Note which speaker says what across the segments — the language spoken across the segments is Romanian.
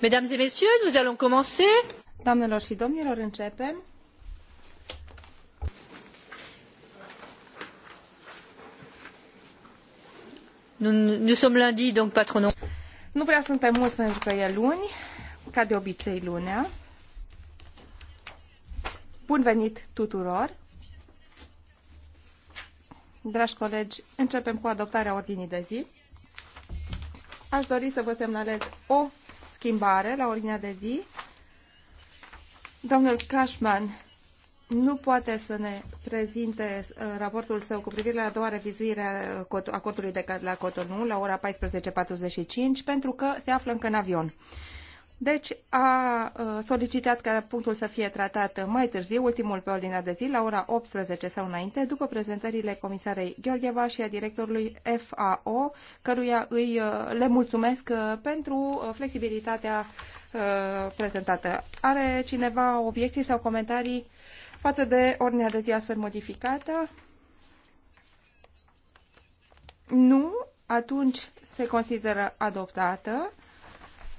Speaker 1: Mesdames et messieurs, nous allons commencer.
Speaker 2: Doamnelor și domnilor, începem.
Speaker 1: Nous, sommes lundi, donc pas trop Nu prea suntem mulți pentru
Speaker 2: că e luni, ca de obicei lunea. Bun venit tuturor! Dragi colegi, începem cu adoptarea ordinii de zi. Aș dori să vă semnalez o schimbare la ordinea de zi. Domnul Cashman nu poate să ne prezinte uh, raportul său cu privire la a doua revizuire a uh, acordului de la Cotonou la ora 14.45 pentru că se află încă în avion. Deci a solicitat ca punctul să fie tratat mai târziu, ultimul pe ordinea de zi, la ora 18 sau înainte, după prezentările comisarei Gheorgheva și a directorului FAO, căruia îi le mulțumesc pentru flexibilitatea prezentată. Are cineva obiecții sau comentarii față de ordinea de zi astfel modificată? Nu? Atunci se consideră adoptată.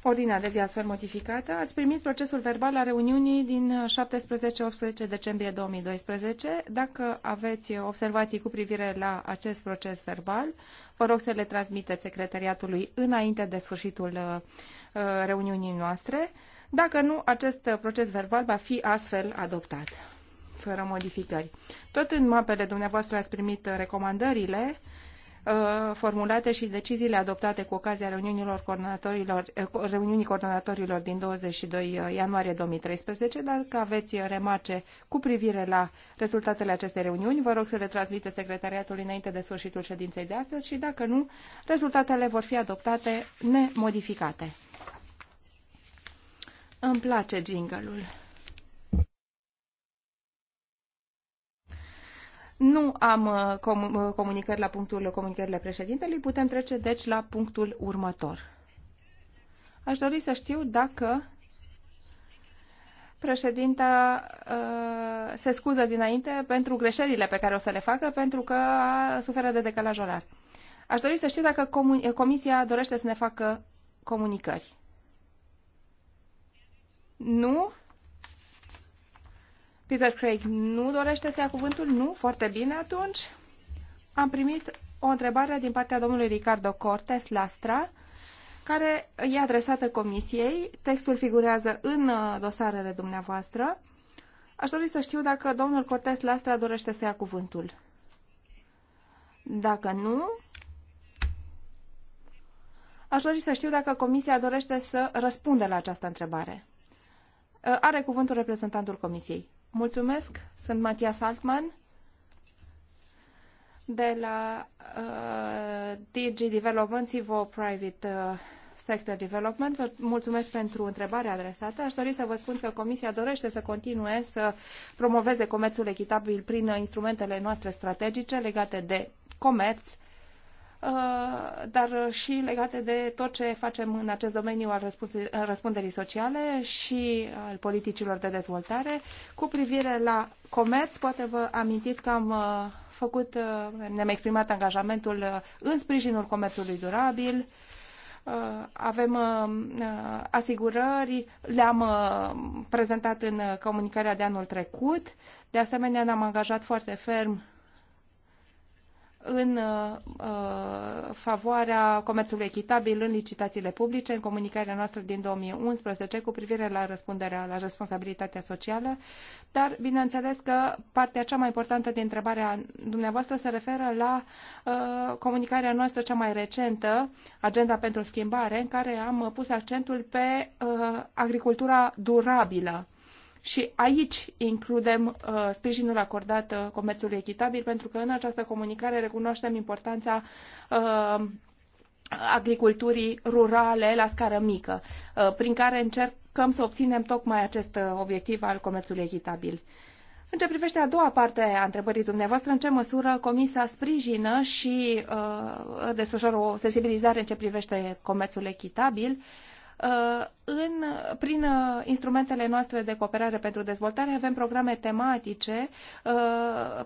Speaker 2: Ordinea de zi astfel modificată. Ați primit procesul verbal la reuniunii din 17-18 decembrie 2012. Dacă aveți observații cu privire la acest proces verbal, vă rog să le transmiteți secretariatului înainte de sfârșitul uh, uh, reuniunii noastre. Dacă nu, acest proces verbal va fi astfel adoptat, fără modificări. Tot în mapele dumneavoastră ați primit uh, recomandările Uh, formulate și deciziile adoptate cu ocazia reuniunilor coordonatorilor, uh, reuniunii coordonatorilor din 22 uh, ianuarie 2013. Dacă aveți remarce cu privire la rezultatele acestei reuniuni, vă rog să le transmiteți secretariatului înainte de sfârșitul ședinței de astăzi și, dacă nu, rezultatele vor fi adoptate nemodificate. Îmi place jingle-ul. Nu am uh, uh, comunicări la punctul comunicările președintelui, putem trece deci la punctul următor. Aș dori să știu dacă președinta uh, se scuză dinainte pentru greșelile pe care o să le facă, pentru că suferă de decalaj orar. Aș dori să știu dacă uh, comisia dorește să ne facă comunicări. Nu? Peter Craig nu dorește să ia cuvântul? Nu? Foarte bine atunci. Am primit o întrebare din partea domnului Ricardo Cortes Lastra, care e adresată comisiei. Textul figurează în uh, dosarele dumneavoastră. Aș dori să știu dacă domnul Cortes Lastra dorește să ia cuvântul. Dacă nu, aș dori să știu dacă comisia dorește să răspundă la această întrebare. Uh, are cuvântul reprezentantul comisiei. Mulțumesc, sunt Matias Altman de la uh, DG Development, Civo Private uh, Sector Development. Vă mulțumesc pentru întrebarea adresată. Aș dori să vă spun că Comisia dorește să continue să promoveze comerțul echitabil prin instrumentele noastre strategice legate de comerț, Uh, dar și legate de tot ce facem în acest domeniu al răspunderii sociale și al politicilor de dezvoltare. Cu privire la comerț, poate vă amintiți că am uh, făcut, uh, ne-am exprimat angajamentul în sprijinul comerțului durabil, avem asigurări, le-am prezentat în comunicarea de anul trecut, de asemenea ne-am angajat foarte ferm în uh, uh, favoarea comerțului echitabil în licitațiile publice, în comunicarea noastră din 2011 cu privire la răspunderea, la responsabilitatea socială, dar bineînțeles că partea cea mai importantă din întrebarea dumneavoastră se referă la uh, comunicarea noastră cea mai recentă, Agenda pentru Schimbare, în care am pus accentul pe agricultura durabilă și aici includem uh, sprijinul acordat uh, comerțului echitabil, pentru că în această comunicare recunoaștem importanța uh, agriculturii rurale la scară mică, uh, prin care încercăm să obținem tocmai acest uh, obiectiv al comerțului echitabil. În ce privește a doua parte a întrebării dumneavoastră, în ce măsură Comisia sprijină și uh, desfășoară o sensibilizare în ce privește comerțul echitabil, uh, Uh, în, prin uh, instrumentele noastre de cooperare pentru dezvoltare avem programe tematice uh,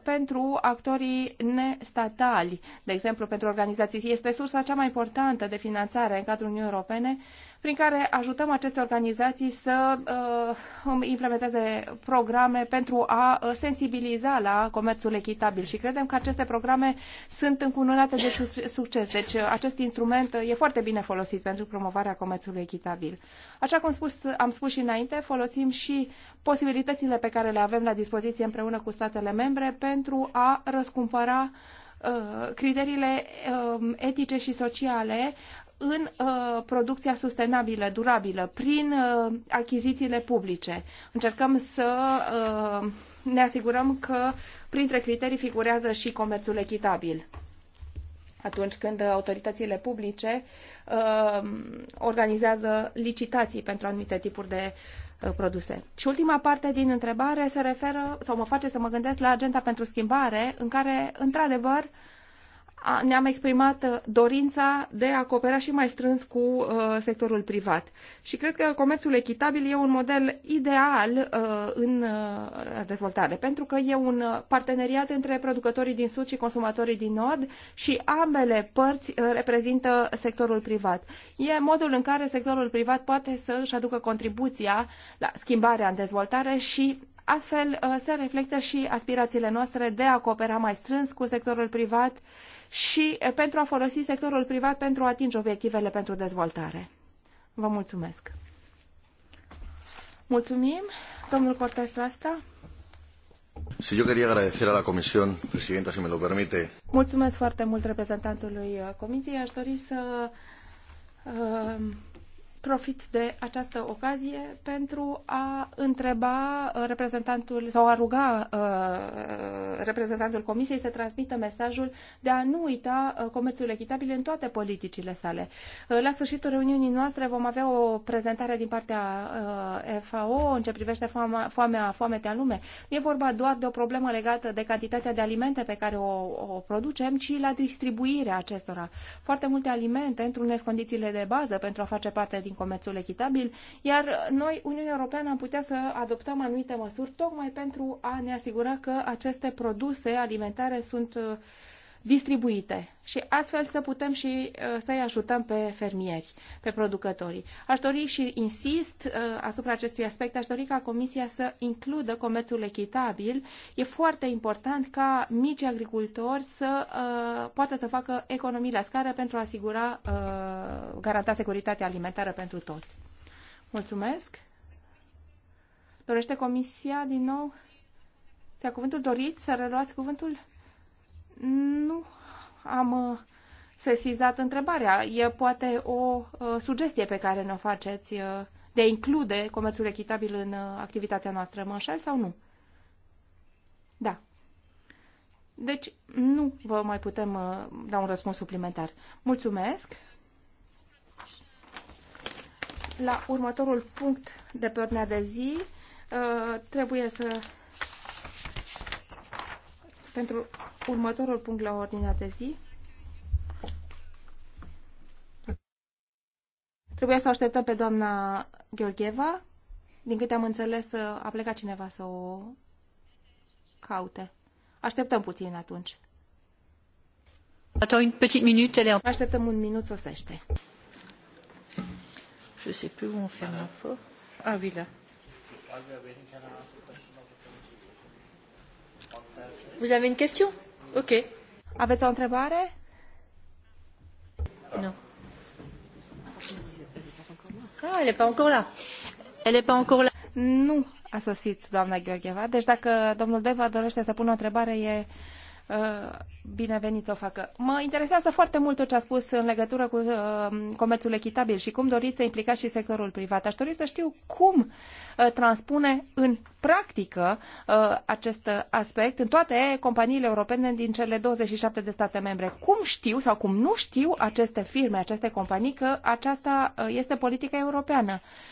Speaker 2: pentru actorii nestatali, de exemplu pentru organizații. Este sursa cea mai importantă de finanțare în cadrul Uniunii Europene uh, prin care ajutăm aceste organizații să uh, implementeze programe pentru a uh, sensibiliza la comerțul echitabil și credem că aceste programe sunt încununate de succes. Deci uh, acest instrument uh, e foarte bine folosit pentru promovarea comerțului echitabil. Așa cum spus, am spus și înainte, folosim și posibilitățile pe care le avem la dispoziție împreună cu statele membre pentru a răscumpăra criteriile um, etice și sociale în uh, producția sustenabilă, durabilă, prin uh, achizițiile publice. Încercăm să uh, ne asigurăm că printre criterii figurează și comerțul echitabil. Atunci când autoritățile publice uh, organizează licitații pentru anumite tipuri de uh, produse. Și ultima parte din întrebare se referă sau mă face să mă gândesc la agenda pentru schimbare, în care, într-adevăr, uh, ne-am exprimat uh, dorința de a coopera și mai strâns cu uh, sectorul privat. Și cred că comerțul echitabil e un model ideal uh, în uh, dezvoltare, pentru că e un uh, parteneriat între producătorii din sud și consumatorii din nord și ambele părți uh, reprezintă sectorul privat. E modul în care sectorul privat poate să își aducă contribuția la schimbarea în dezvoltare și Astfel uh, se reflectă și aspirațiile noastre de a coopera mai strâns cu sectorul privat și uh, pentru a folosi sectorul privat pentru a atinge obiectivele pentru dezvoltare. Vă mulțumesc! Mulțumim, domnul cortez Lastra.
Speaker 3: Si yo quería agradecer a la Comisión, Presidenta, si me lo permite.
Speaker 2: Mulțumesc foarte mult reprezentantului uh, Comisiei. Aș dori să uh, profit de această ocazie pentru a întreba uh, reprezentantul sau a ruga uh, uh, reprezentantul Comisiei să transmită mesajul de a nu uita uh, comerțul echitabil în toate politicile sale. la sfârșitul reuniunii noastre vom avea o prezentare din partea uh, FAO în ce privește foamea, foamea, foametea lume. Nu e vorba doar de o problemă legată de cantitatea de alimente pe care o, o producem, ci la distribuirea acestora. Foarte multe alimente întrunesc condițiile de bază pentru a face parte din privind comerțul echitabil, iar noi, Uniunea Europeană, am putea să adoptăm anumite măsuri tocmai pentru a ne asigura că aceste produse alimentare sunt uh, distribuite și astfel să putem și uh, să-i ajutăm pe fermieri, pe producătorii. Aș dori și insist uh, asupra acestui aspect, aș dori ca Comisia să includă comerțul echitabil. E foarte important ca mici agricultori să uh, poată să facă economii la scară pentru a asigura, garanta securitatea alimentară pentru toți. Mulțumesc. Dorește Comisia din nou? Să cuvântul doriți să reluați cuvântul? Nu am uh, sesizat întrebarea. E poate o uh, sugestie pe care ne-o faceți uh, de a include comerțul echitabil în activitatea noastră. Mă înșel sau nu? Da. Deci nu vă mai putem da un răspuns suplimentar. Mulțumesc! La următorul punct de pe ordinea de zi trebuie să pentru următorul punct la ordinea de zi. Trebuia să așteptăm pe doamna Gheorgheva. Din câte am înțeles, a plecat cineva să o caute. Așteptăm puțin atunci. Așteptăm un minut, sosește. Je sais plus où on ferme l'info. Ah oui, là.
Speaker 1: Vous avez une question Ok.
Speaker 2: Aveți o întrebare? Nu. Ah, elle pas encore là. Elle pas encore là. Nu a sosit doamna Gheorgheva, deci dacă domnul Deva dorește să pună o întrebare, e Uh, bineveniți o facă. Mă interesează foarte mult tot ce a spus în legătură cu uh, comerțul echitabil și cum doriți să implicați și sectorul privat. Aș dori să știu cum uh, transpune în practică uh, acest aspect în toate companiile europene din cele 27 de state membre. Cum știu sau cum nu știu aceste firme, aceste companii că aceasta uh, este politica europeană? Uh,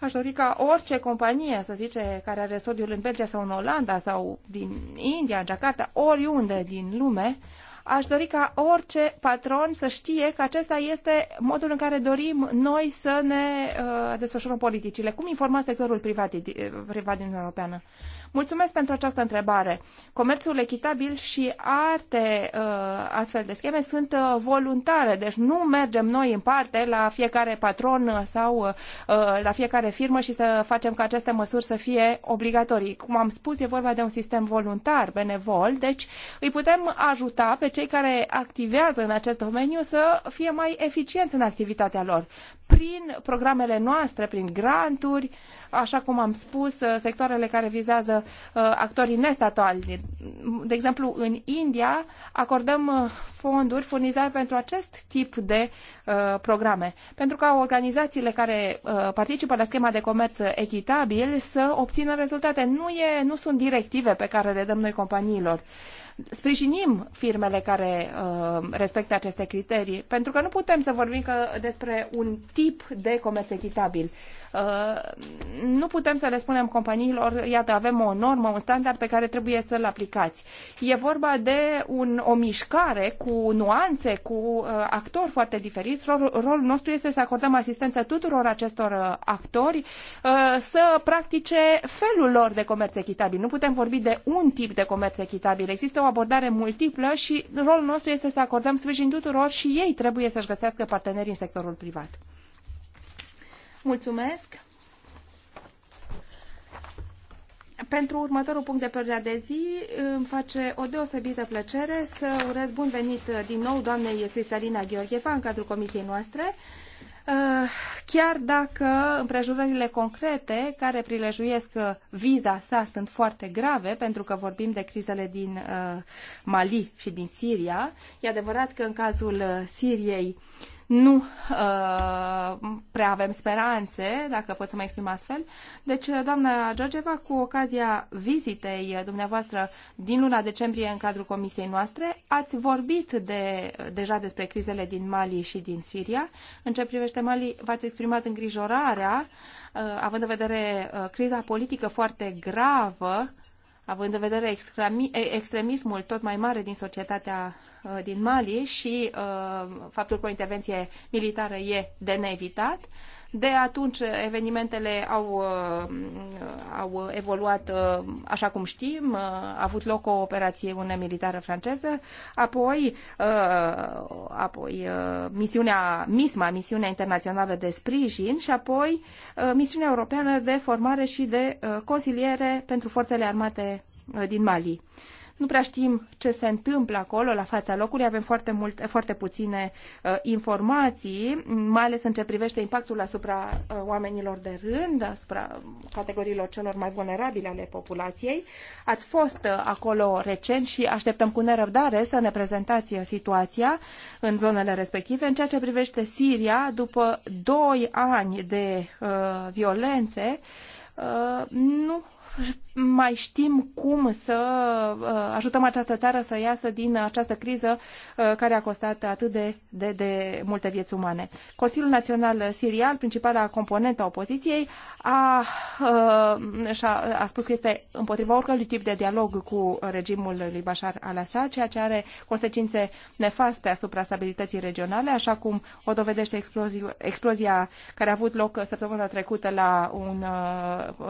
Speaker 2: Aș dori ca orice companie, să zice, care are sodiul în Belgia sau în Olanda sau din India, în Jakarta, oriunde din lume, aș dori ca orice patron să știe că acesta este modul în care dorim noi să ne uh, desfășurăm politicile. Cum informa sectorul privat, eh, privat din Europeană? Mulțumesc pentru această întrebare. Comerțul echitabil și alte uh, astfel de scheme sunt uh, voluntare, deci nu mergem noi în parte la fiecare patron sau uh, uh, la fiecare firmă și să facem ca aceste măsuri să fie obligatorii. Cum am spus, e vorba de un sistem voluntar, benevol, deci îi putem ajuta pe cei care activează în acest domeniu să fie mai eficienți în activitatea lor. Prin programele noastre, prin granturi, uh, așa cum am spus, uh, sectoarele care vizează uh, actorii nestatali. De exemplu, în India acordăm uh, fonduri furnizate pentru acest tip de programe, pentru ca organizațiile care participă la schema de comerț echitabil să obțină rezultate. Nu, e, nu sunt directive pe care le dăm noi companiilor sprijinim firmele care uh, respectă aceste criterii, pentru că nu putem să vorbim că despre un tip de comerț echitabil. Uh, nu putem să le spunem companiilor, iată, avem o normă, un standard pe care trebuie să-l aplicați. E vorba de un, o mișcare cu nuanțe, cu uh, actori foarte diferiți. Rol, rolul nostru este să acordăm asistență tuturor acestor uh, actori uh, să practice felul lor de comerț echitabil. Nu putem vorbi de un tip de comerț echitabil. Există o abordare multiplă și rolul nostru este să acordăm sprijin tuturor și ei trebuie să-și găsească parteneri în sectorul privat. Mulțumesc! Pentru următorul punct de pe de zi îmi face o deosebită plăcere să urez bun venit din nou doamnei Cristalina Gheorgheva în cadrul comisiei noastre. Eh, chiar dacă împrejurările concrete care prilejuiesc eh, viza sa sunt foarte grave, pentru că vorbim de crizele din eh, Mali și din Siria, e adevărat că în cazul Siriei nu uh, prea avem speranțe, dacă pot să mă exprim astfel. Deci, doamna Georgeva, cu ocazia vizitei dumneavoastră din luna decembrie în cadrul comisiei noastre, ați vorbit de, deja despre crizele din Mali și din Siria. În ce privește Mali, v-ați exprimat îngrijorarea, uh, având în vedere uh, criza politică foarte gravă având în vedere extremismul tot mai mare din societatea uh, din Mali și uh, faptul că o intervenție militară e de neevitat, de atunci evenimentele au, uh, au evoluat uh, așa cum știm, a avut loc o operație une militară franceză, apoi, uh, apoi misiunea MISMA, misiunea internațională de sprijin și apoi misiunea europeană de formare și de consiliere pentru forțele armate din Mali. Nu prea știm ce se întâmplă acolo, la fața locului. Avem foarte, mult, foarte puține uh, informații, mai ales în ce privește impactul asupra uh, oamenilor de rând, asupra categoriilor celor mai vulnerabile ale populației. Ați fost uh, acolo recent și așteptăm cu nerăbdare să ne prezentați uh, situația în zonele respective. În ceea ce privește Siria, după doi ani de uh, violențe, uh, nu mai știm cum să uh, ajutăm această țară să iasă din această criză uh, care a costat atât de, de, de multe vieți umane. Consiliul Național Sirial, principala componentă a opoziției, a, uh, a, a spus că este împotriva oricărui tip de dialog cu regimul lui Bashar al-Assad, ceea ce are consecințe nefaste asupra stabilității regionale, așa cum o dovedește explozia, explozia care a avut loc săptămâna trecută la, un,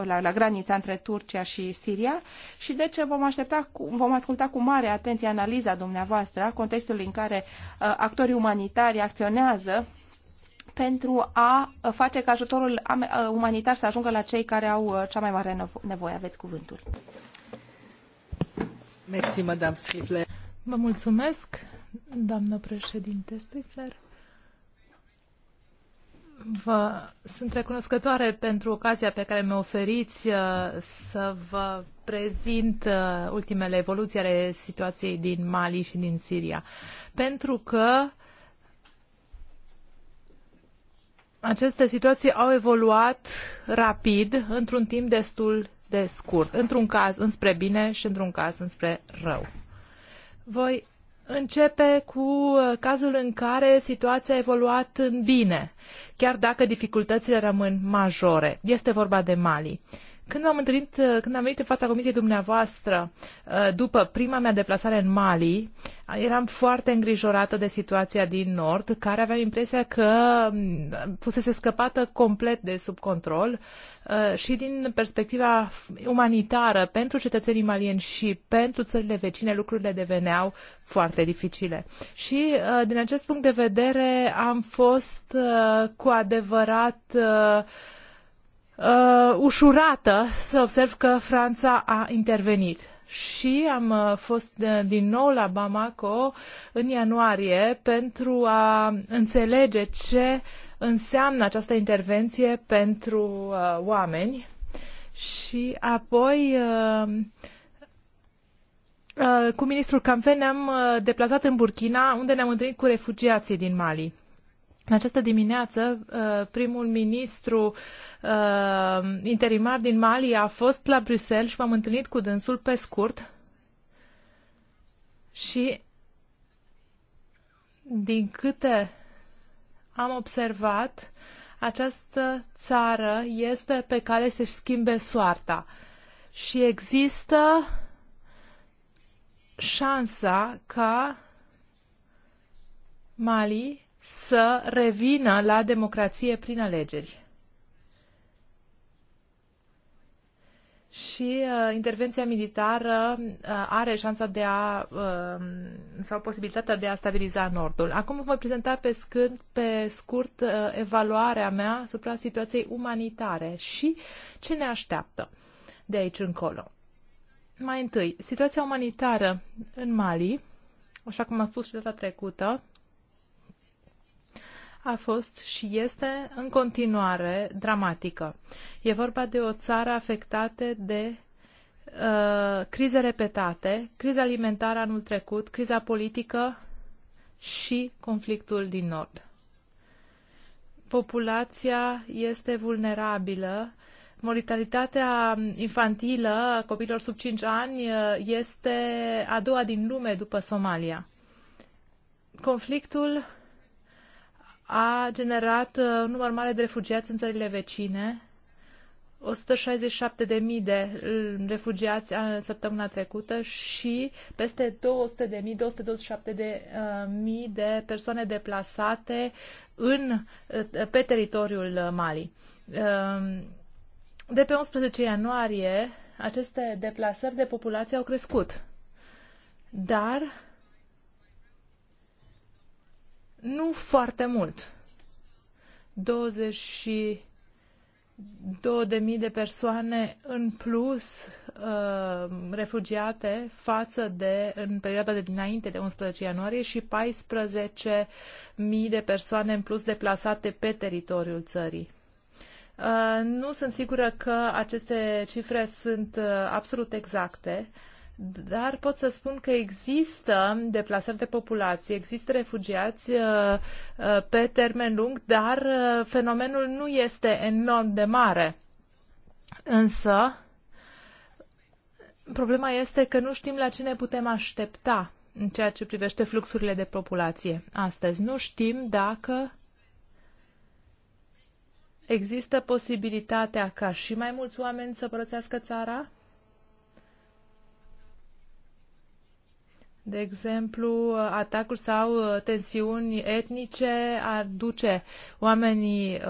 Speaker 2: la, la granița între Turcia Turcia și Siria și ce deci, vom, aștepta, vom asculta cu mare atenție analiza dumneavoastră a contextului în care uh, actorii umanitari acționează pentru a face ca ajutorul uh, umanitar să ajungă la cei care au uh, cea mai mare nevoie. Aveți cuvântul.
Speaker 1: Mersi, Madame Strifler. Vă mulțumesc, doamnă președinte Strifler. Vă sunt recunoscătoare pentru ocazia pe care mi-o oferiți uh, să vă prezint uh, ultimele evoluții ale situației din Mali și din Siria. Pentru că aceste situații au evoluat rapid într-un timp destul de scurt, într-un caz înspre bine și într-un caz înspre rău. Voi începe cu uh, cazul în care situația a evoluat în bine, chiar dacă dificultățile rămân majore. Este vorba de Mali. Uh, când am întâlnit, când am venit în fața comisiei dumneavoastră, uh, după prima mea deplasare în Mali, eram foarte îngrijorată de situația din Nord, care aveam impresia că mm, fusese scăpată complet de sub control uh, și din perspectiva umanitară pentru cetățenii malieni și pentru țările vecine, lucrurile deveneau foarte dificile. Și uh, din acest punct de vedere am fost cu adevărat uh, uh, ușurată să observ că Franța a intervenit. Și am uh, fost uh, din nou la Bamako în ianuarie pentru a înțelege ce înseamnă această intervenție pentru uh, oameni. Și apoi uh, uh cu ministrul Camfen ne-am deplasat în Burkina, unde ne-am întâlnit cu refugiații din Mali. În această dimineață, uh, primul ministru uh, interimar din Mali a fost la Bruxelles și m-am întâlnit cu dânsul pe scurt și din câte am observat, această țară este pe care se schimbe soarta și există șansa ca Mali să revină la democrație prin alegeri. Și uh, intervenția militară uh, are șansa de a, uh, sau posibilitatea de a stabiliza Nordul. Acum vă voi prezenta pe, scurt, pe scurt uh, evaluarea mea asupra situației umanitare și ce ne așteaptă de aici încolo. Mai întâi, situația umanitară în Mali, așa cum am spus și data trecută, a fost și este în continuare dramatică. E vorba de o țară afectată de uh, crize repetate, criza alimentară anul trecut, criza politică și conflictul din nord. Populația este vulnerabilă, mortalitatea infantilă a copiilor sub 5 ani uh, este a doua din lume după Somalia. Conflictul a generat uh, un număr mare de refugiați în țările vecine. 167.000 de uh, refugiați în uh, săptămâna trecută și peste 200.000, 227.000 de persoane deplasate în, pe teritoriul Mali. De pe 11 ianuarie, aceste deplasări de populație au crescut. Dar nu foarte mult. 22.000 de persoane în plus uh, refugiate față de în perioada de dinainte de 11 ianuarie și 14.000 de persoane în plus deplasate pe teritoriul țării. Uh, nu sunt sigură că aceste cifre sunt uh, absolut exacte. Uh, dar pot să spun că există deplasări de populație, există refugiați uh, uh, pe termen lung, dar uh, fenomenul nu este enorm de mare. Însă, problema este că nu știm la ce ne putem aștepta în ceea ce privește fluxurile de populație astăzi. Nu știm dacă există posibilitatea ca și mai mulți oameni să părăsească țara De exemplu, atacuri sau uh, tensiuni etnice ar duce oamenii, uh,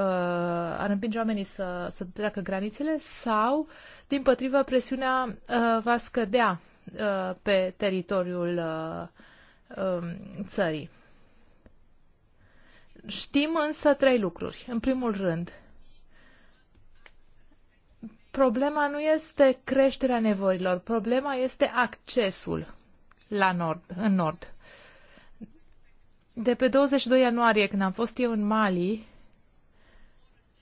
Speaker 1: ar împinge oamenii să, să treacă granițele sau, din potrivă, presiunea uh, va scădea pe teritoriul um, țării. Știm însă trei lucruri. În primul rând, problema nu este creșterea nevoilor, problema este accesul la nord, în nord. De pe 22 ianuarie, când am fost eu în Mali,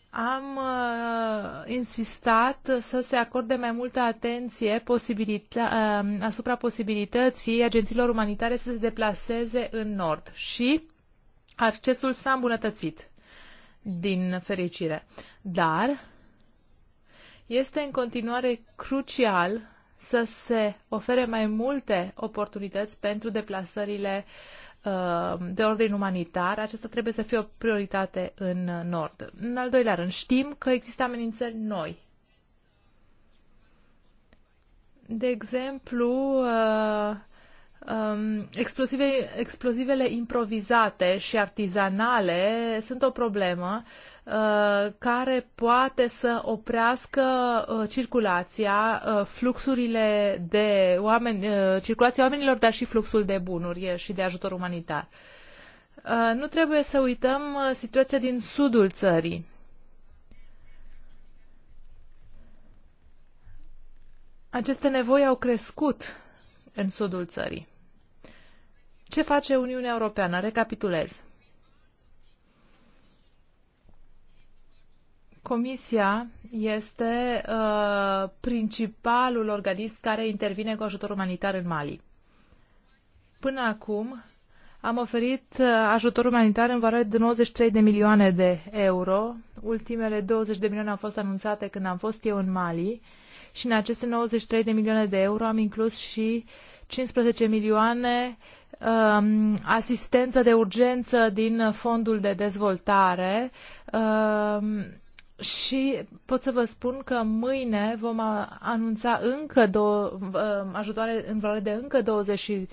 Speaker 1: am uh, insistat să se acorde mai multă atenție posibilita- uh, asupra posibilității agențiilor umanitare să se deplaseze în nord și accesul s-a îmbunătățit, din fericire. Dar este în continuare crucial să se ofere mai multe oportunități pentru deplasările uh, de ordin umanitar, aceasta trebuie să fie o prioritate în Nord. În al doilea rând, știm că există amenințări noi. De exemplu, uh, um, explozive, explozivele improvizate și artizanale sunt o problemă Uh, care poate să oprească uh, circulația, uh, fluxurile de oameni, circulația oamenilor, dar și fluxul de bunuri și de ajutor umanitar. Nu trebuie să uităm situația din sudul țării. Aceste nevoi au crescut în sudul țării. Ce face Uniunea Europeană? Recapitulez. Comisia este uh, principalul organism care intervine cu ajutor umanitar în Mali. Până acum am oferit uh, ajutor umanitar în valoare de 93 de milioane de euro. Ultimele 20 de milioane au fost anunțate când am fost eu în Mali și în aceste 93 de milioane de euro am inclus și 15 milioane um, asistență de urgență din fondul de dezvoltare um, și pot să vă spun că mâine vom anunța încă două ajutoare în valoare de încă 22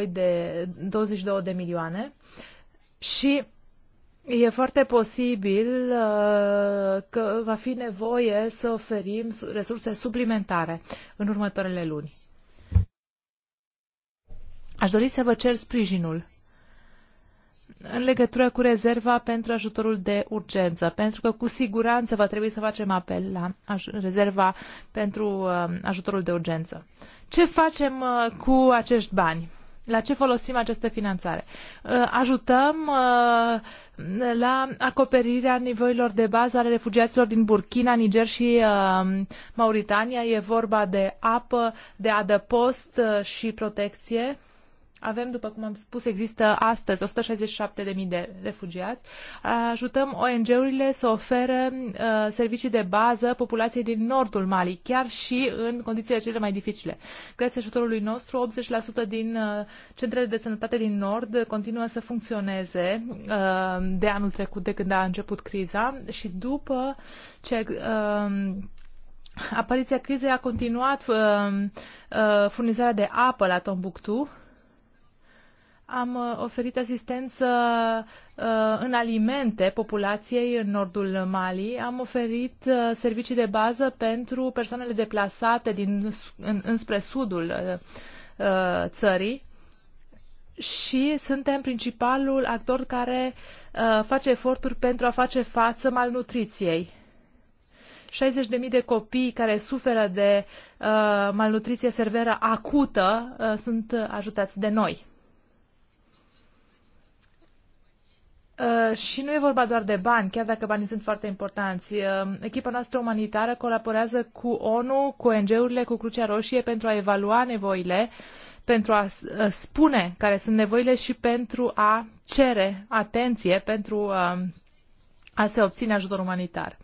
Speaker 1: uh, de, 22 de milioane și E foarte posibil uh, că va fi nevoie să oferim resurse suplimentare în următoarele luni. Aș dori să vă cer sprijinul în legătură cu rezerva pentru ajutorul de urgență, pentru că cu siguranță va trebui să facem apel la rezerva pentru um, ajutorul de urgență. Ce facem uh, cu acești bani? La ce folosim această finanțare? Uh, ajutăm uh, la acoperirea nivelurilor de bază ale refugiaților din Burkina, Niger și um, Mauritania. E vorba de apă, de adăpost și protecție avem, după cum am spus, există astăzi 167.000 de refugiați. Ajutăm ONG-urile să ofere uh, servicii de bază populației din nordul Mali, chiar și în condițiile cele mai dificile. Grație ajutorului nostru, 80% din uh, centrele de sănătate din nord continuă să funcționeze uh, de anul trecut, de când a început criza și după ce uh, apariția crizei a continuat uh, uh, furnizarea de apă la Tombuctu, am uh, oferit asistență uh, în alimente populației în nordul Mali, am oferit uh, servicii de bază pentru persoanele deplasate din, în, înspre sudul țării și suntem principalul actor care face eforturi pentru a face față malnutriției. 60.000 de copii care suferă de uh, malnutriție severă acută uh, sunt ajutați de noi. Uh, și nu e vorba doar de bani, chiar dacă banii sunt foarte importanți. Uh, echipa noastră umanitară colaborează cu ONU, cu ONG-urile, cu Crucea Roșie pentru a evalua nevoile, pentru a uh, spune care sunt nevoile și pentru a cere atenție pentru uh, a se obține ajutor umanitar.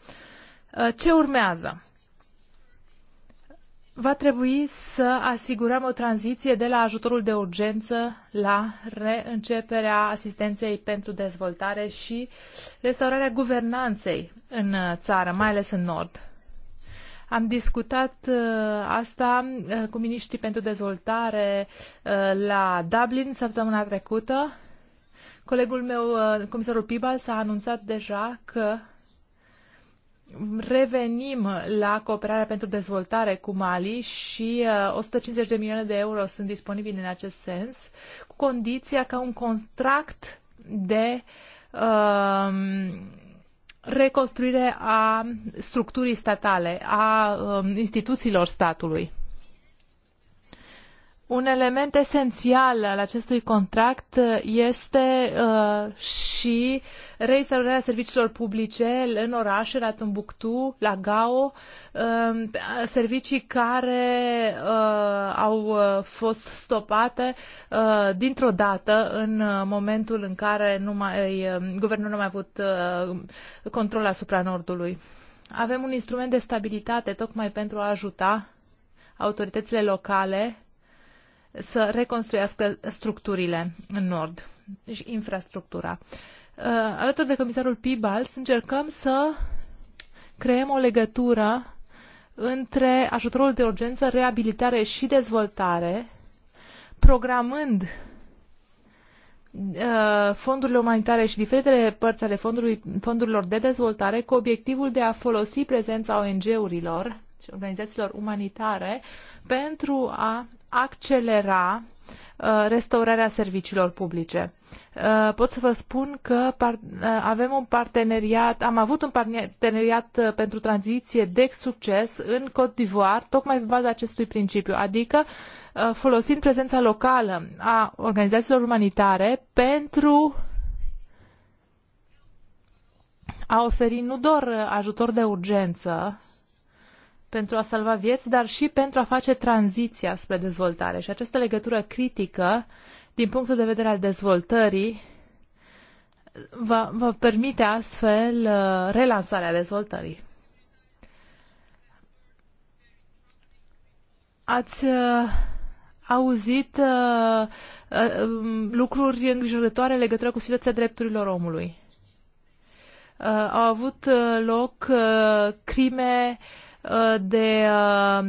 Speaker 1: Uh, ce urmează? va trebui să asigurăm o tranziție de la ajutorul de urgență la reînceperea asistenței pentru dezvoltare și restaurarea guvernanței în țară, mai ales în nord. Am discutat uh, asta uh, cu miniștrii pentru dezvoltare uh, la Dublin săptămâna trecută. Colegul meu, comisarul Pibal, s-a anunțat deja că revenim la cooperarea pentru dezvoltare cu Mali și 150 uh, de milioane de euro sunt disponibili în acest sens, cu condiția ca un contract de um, reconstruire a structurii statale, a um, instituțiilor statului. Un element esențial al acestui contract uh, este uh, și reinstalarea serviciilor publice în orașe, la Tumbuctu, la Gao, uh, servicii care uh, au uh, fost stopate uh, dintr-o dată în uh, momentul în care nu mai, uh, guvernul nu a mai avut uh, control asupra Nordului. Avem un instrument de stabilitate tocmai pentru a ajuta autoritățile locale să reconstruiască structurile în nord și infrastructura. Uh, alături de comisarul Pibals încercăm să creăm o legătură între ajutorul de urgență, reabilitare și dezvoltare, programând uh, fondurile umanitare și diferitele părți ale fondului, fondurilor de dezvoltare cu obiectivul de a folosi prezența ONG-urilor și organizațiilor umanitare pentru a accelera uh, restaurarea serviciilor publice. Uh, pot să vă spun că uh, avem un parteneriat, am avut un parteneriat pentru tranziție de succes în Côte d'Ivoire, tocmai pe baza acestui principiu, adică folosind prezența locală a organizațiilor umanitare pentru a oferi nu doar ajutor de urgență, pentru a salva vieți, dar și pentru a face tranziția spre dezvoltare. Și această legătură critică, din punctul de vedere al dezvoltării, va, va permite astfel uh, relansarea dezvoltării. Ați uh, auzit uh, uh, lucruri îngrijorătoare în legătură cu situația drepturilor omului. Uh, au avut uh, loc crime Uh, de uh,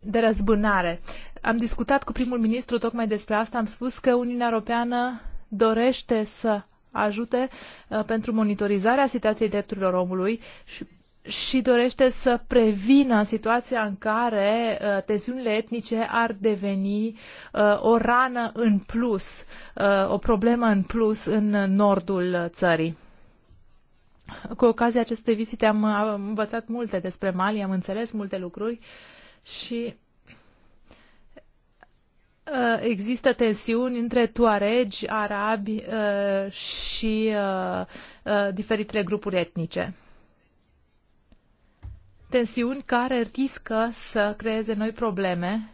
Speaker 1: de răzbunare. Am discutat cu primul ministru tocmai despre asta, am spus că Uniunea Europeană dorește să ajute uh, pentru monitorizarea situației drepturilor omului și și dorește să prevină situația în care uh, tensiunile etnice ar deveni uh, o rană în plus, uh, o problemă în plus în nordul țării. Cu ocazia acestei vizite uh, am învățat multe despre Mali, am înțeles multe lucruri și uh, există tensiuni între tuaregi, arabi uh, și diferitele grupuri etnice. Tensiuni care riscă să creeze noi probleme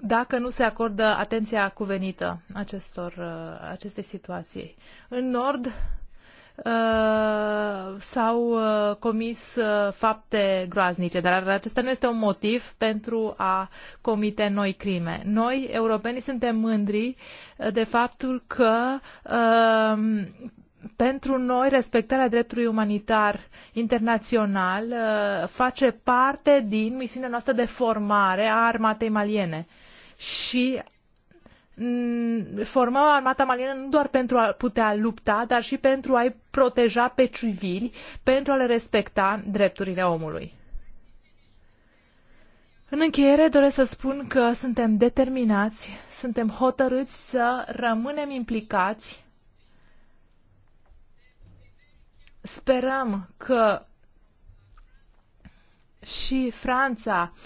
Speaker 1: dacă nu se acordă atenția cuvenită acestor, uh, aceste situații. În Nord uh, s-au uh, comis uh, fapte groaznice, dar acesta nu este un motiv pentru a comite noi crime. Noi, europenii, suntem mândri de faptul că uh, pentru noi respectarea dreptului umanitar internațional face parte din misiunea noastră de formare a armatei maliene și mm, formau armata maliană nu doar pentru a putea lupta, dar și pentru a-i proteja pe civili, pentru a le respecta drepturile omului. În încheiere doresc să spun că suntem determinați, suntem hotărâți să rămânem implicați. Sperăm că și Franța uh,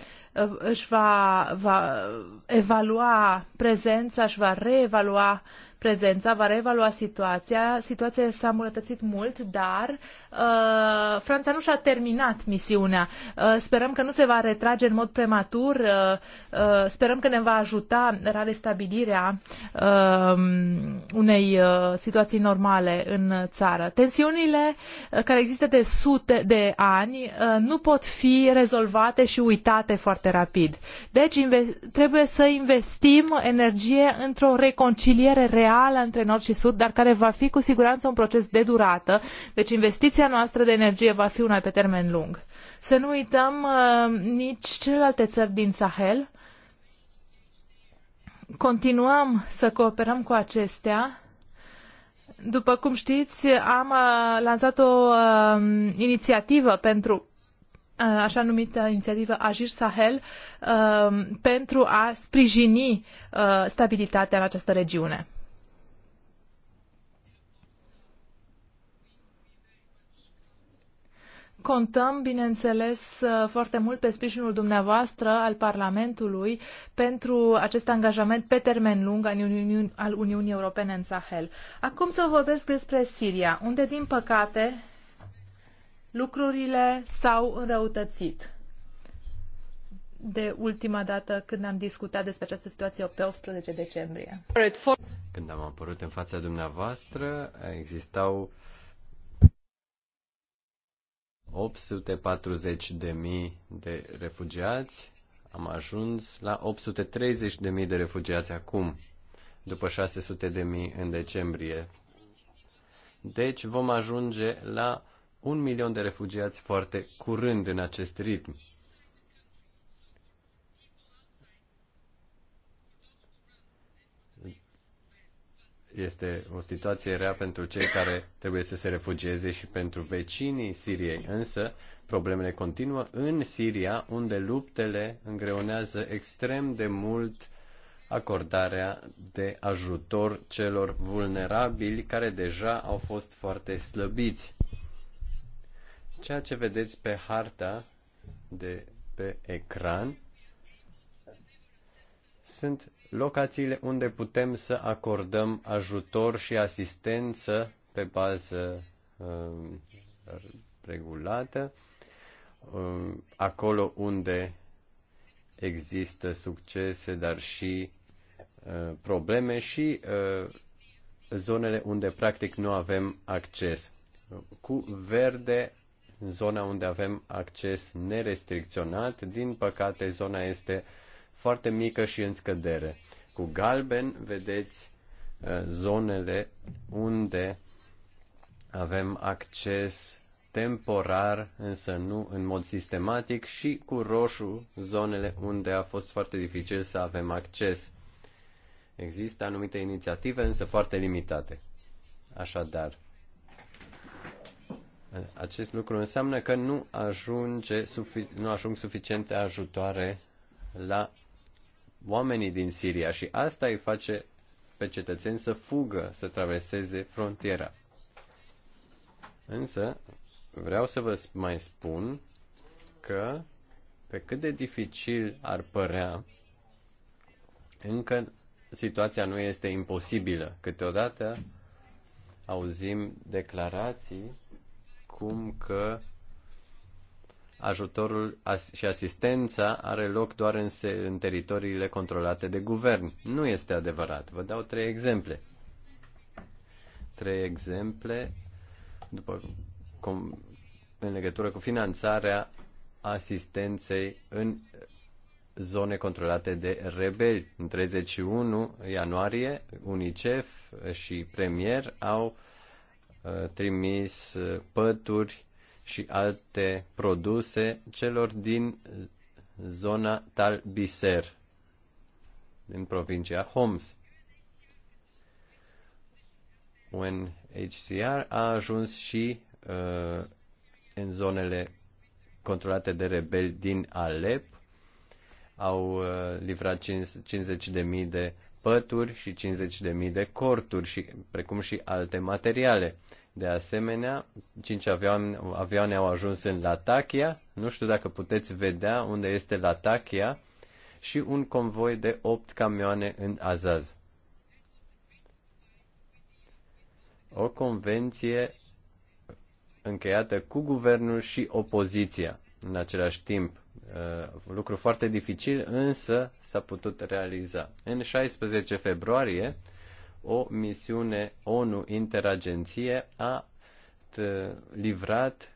Speaker 1: își va, va evalua prezența, își va reevalua prezența, va reevalua situația. Situația s-a îmbunătățit mult, dar uh, Franța nu și-a terminat misiunea. Uh, sperăm că nu se va retrage în mod prematur, uh, uh, sperăm că ne va ajuta la restabilirea uh, unei uh, situații normale în țară. Tensiunile uh, care există de sute de ani uh, nu pot fi rezolvate și uitate foarte rapid. Deci trebuie să investim energie într-o reconciliere reală reală între nord și sud, dar care va fi cu siguranță un proces de durată. Deci investiția noastră de energie va fi una pe termen lung. Să nu uităm uh, nici celelalte țări din Sahel. Continuăm să cooperăm cu acestea. După cum știți, am uh, lansat o uh, inițiativă pentru uh, așa numită inițiativă Agir Sahel uh, pentru a sprijini uh, stabilitatea în această regiune. Contăm, bineînțeles, uh, foarte mult pe sprijinul dumneavoastră al Parlamentului pentru acest angajament pe termen lung al, Uniunii, al Uniunii Europene în Sahel. Acum să vorbesc despre Siria, unde, din păcate, lucrurile s-au înrăutățit de ultima dată când am discutat despre această situație pe 18 decembrie.
Speaker 3: Când am apărut în fața dumneavoastră, existau 840 de mii de refugiați, am ajuns la 830 de mii de refugiați acum, după 600 de mii în decembrie. Deci vom ajunge la un milion de refugiați foarte curând în acest ritm. este o situație rea pentru cei care trebuie să se refugieze și pentru vecinii Siriei, însă problemele continuă în Siria, unde luptele îngreunează extrem de mult acordarea de ajutor celor vulnerabili care deja au fost foarte slăbiți. Ceea ce vedeți pe harta de pe ecran sunt locațiile unde putem să acordăm ajutor și asistență pe bază uh, regulată, uh, acolo unde există succese, dar și uh, probleme și uh, zonele unde practic nu avem acces. Cu verde, zona unde avem acces nerestricționat, din păcate zona este uh, foarte mică și în scădere. Cu galben vedeți uh, zonele unde avem acces temporar, însă nu în mod sistematic și cu roșu zonele unde a fost foarte dificil să avem acces. Există anumite inițiative, însă foarte limitate. Așadar, uh, acest lucru înseamnă că nu, ajunge, nu ajung suficiente ajutoare la oamenii din Siria și asta îi face pe cetățeni să fugă, să traverseze frontiera. Însă, vreau să vă mai spun că, pe cât de dificil ar părea, încă situația nu este imposibilă. Câteodată auzim declarații cum că ajutorul și asistența are loc doar în, se, în teritoriile controlate de guvern. Nu este adevărat. Vă dau trei exemple. Trei exemple după, cum, în legătură cu finanțarea asistenței în zone controlate de rebeli. În 31 ianuarie, UNICEF și premier au uh, trimis uh, pături și alte produse celor din zona Tal Biser, din provincia Homs. UNHCR a ajuns și uh, în zonele controlate de rebeli din Alep. Au uh, livrat 50.000 de pături și 50.000 de corturi, și, precum și alte materiale. De asemenea, cinci avioane, avioane au ajuns în Latakia, nu știu dacă puteți vedea unde este Latakia, și un convoi de opt camioane în Azaz. O convenție încheiată cu guvernul și opoziția în același timp. Uh, lucru foarte dificil, însă s-a putut realiza. În 16 februarie, o misiune ONU interagenție a livrat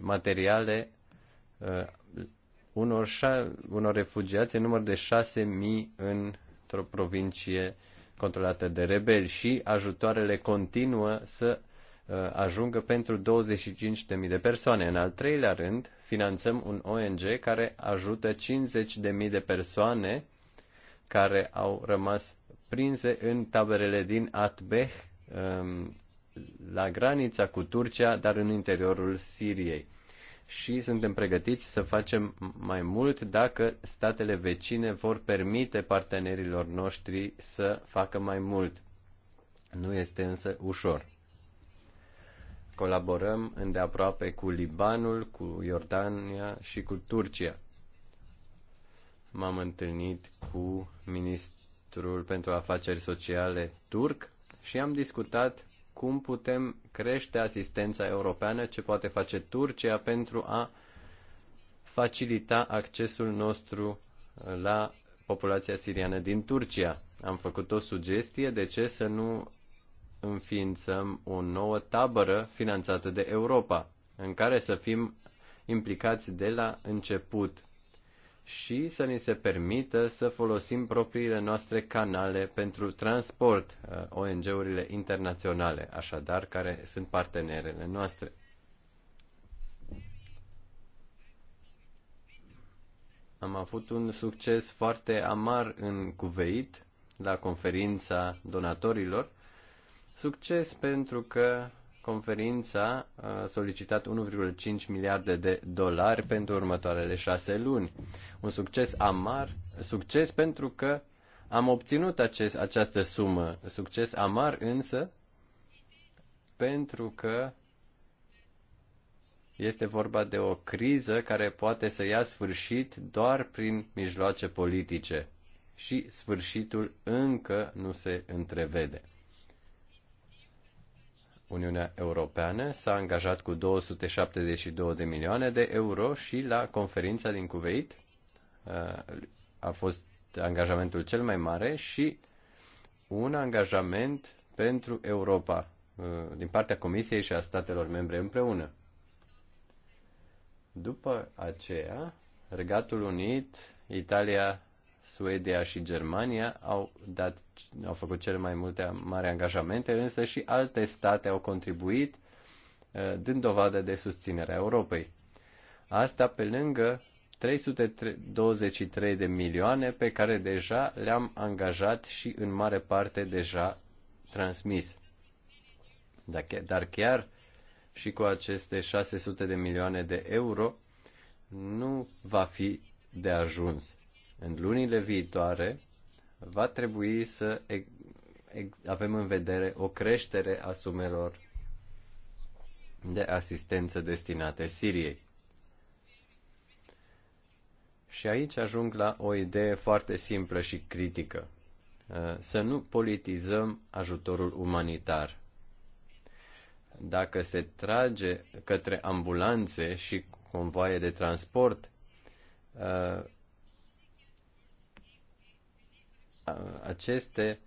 Speaker 3: materiale uh, unor, unor refugiați în număr de 6.000 într-o provincie controlată de rebeli și ajutoarele continuă să uh, ajungă pentru 25.000 de persoane. În al treilea rând, finanțăm un ONG care ajută 50.000 de persoane care au rămas prinse în taberele din Atbeh, um, la granița cu Turcia, dar în interiorul Siriei. Și suntem pregătiți să facem mai mult dacă statele vecine vor permite partenerilor noștri să facă mai mult. Nu este însă ușor. Colaborăm îndeaproape cu Libanul, cu Iordania și cu Turcia. M-am întâlnit cu minist- ministrul pentru afaceri sociale turc și am discutat cum putem crește asistența europeană, ce poate face Turcia pentru a facilita accesul nostru la populația siriană din Turcia. Am făcut o sugestie de ce să nu înființăm o nouă tabără finanțată de Europa, în care să fim implicați de la început și să ni se permită să folosim propriile noastre canale pentru transport, uh, ONG-urile internaționale, așadar, care sunt partenerele noastre. Am avut un succes foarte amar în Cuveit, la conferința donatorilor. Succes pentru că conferința a solicitat 1,5 miliarde de dolari pentru următoarele șase luni. Un succes amar, succes pentru că am obținut acest, această sumă. Succes amar însă pentru că este vorba de o criză care poate să ia sfârșit doar prin mijloace politice și sfârșitul încă nu se întrevede. Uniunea Europeană s-a angajat cu 272 de milioane de euro și la conferința din Cuveit uh, a fost angajamentul cel mai mare și un angajament pentru Europa uh, din partea Comisiei și a statelor membre împreună. După aceea, Regatul Unit, Italia, Suedia și Germania au, dat, au făcut cele mai multe mari angajamente, însă și alte state au contribuit uh, dând dovadă de susținerea Europei. Asta pe lângă 323 de milioane pe care deja le-am angajat și în mare parte deja transmis. Dar chiar și cu aceste 600 de milioane de euro nu va fi de ajuns. În lunile viitoare va trebui să avem în vedere o creștere a sumelor de asistență destinate Siriei. Și aici ajung la o idee foarte simplă și critică. Uh, să nu politizăm ajutorul umanitar. Dacă se trage către ambulanțe și convoaie de transport, uh, aceste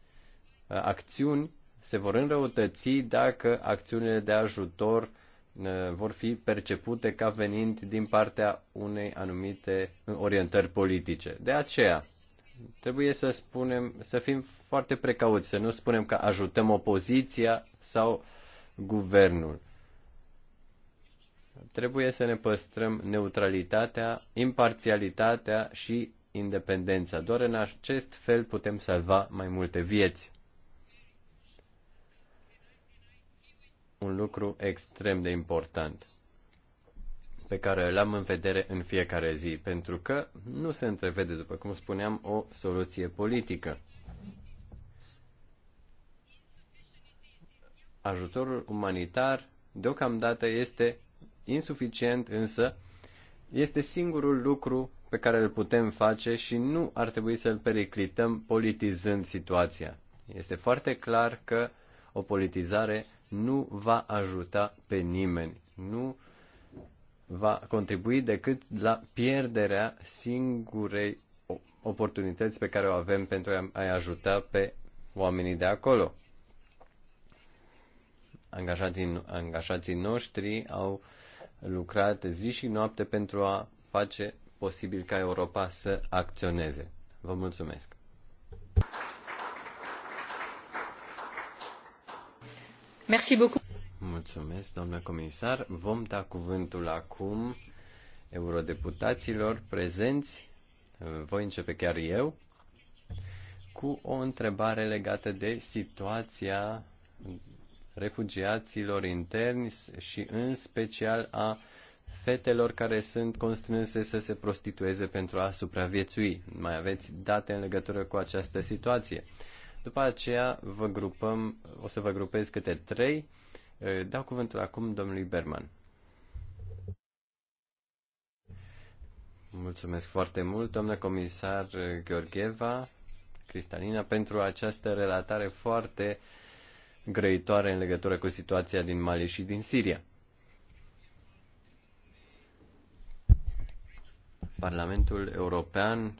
Speaker 3: acțiuni se vor înrăutăți dacă acțiunile de ajutor vor fi percepute ca venind din partea unei anumite orientări politice. De aceea, trebuie să spunem, să fim foarte precauți, să nu spunem că ajutăm opoziția sau guvernul. Trebuie să ne păstrăm neutralitatea, imparțialitatea și independența. Doar în acest fel putem salva mai multe vieți. Un lucru extrem de important pe care îl am în vedere în fiecare zi, pentru că nu se întrevede, după cum spuneam, o soluție politică. Ajutorul umanitar deocamdată este insuficient, însă este singurul lucru pe care îl putem face și nu ar trebui să-l periclităm politizând situația. Este foarte clar că o politizare nu va ajuta pe nimeni, nu va contribui decât la pierderea singurei oportunități pe care o avem pentru a-i ajuta pe oamenii de acolo. Angajații, angajații noștri au lucrat zi și noapte pentru a face posibil ca Europa să acționeze. Vă mulțumesc! Merci beaucoup. Mulțumesc, doamnă comisar. Vom da cuvântul acum eurodeputaților prezenți. Voi începe chiar eu cu o întrebare legată de situația refugiaților interni și în special a fetelor care sunt constrânse să se prostitueze pentru a supraviețui. Mai aveți date în legătură cu această situație. După aceea vă grupăm, o să vă grupez câte trei. Eh, dau cuvântul acum domnului Berman. Mulțumesc foarte mult, domnule comisar eh, Gheorgheva, Cristalina, pentru această relatare foarte grăitoare în legătură cu situația din Mali și din Siria. Parlamentul European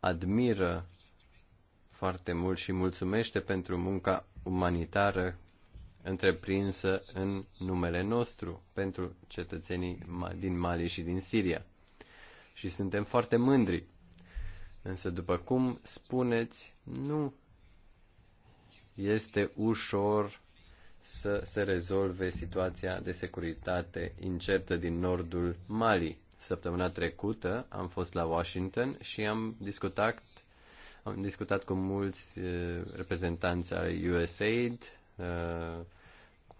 Speaker 3: admiră foarte mult și mulțumește pentru munca umanitară întreprinsă în numele nostru pentru cetățenii din Mali și din Siria. Și suntem foarte mândri. Însă, după cum spuneți, nu este ușor să se rezolve situația de securitate incertă din nordul Mali. Săptămâna trecută am fost la Washington și am discutat, am discutat cu mulți eh, reprezentanți ai USAID, eh,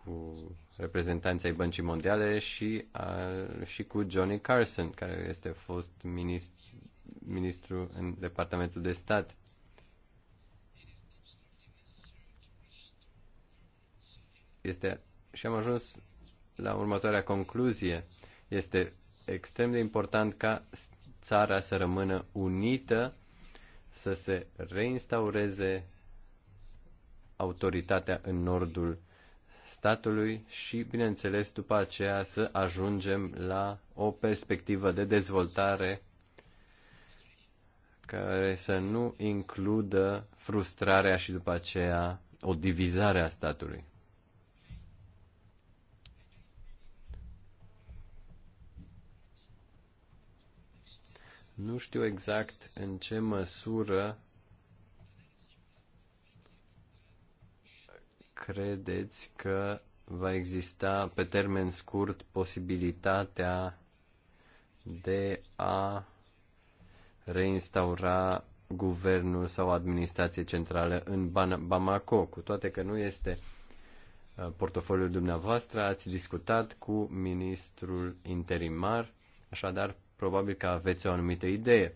Speaker 3: cu reprezentanții ai Băncii Mondiale și, a, eh, și cu Johnny Carson, care este fost ministru, ministru în Departamentul de Stat. Este, și am ajuns la următoarea concluzie. Este extrem de important ca țara să rămână unită, să se reinstaureze autoritatea în nordul statului și, bineînțeles, după aceea să ajungem la o perspectivă de dezvoltare care să nu includă frustrarea și după aceea o divizare a statului. Nu știu exact în ce măsură credeți că va exista pe termen scurt posibilitatea de a reinstaura guvernul sau administrație centrală în Bamako, cu toate că nu este uh, portofoliul dumneavoastră, ați discutat cu ministrul interimar, așadar probabil că aveți o anumită idee.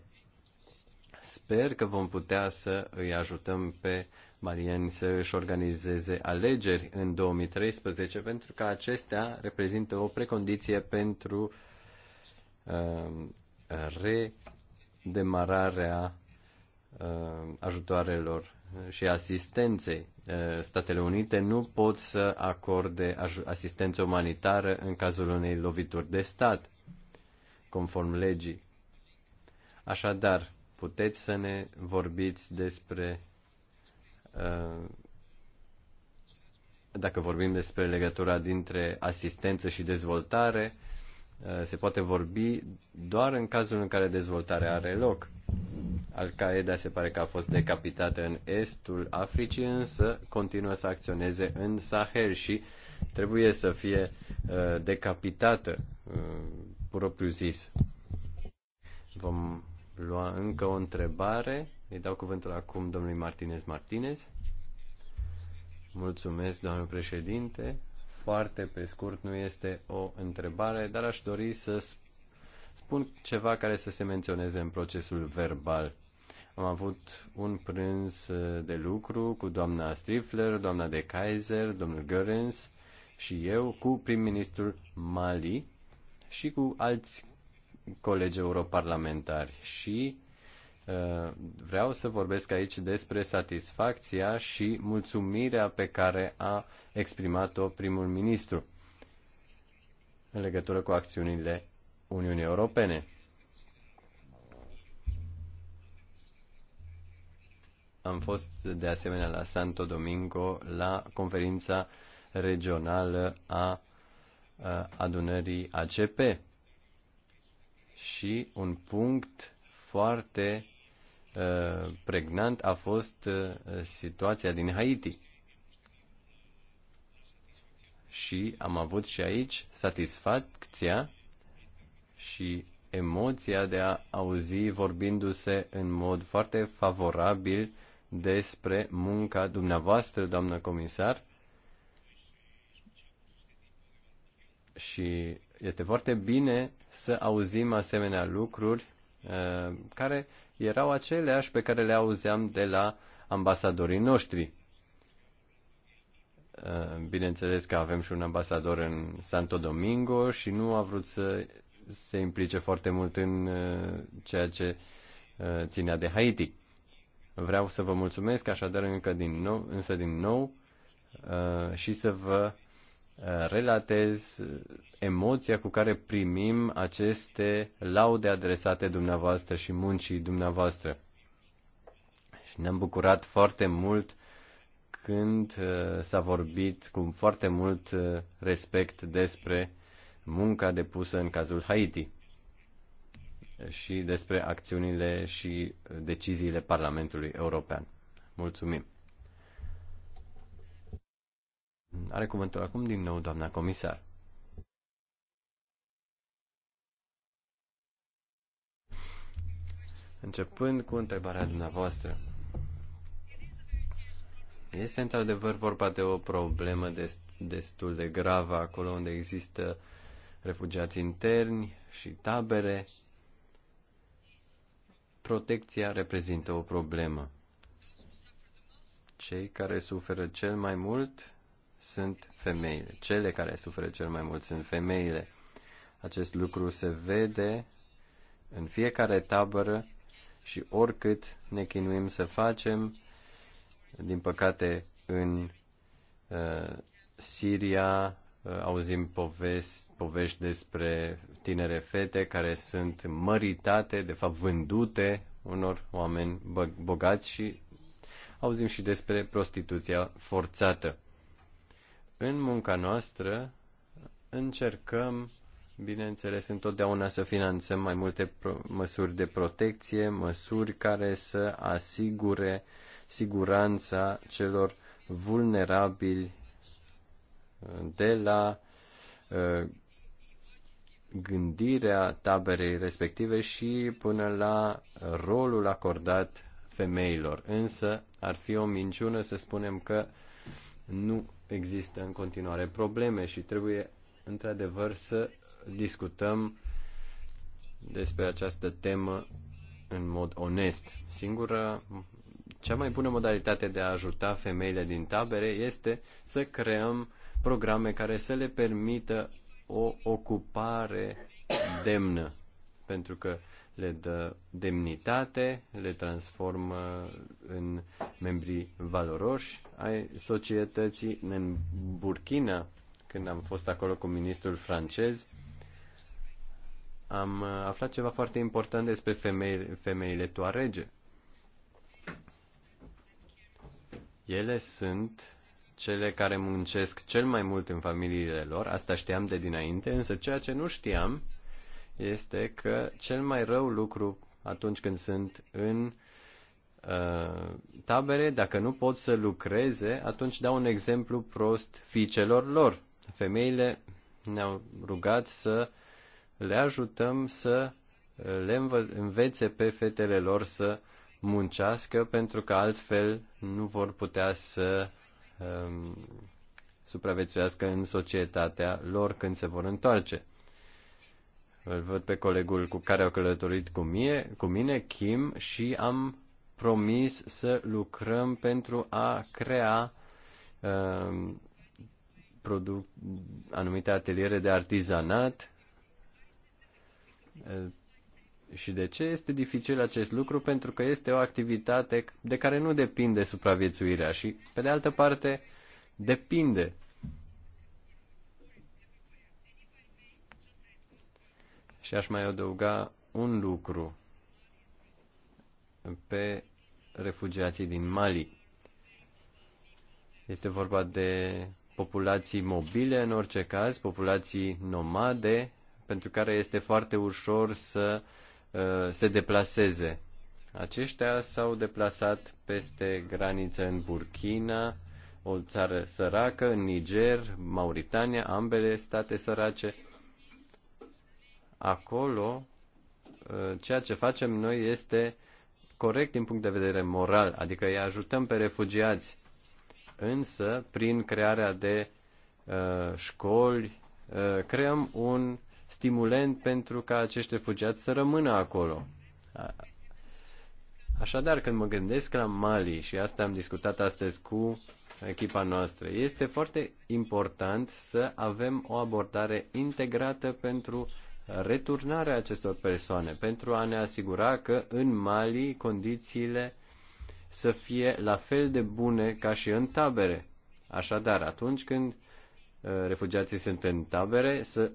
Speaker 3: Sper că vom putea să îi ajutăm pe Marieni să își organizeze alegeri în 2013, pentru că acestea reprezintă o precondiție pentru uh, redemararea uh, ajutoarelor și asistenței. Uh, Statele Unite nu pot să acorde asistență umanitară în cazul unei lovituri de stat conform legii. Așadar, puteți să ne vorbiți despre uh, dacă vorbim despre legătura dintre asistență și dezvoltare, uh, se poate vorbi doar în cazul în care dezvoltarea are loc. Al-Qaeda se pare că a fost decapitată în estul Africii, însă continuă să acționeze în Sahel și trebuie să fie uh, decapitată propriu-zis. Vom lua încă o întrebare. Îi dau cuvântul acum domnului Martinez Martinez. Mulțumesc, domnule președinte. Foarte pe scurt, nu este o întrebare, dar aș dori să spun ceva care să se menționeze în procesul verbal. Am avut un prânz de lucru cu doamna Strifler, doamna de Kaiser, domnul Görens și eu cu prim-ministrul Mali și cu alți colegi europarlamentari și uh, vreau să vorbesc aici despre satisfacția și mulțumirea pe care a exprimat-o primul ministru în legătură cu acțiunile Uniunii Europene. Am fost de asemenea la Santo Domingo la conferința regională a Uh, adunării ACP și un punct foarte uh, pregnant a fost uh, situația din Haiti. Și am avut și aici satisfacția și emoția de a auzi vorbindu-se în mod foarte favorabil despre munca dumneavoastră, doamnă comisar, Și este foarte bine să auzim asemenea lucruri uh, care erau aceleași pe care le auzeam de la ambasadorii noștri. Uh, bineînțeles că avem și un ambasador în Santo Domingo și nu a vrut să se implice foarte mult în uh, ceea ce ținea de Haiti. Vreau să vă mulțumesc așadar încă din nou, însă din nou și să vă relatez emoția cu care primim aceste laude adresate dumneavoastră și muncii dumneavoastră. Și ne-am bucurat foarte mult când uh, s-a vorbit cu foarte mult uh, respect despre munca depusă în cazul Haiti și despre acțiunile și deciziile Parlamentului European. Mulțumim! Are cuvântul acum din nou doamna comisar. Începând cu întrebarea dumneavoastră. Este într-adevăr vorba de o problemă destul de gravă acolo unde există refugiați interni și tabere. Protecția reprezintă o problemă. Cei care suferă cel mai mult sunt femeile. Cele care suferă cel mai mult sunt femeile. Acest lucru se vede în fiecare tabără și oricât ne chinuim să facem, din păcate în uh, Siria uh, auzim povesti, povești despre tinere fete care sunt măritate, de fapt vândute unor oameni bogați și auzim și despre prostituția forțată. În munca noastră încercăm, bineînțeles, întotdeauna să finanțăm mai multe măsuri de protecție, măsuri care să asigure siguranța celor vulnerabili uh, de la uh, gândirea taberei respective și până la rolul acordat femeilor. Însă ar fi o minciună să spunem că nu există în continuare probleme și trebuie într-adevăr să discutăm despre această temă în mod onest. Singura, cea mai bună modalitate de a ajuta femeile din tabere este să creăm programe care să le permită o ocupare demnă. Pentru că le dă demnitate, le transformă în membrii valoroși ai societății. În Burkina, când am fost acolo cu ministrul francez, am aflat ceva foarte important despre femei, femeile toarege. Ele sunt cele care muncesc cel mai mult în familiile lor, asta știam de dinainte, însă ceea ce nu știam este că cel mai rău lucru atunci când sunt în uh, tabere, dacă nu pot să lucreze, atunci dau un exemplu prost fiicelor lor. Femeile ne-au rugat să le ajutăm să le învețe pe fetele lor să muncească, pentru că altfel nu vor putea să um, supraviețuiască în societatea lor când se vor întoarce. Îl văd pe colegul cu care au călătorit cu mine, cu mine, Kim, și am promis să lucrăm pentru a crea uh, produc, anumite ateliere de artizanat. Uh, și de ce este dificil acest lucru? Pentru că este o activitate de care nu depinde supraviețuirea și, pe de altă parte, depinde Și aș mai adăuga un lucru pe refugiații din Mali. Este vorba de populații mobile, în orice caz, populații nomade, pentru care este foarte ușor să uh, se deplaseze. Aceștia s-au deplasat peste graniță în Burkina, o țară săracă, în Niger, Mauritania, ambele state sărace. Acolo, ă, ceea ce facem noi este corect din punct de vedere moral, adică îi ajutăm pe refugiați, însă prin crearea de ă, școli ă, creăm un stimulent pentru ca acești refugiați să rămână acolo. Așadar, când mă gândesc la Mali, și asta am discutat astăzi cu echipa noastră, este foarte important să avem o abordare integrată pentru returnarea acestor persoane pentru a ne asigura că în Mali condițiile să fie la fel de bune ca și în tabere. Așadar, atunci când uh, refugiații sunt în tabere, să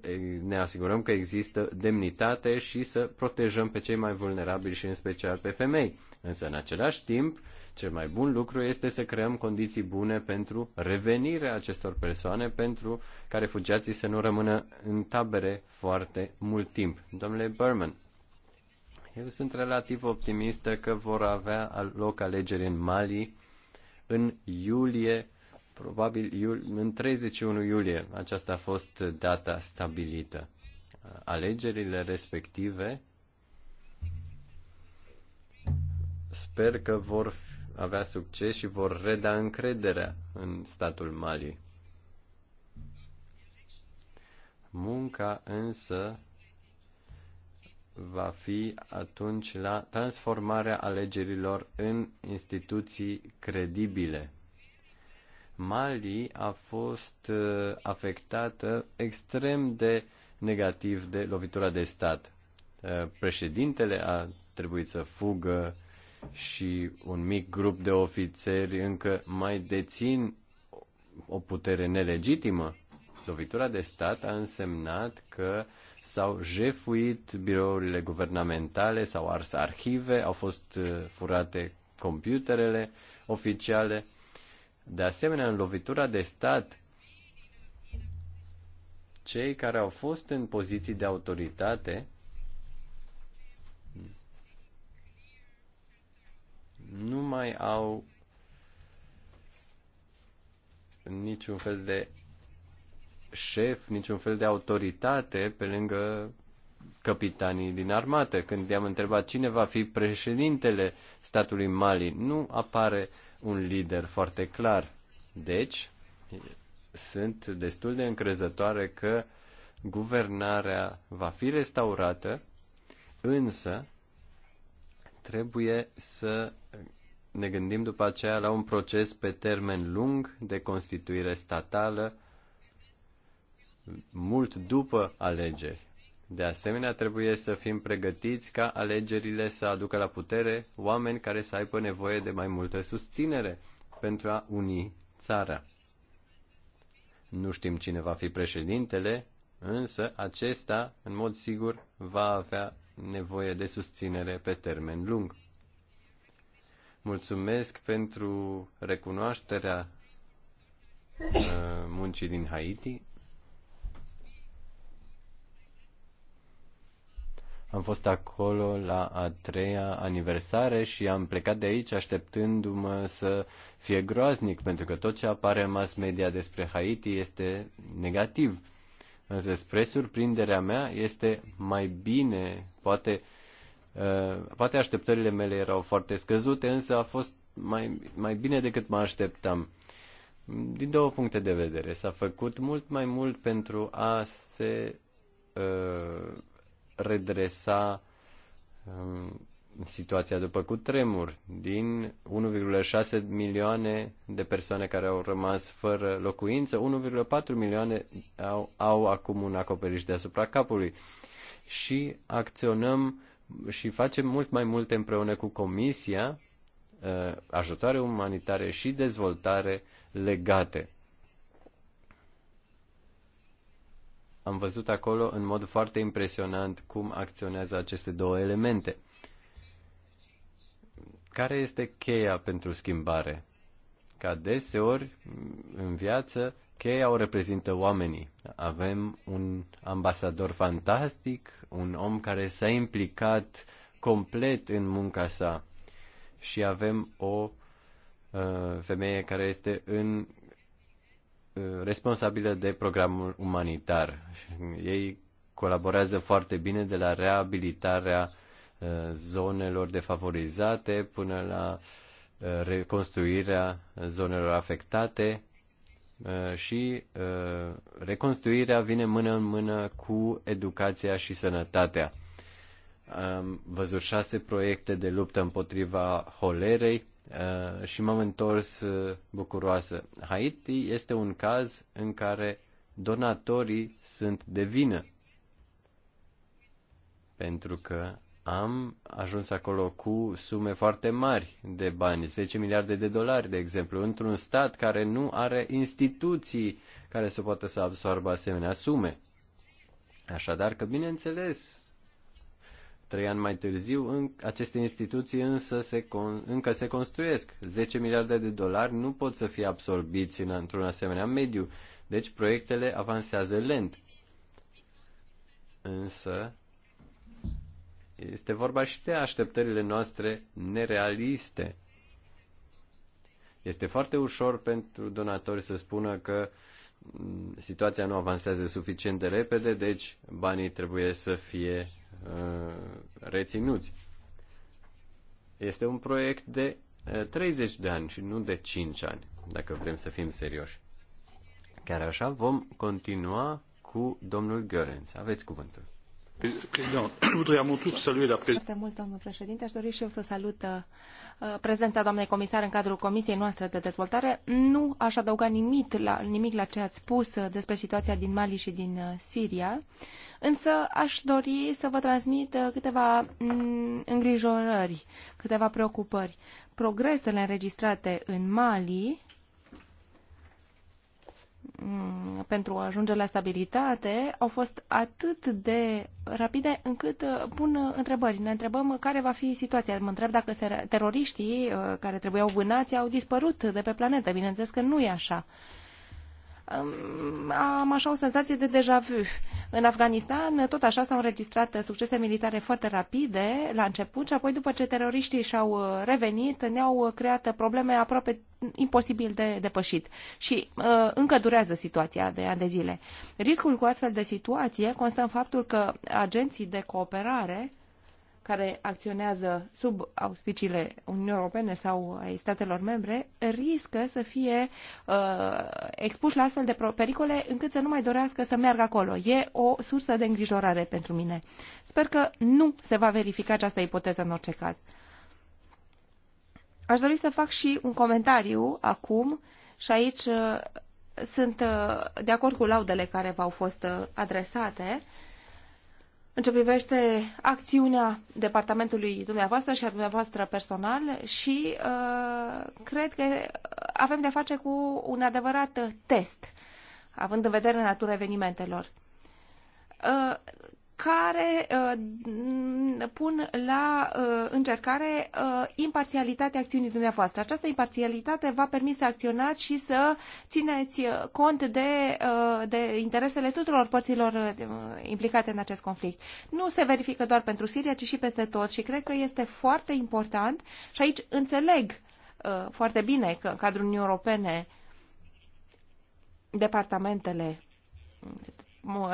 Speaker 3: ne asigurăm că există demnitate și să protejăm pe cei mai vulnerabili și în special pe femei. Însă, în același timp, cel mai bun lucru este să creăm condiții bune pentru revenirea acestor persoane, pentru ca refugiații să nu rămână în tabere foarte mult timp. Domnule Berman, eu sunt relativ optimistă că vor avea loc alegeri în Mali în iulie, probabil iul, în 31 iulie. Aceasta a fost data stabilită. Alegerile respective Sper că vor avea succes și vor reda încrederea în statul Mali. Munca însă va fi atunci la transformarea alegerilor în instituții credibile. Mali a fost uh, afectată extrem de negativ de lovitura de stat. Uh, președintele a trebuit să fugă, și un mic grup de ofițeri încă mai dețin o putere nelegitimă. Lovitura de stat a însemnat că s-au jefuit birourile guvernamentale, s-au ars arhive, au fost uh, furate computerele oficiale. De asemenea, în lovitura de stat, cei care au fost în poziții de autoritate nu mai au niciun fel de șef, niciun fel de autoritate pe lângă capitanii din armată. Când i-am întrebat cine va fi președintele statului Mali, nu apare un lider foarte clar. Deci, sunt destul de încrezătoare că guvernarea va fi restaurată, însă trebuie să ne gândim după aceea la un proces pe termen lung de constituire statală, mult după alegeri. De asemenea, trebuie să fim pregătiți ca alegerile să aducă la putere oameni care să aibă nevoie de mai multă susținere pentru a uni țara. Nu știm cine va fi președintele, însă acesta, în mod sigur, va avea nevoie de susținere pe termen lung. Mulțumesc pentru recunoașterea uh, muncii din Haiti. Am fost acolo la a treia aniversare și am plecat de aici așteptându-mă să fie groaznic, pentru că tot ce apare în mass media despre Haiti este negativ. Însă, spre surprinderea mea, este mai bine, poate, uh, poate așteptările mele erau foarte scăzute, însă a fost mai, mai bine decât mă așteptam. Din două puncte de vedere, s-a făcut mult mai mult pentru a se uh, redresa um, situația după cutremur. Din 1,6 milioane de persoane care au rămas fără locuință, 1,4 milioane au, au acum un acoperiș deasupra capului. Și acționăm și facem mult mai multe împreună cu Comisia, uh, ajutoare umanitare și dezvoltare legate. Am văzut acolo în mod foarte impresionant cum acționează aceste două elemente. Care este cheia pentru schimbare? Ca deseori în viață, cheia o reprezintă oamenii. Avem un ambasador fantastic, un om care s-a implicat complet în munca sa și avem o uh, femeie care este în uh, responsabilă de programul umanitar. Ei colaborează foarte bine de la reabilitarea Uh, zonelor defavorizate până la uh, reconstruirea zonelor afectate uh, și reconstruirea vine mână în mână cu educația și sănătatea. Am văzut șase proiecte de luptă împotriva holerei și m-am întors bucuroasă. Haiti este un caz în care donatorii sunt de vină pentru că am ajuns acolo cu sume foarte mari de bani, 10 miliarde de dolari, de exemplu, într-un stat care nu are instituții care să poată să absorbă asemenea sume. Așadar că, bineînțeles, trei ani mai târziu, în, aceste instituții însă se con, încă se construiesc. 10 miliarde de dolari nu pot să fie absorbiți în, într-un asemenea mediu, deci proiectele avansează lent. Însă, este vorba și de așteptările noastre nerealiste. Este foarte ușor pentru donatori să spună că mm, situația nu avansează suficient de repede, deci banii trebuie să fie uh, reținuți. Este un proiect de 30 uh, de ani și nu de 5 ani, dacă vrem să fim serioși. Chiar așa vom continua cu domnul Görens. Aveți cuvântul. Foarte
Speaker 2: președinte. Aș dori și eu să salut uh, prezența doamnei comisar în cadrul Comisiei noastre de dezvoltare. Nu aș adăuga nimic la, nimic la ce ați spus uh, despre situația din Mali și din uh, Siria, însă aș dori să vă transmit câteva mm, îngrijorări, câteva preocupări. Progresele înregistrate în Mali Mm, pentru a ajunge la stabilitate au fost atât de rapide încât uh, pun uh, întrebări. Ne întrebăm care va fi situația. Mă întreb dacă teroriștii uh, care trebuiau vânați au dispărut de pe planetă. Bineînțeles că nu e așa am așa o senzație de deja vu. În Afganistan, tot așa s-au înregistrat succese militare foarte rapide la început și apoi după ce teroriștii și-au uh, revenit, ne-au uh, creat probleme aproape imposibil de depășit. Și uh, încă durează situația de ani de zile. Riscul cu astfel de situație constă în faptul că agenții de cooperare care acționează sub auspiciile Uniunii Europene sau ai statelor membre riscă să fie uh, expuși la astfel de pericole încât să nu mai dorească să meargă acolo. E o sursă de îngrijorare pentru mine. Sper că nu se va verifica această ipoteză în orice caz. Aș dori să fac și un comentariu acum și aici uh, sunt uh, de acord cu laudele care v-au fost uh, adresate. Uh, în ce privește acțiunea departamentului dumneavoastră și a dumneavoastră personal și uh, cred că avem de-a face cu un adevărat test, având în vedere natura evenimentelor. Uh, care uh, pun la uh, încercare uh, imparțialitatea acțiunii dumneavoastră. Această imparțialitate va permite să acționați și să țineți uh, cont de, uh, de interesele tuturor părților uh, uh, implicate în acest conflict. Nu se verifică doar pentru Siria, ci și peste tot și cred că este foarte important și aici înțeleg uh, foarte bine că în cadrul Uniunii Europene departamentele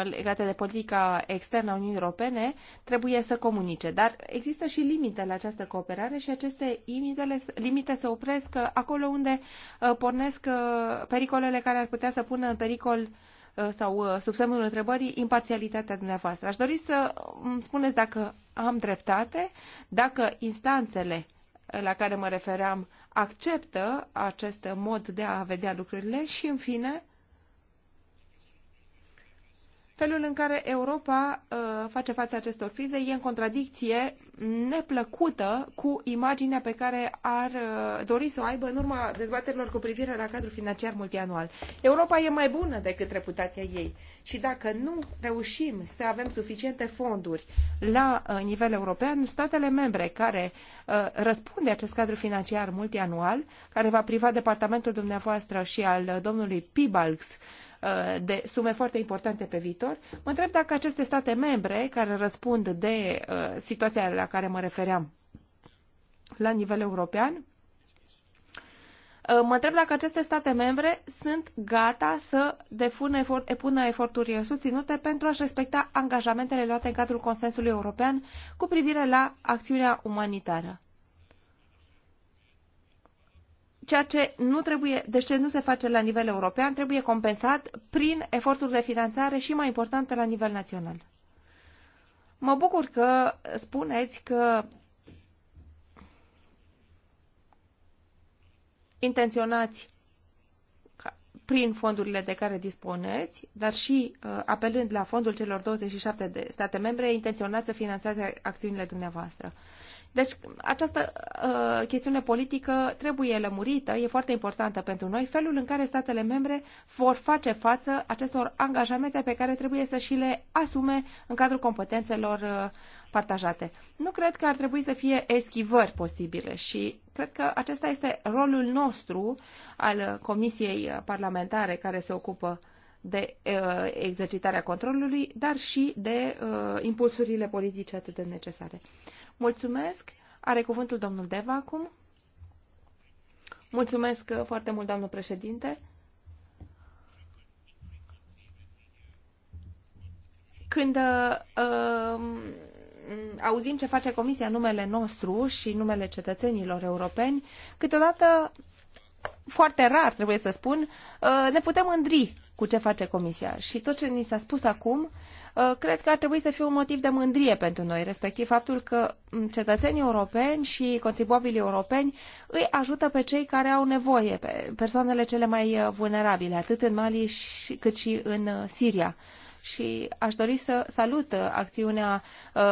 Speaker 2: legate de politica externă a Uniunii Europene trebuie să comunice. Dar există și limite la această cooperare și aceste limitele, limite se opresc uh, acolo unde uh, pornesc uh, pericolele care ar putea să pună în pericol sau sub semnul întrebării imparțialitatea dumneavoastră. Aș dori să îmi um, spuneți dacă am dreptate, dacă instanțele la care mă refeream acceptă acest mod de a vedea lucrurile și, în fine, Felul în care Europa uh, face față acestor crize e în contradicție neplăcută cu imaginea pe care ar uh, dori să o aibă în urma dezbaterilor cu privire la cadrul financiar multianual. Europa e mai bună decât reputația ei și dacă nu reușim să avem suficiente fonduri la uh, nivel european, statele membre care uh, răspunde acest cadru financiar multianual, care va priva departamentul dumneavoastră și al uh, domnului Pibalx, uh, Uh, de sume foarte importante pe viitor. Mă întreb dacă aceste state membre care răspund de uh, situația la care mă refeream la nivel european, uh, Mă întreb dacă aceste state membre sunt gata să depună, efort, eforturi susținute pentru a-și respecta angajamentele luate în cadrul consensului european cu privire la acțiunea umanitară ceea ce nu trebuie, deci ce nu se face la nivel european, trebuie compensat prin eforturi de finanțare și mai importante la nivel național. Mă bucur că spuneți că intenționați prin fondurile de care disponeți, dar și uh, apelând la fondul celor 27 de state membre, intenționați să finanțați acțiunile dumneavoastră. Deci această uh, chestiune politică trebuie lămurită, e foarte importantă pentru noi, felul în care statele membre vor face față acestor angajamente pe care trebuie să și le asume în cadrul competențelor uh, partajate. Nu cred că ar trebui să fie eschivări posibile și Cred că acesta este rolul nostru al Comisiei Parlamentare care se ocupă de uh, exercitarea controlului, dar și de uh, impulsurile politice atât de necesare. Mulțumesc. Are cuvântul domnul Deva acum. Mulțumesc uh, foarte mult, doamnă președinte. Când uh, Mm, auzim ce face Comisia numele nostru și numele cetățenilor europeni, câteodată, foarte rar trebuie să spun, uh, ne putem îndri cu ce face Comisia. Și tot ce ni s-a spus acum, uh, cred că ar trebui să fie un motiv de mândrie pentru noi, respectiv faptul că mm, cetățenii europeni și contribuabilii europeni îi ajută pe cei care au nevoie, pe persoanele cele mai uh, vulnerabile, atât în Mali cât și în Siria și aș dori să salut uh, acțiunea uh,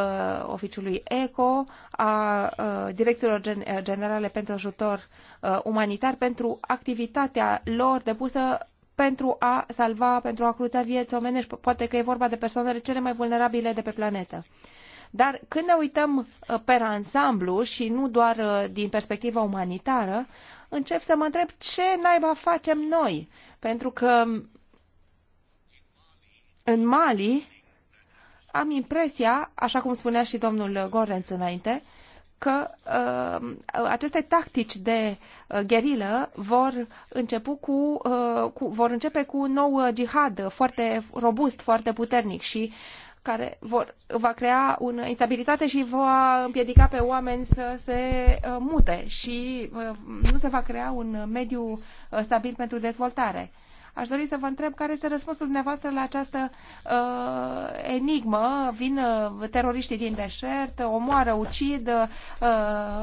Speaker 2: oficiului ECO, a uh, direcțiilor gen uh, generale pentru ajutor uh, umanitar, pentru activitatea lor depusă pentru a salva, pentru a cruța vieți omenești. Poate că e vorba de persoanele cele mai vulnerabile de pe planetă. Dar când ne uităm uh, pe ansamblu și nu doar din perspectiva umanitară, încep să mă întreb ce naiba facem noi. Pentru că în Mali am impresia, așa cum spunea și domnul Gorenț înainte, că uh, aceste tactici de uh, gherilă vor, începu cu, uh, cu, vor începe cu un nou uh, jihad foarte robust, foarte puternic și care vor, va crea o uh, instabilitate și va împiedica pe oameni să se uh, mute și uh, nu se va crea un uh, mediu uh, stabil pentru dezvoltare. Aș dori să vă întreb care este răspunsul dumneavoastră la această uh, enigmă. Vin uh, teroriștii din deșert, omoară, ucid, uh,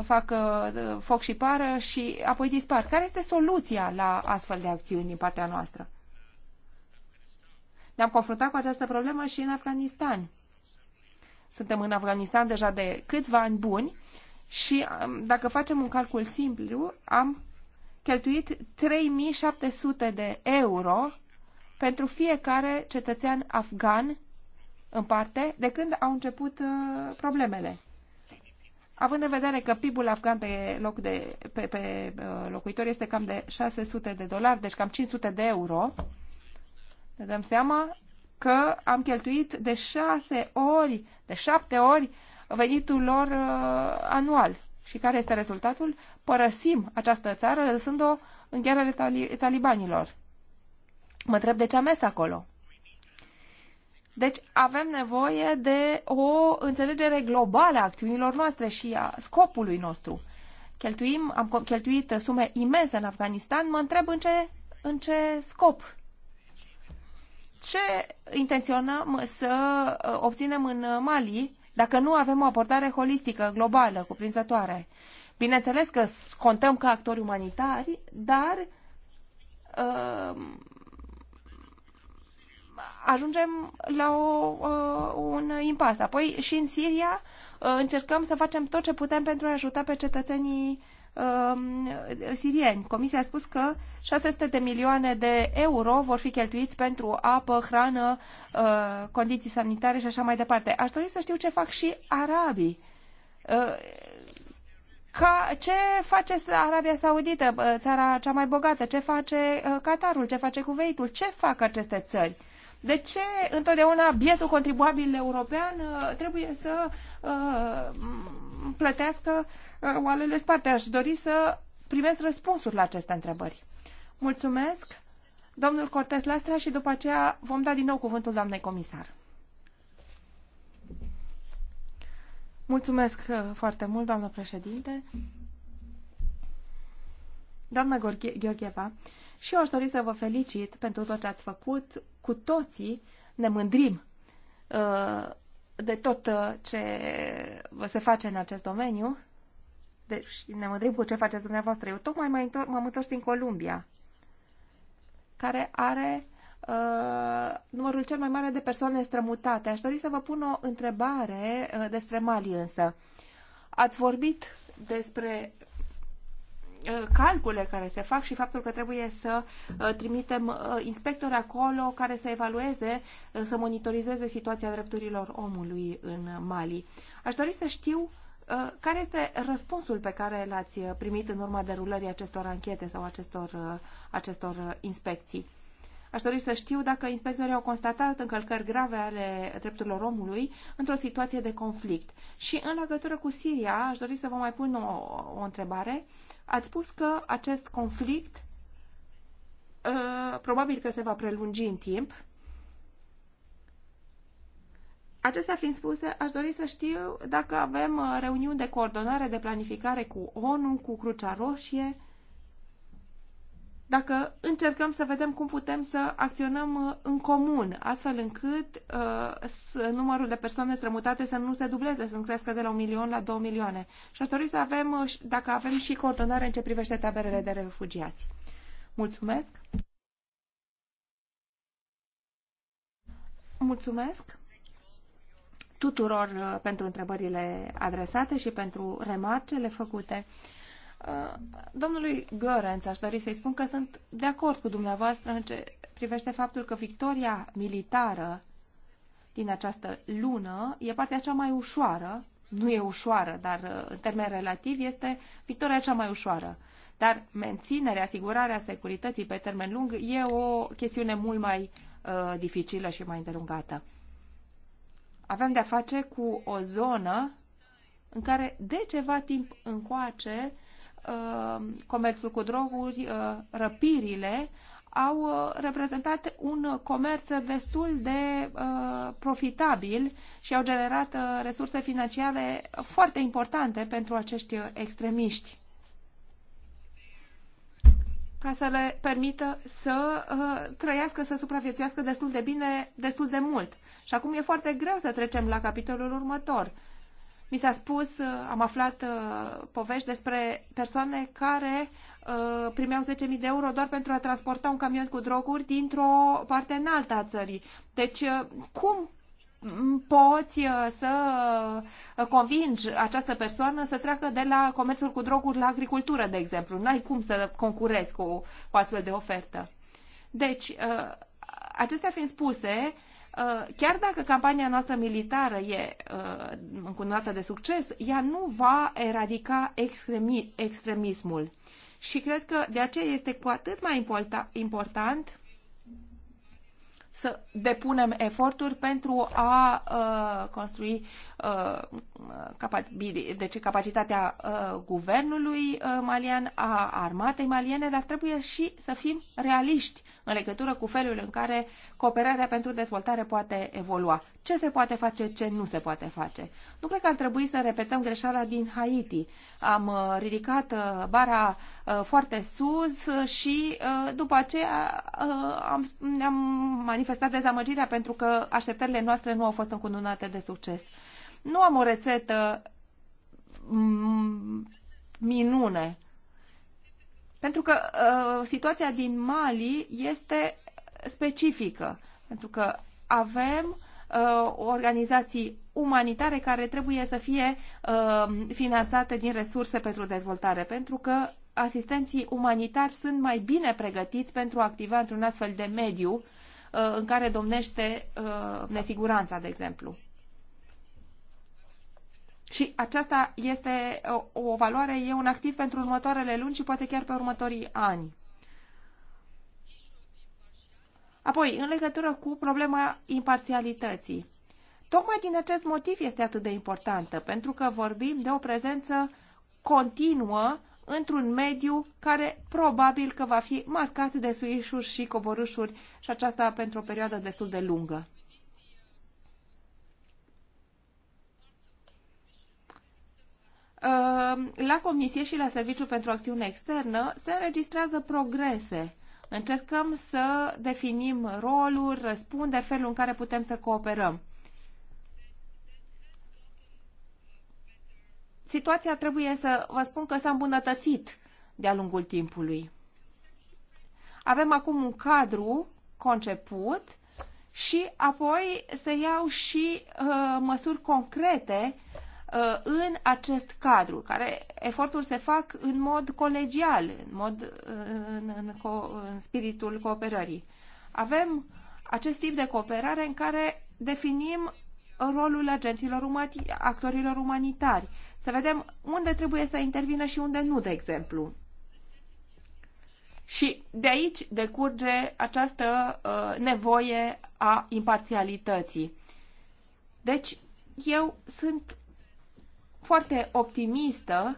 Speaker 2: fac uh, foc și pară și apoi dispar. Care este soluția la astfel de acțiuni din partea noastră? Ne-am confruntat cu această problemă și în Afganistan. Suntem în Afganistan deja de câțiva ani buni și um, dacă facem un calcul simplu, am cheltuit 3700 de euro pentru fiecare cetățean afgan în parte de când au început uh, problemele. Având în vedere că PIB-ul afgan pe, loc de, pe, pe uh, locuitor este cam de 600 de dolari, deci cam 500 de euro, ne dăm seama că am cheltuit de 6 ori, de 7 ori venitul lor uh, anual. Și care este rezultatul? Părăsim această țară lăsând-o în ghearele tali- talibanilor. Mă întreb de ce am mers acolo. Deci avem nevoie de o înțelegere globală a acțiunilor noastre și a scopului nostru. Cheltuim, am cheltuit sume imense în Afganistan, mă întreb în ce, în ce scop. Ce intenționăm să uh, obținem în Mali dacă nu avem o abordare holistică, globală, cuprinzătoare. Bineînțeles că contăm ca actori umanitari, dar uh, ajungem la o, uh, un impas. Apoi și în Siria uh, încercăm să facem tot ce putem pentru a ajuta pe cetățenii uh, Um, sirieni. Comisia a spus că 600 de milioane de euro vor fi cheltuiți pentru apă, hrană, uh, condiții sanitare și așa mai departe. Aș dori să știu ce fac și arabii. Uh, ca, ce face Arabia Saudită, uh, țara cea mai bogată? Ce face Qatarul? Ce face Cuveitul? Ce fac aceste țări? De ce întotdeauna bietul contribuabil european trebuie să plătească uh, oalele sparte. Aș dori să primesc răspunsuri la aceste întrebări. Mulțumesc, domnul Cortes Lastra, și după aceea vom da din nou cuvântul doamnei comisar. Mulțumesc uh, foarte mult, doamnă președinte. Doamna Gheorgheva, și eu aș dori să vă felicit pentru tot ce ați făcut. Cu toții ne mândrim uh, de tot uh, ce se face în acest domeniu. Deci ne mândrim cu ce faceți dumneavoastră. Eu tocmai m-am întors din Columbia, care are uh, numărul cel mai mare de persoane strămutate. Aș dori să vă pun o întrebare uh, despre Mali însă. Ați vorbit despre Uh, calcule care se fac și faptul că trebuie să uh, trimitem uh, inspectori acolo care să evalueze, să monitorizeze situația drepturilor omului în Mali. Aș dori să știu care este răspunsul pe care l-ați primit în urma derulării acestor anchete sau acestor, acestor inspecții? Aș dori să știu dacă inspectorii au constatat încălcări grave ale drepturilor omului într-o situație de conflict. Și în legătură cu Siria, aș dori să vă mai pun o, o întrebare. Ați spus că acest conflict ă, probabil că se va prelungi în timp. Acestea fiind spuse, aș dori să știu dacă avem ă, reuniuni de coordonare, de planificare cu ONU, cu Crucea Roșie, dacă încercăm să vedem cum putem să acționăm uh, în comun, astfel încât uh, numărul de persoane strămutate să nu se dubleze, să nu crească de la un milion la două milioane. Și aș dori să avem, uh, dacă avem și coordonare în ce privește taberele de refugiați. Mulțumesc! Mulțumesc tuturor uh, pentru întrebările adresate și pentru remarcele făcute. Uh, domnului Gărenț aș dori să-i spun că sunt de acord cu dumneavoastră în ce privește faptul că victoria militară din această lună e partea cea mai ușoară, nu e ușoară, dar uh, în termen relativ este victoria cea mai ușoară. Dar menținerea, asigurarea securității pe termen lung e o chestiune mult mai uh, dificilă și mai îndelungată. Avem de-a face cu o zonă în care de ceva timp încoace uh, Uh, comerțul cu droguri, uh, răpirile, au uh, reprezentat un comerț destul de profitabil și au generat resurse financiare foarte importante pentru acești extremiști ca să le permită să uh, trăiască, să supraviețuiască destul de bine, destul de mult. Și acum e foarte greu să trecem la capitolul următor. Uh, mi s-a spus, uh, am aflat uh, povești despre persoane care uh, primeau 10.000 de euro doar pentru a transporta un camion cu droguri dintr-o parte în alta a țării. Deci, cum poți să convingi această persoană să treacă de la comerțul cu droguri la agricultură, de exemplu. N-ai cum să concurezi cu cu astfel de ofertă. Deci, acestea fiind spuse, Uh, chiar dacă campania noastră militară e uh, încununată de succes, ea nu va eradica extremi, extremismul. Și cred că de aceea este cu atât mai importa, important să depunem eforturi pentru a uh, construi uh, capabili, deci capacitatea uh, guvernului uh, malian, a armatei maliene, dar trebuie și să fim realiști în legătură cu felul în care cooperarea pentru dezvoltare poate evolua. Ce se poate face, ce nu se poate face. Nu cred că ar trebui să repetăm greșeala din Haiti. Am uh, ridicat uh, bara uh, foarte sus și după aceea am, ne-am manifestat dezamăgirea pentru că așteptările noastre nu au fost încununate de succes. Nu am o rețetă minune pentru că uh, situația din Mali este specifică, pentru că avem uh, organizații umanitare care trebuie să fie uh, finanțate din resurse pentru dezvoltare, pentru că asistenții umanitari sunt mai bine pregătiți pentru a activa într-un astfel de mediu uh, în care domnește uh, nesiguranța, de exemplu. Și aceasta este o, o valoare, e un activ pentru următoarele luni și poate chiar pe următorii ani. Apoi, în legătură cu problema imparțialității. Tocmai din acest motiv este atât de importantă, pentru că vorbim de o prezență continuă într-un mediu care probabil că va fi marcat de suișuri și coborâșuri și aceasta pentru o perioadă destul de lungă. Ehm, la Comisie și la Serviciul pentru Acțiune Externă se înregistrează progrese. Încercăm să definim roluri, răspunderi, felul în care putem să cooperăm. Situația trebuie să vă spun că s-a îmbunătățit de-a lungul timpului. Avem acum un cadru conceput și apoi se iau și uh, măsuri concrete uh, Uh, în acest cadru, care eforturi se fac în mod colegial, în, mod, uh, în, în, în spiritul cooperării. Avem acest tip de cooperare în care definim rolul agenților umani, actorilor umanitari, să vedem unde trebuie să intervină și unde nu, de exemplu. Și de aici decurge această uh, nevoie a imparțialității. Deci, eu sunt foarte optimistă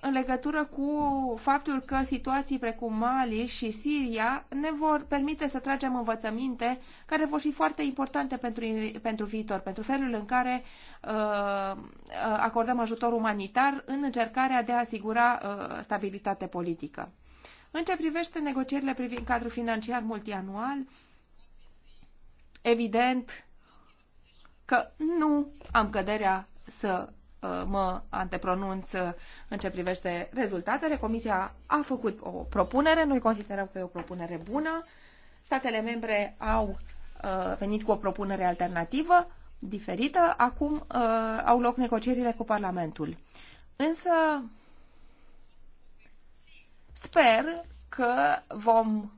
Speaker 2: în legătură cu faptul că situații precum Mali și Siria ne vor permite să tragem învățăminte care vor fi foarte importante pentru, pentru viitor, pentru felul în care uh, uh, acordăm ajutor umanitar în încercarea de a asigura uh, stabilitate politică. În ce privește negocierile privind cadrul financiar multianual, evident că nu am căderea să Uh, mă antepronunț uh, în ce privește rezultatele. Comisia a făcut o propunere, noi considerăm că e o propunere bună. Statele membre au uh, venit cu o propunere alternativă, diferită. Acum au loc negocierile cu Parlamentul. Însă sper că vom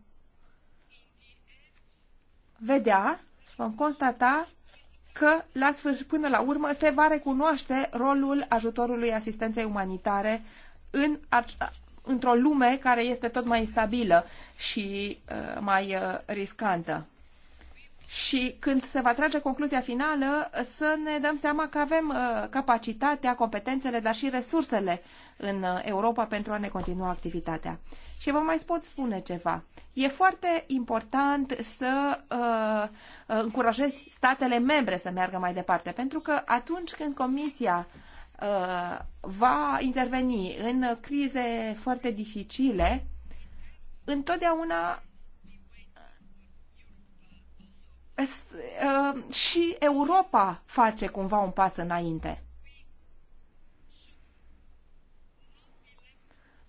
Speaker 2: vedea, vom constata că la sfârșit, până la urmă se va recunoaște rolul ajutorului asistenței umanitare în într-o lume care este tot mai instabilă și uh, mai uh, riscantă și când se va trage concluzia finală să ne dăm seama că avem uh, capacitatea, competențele, dar și resursele în uh, Europa pentru a ne continua activitatea. Și vă mai pot spune ceva. E foarte important să uh, încurajezi statele membre să meargă mai departe, pentru că atunci când Comisia uh, va interveni în crize foarte dificile, întotdeauna Uh, și Europa face cumva un pas înainte.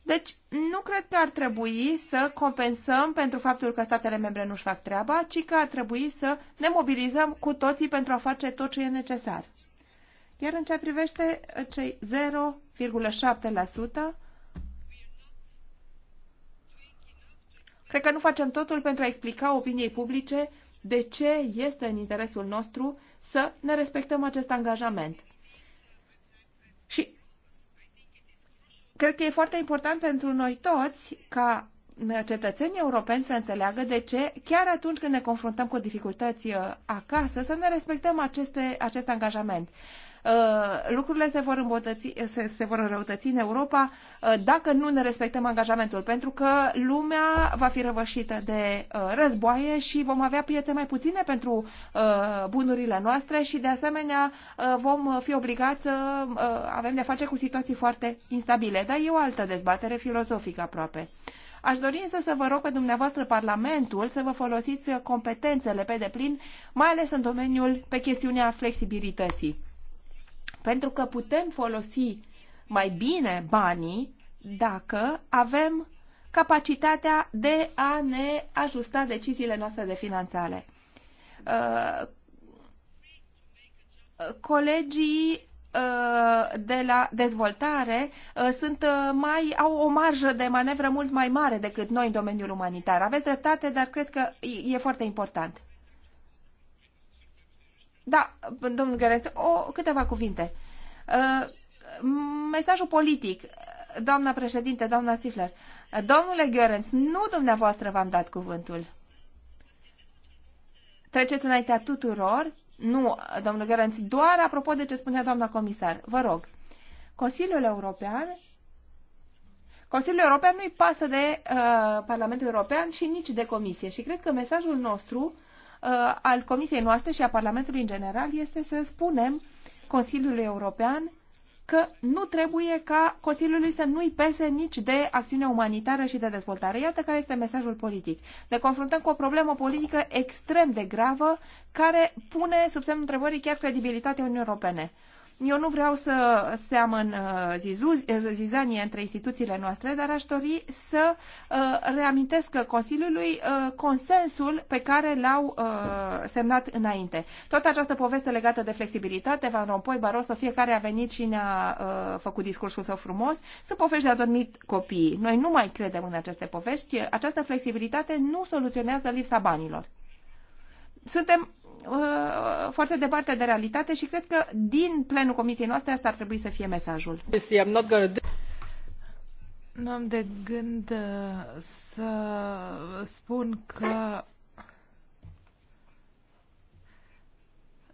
Speaker 2: Deci, nu cred că ar trebui să compensăm pentru faptul că statele membre nu-și fac treaba, ci că ar trebui să ne mobilizăm cu toții pentru a face tot ce e necesar. Iar în ce privește cei 0,7%, cred că nu facem totul pentru a explica opiniei publice de ce este în interesul nostru să ne respectăm acest angajament. Și cred că e foarte important pentru noi toți ca cetățenii europeni să înțeleagă de ce, chiar atunci când ne confruntăm cu dificultăți uh, acasă, să ne respectăm aceste, acest angajament. Uh, lucrurile se vor, îmbotăți, se, se vor înrăutăți în Europa uh, dacă nu ne respectăm angajamentul, pentru că lumea va fi răvășită de uh, războaie și vom avea piețe mai puține pentru bunurile noastre și, de asemenea, vom fi obligați să avem de face cu situații foarte instabile. Dar e o altă dezbatere filozofică aproape. Aș dori însă să vă rog pe dumneavoastră Parlamentul să vă folosiți competențele pe deplin, mai ales în domeniul pe chestiunea flexibilității. Pentru că putem folosi mai bine banii dacă avem capacitatea de a ne ajusta deciziile noastre de finanțare. Uh, colegii uh, de la dezvoltare uh, sunt mai, au o marjă de manevră mult mai mare decât noi în domeniul umanitar. Aveți dreptate, dar cred că e foarte important. Da, domnul Gheret, o, câteva cuvinte. Uh, mesajul politic, doamna președinte, doamna Sifler, domnule Gheorenț, nu dumneavoastră v-am dat cuvântul. Treceți înaintea tuturor. Nu, domnule Gheorenț, doar apropo de ce spunea doamna comisar. Vă rog, Consiliul European Consiliul European nu-i pasă de uh, Parlamentul European și nici de Comisie. Și cred că mesajul nostru uh, Uh, al Comisiei noastre și a Parlamentului în general este să spunem Consiliului European că nu trebuie ca Consiliului să nu-i pese nici de acțiune umanitară și de dezvoltare. Iată care este mesajul politic. Ne confruntăm cu o problemă politică extrem de gravă care pune sub semnul întrebării chiar credibilitatea Uniunii Europene. Eu nu vreau să seamăn uh, uh, zizanie între instituțiile noastre, dar aș dori să uh, reamintesc Consiliului consensul pe care l-au semnat înainte. Toată această poveste legată de flexibilitate, Van Rompuy, Barroso, fiecare a venit și ne-a făcut discursul său frumos, sunt povești de adormit copiii. Noi nu mai credem în aceste povești. Această flexibilitate nu soluționează lipsa banilor suntem uh, foarte departe de realitate și cred că din plenul comisiei noastre asta ar trebui să fie mesajul. Nu am
Speaker 1: de gând uh, să spun că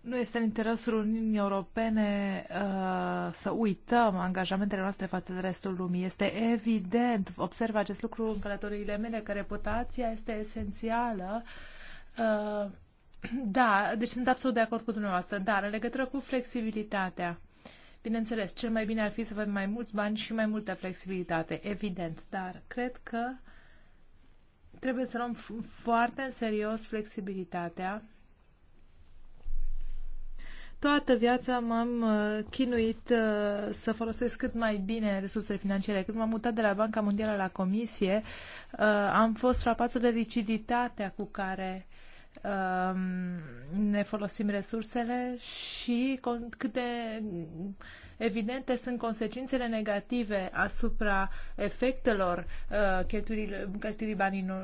Speaker 1: nu este în interesul Uniunii Europene uh, să uităm angajamentele noastre față de restul lumii. Este evident, observ acest lucru în călătoriile mele, că reputația este esențială. Da, deci sunt absolut de acord cu dumneavoastră, dar în legătură cu flexibilitatea, bineînțeles, cel mai bine ar fi să avem mai mulți bani și mai multă flexibilitate, evident, dar cred că trebuie să luăm foarte în serios flexibilitatea. Toată viața m-am uh, chinuit uh, să folosesc cât mai bine resursele financiare. Când m-am mutat de la Banca Mondială la Comisie, uh, am fost frapată de rigiditatea cu care Um, ne folosim resursele și cât de evidente sunt consecințele negative asupra efectelor uh, cheltuirii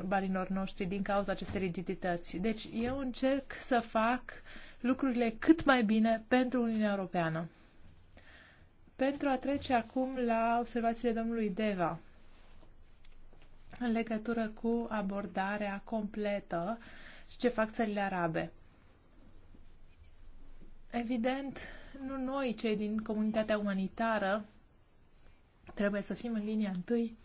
Speaker 1: banilor, noștri din cauza acestei rigidități. Deci eu încerc să fac lucrurile cât mai bine pentru Uniunea Europeană. Pentru a trece acum la observațiile domnului Deva în legătură cu abordarea completă uh, și ce fac țările arabe. Evident, nu noi, cei din comunitatea umanitară, trebuie să fim în linia întâi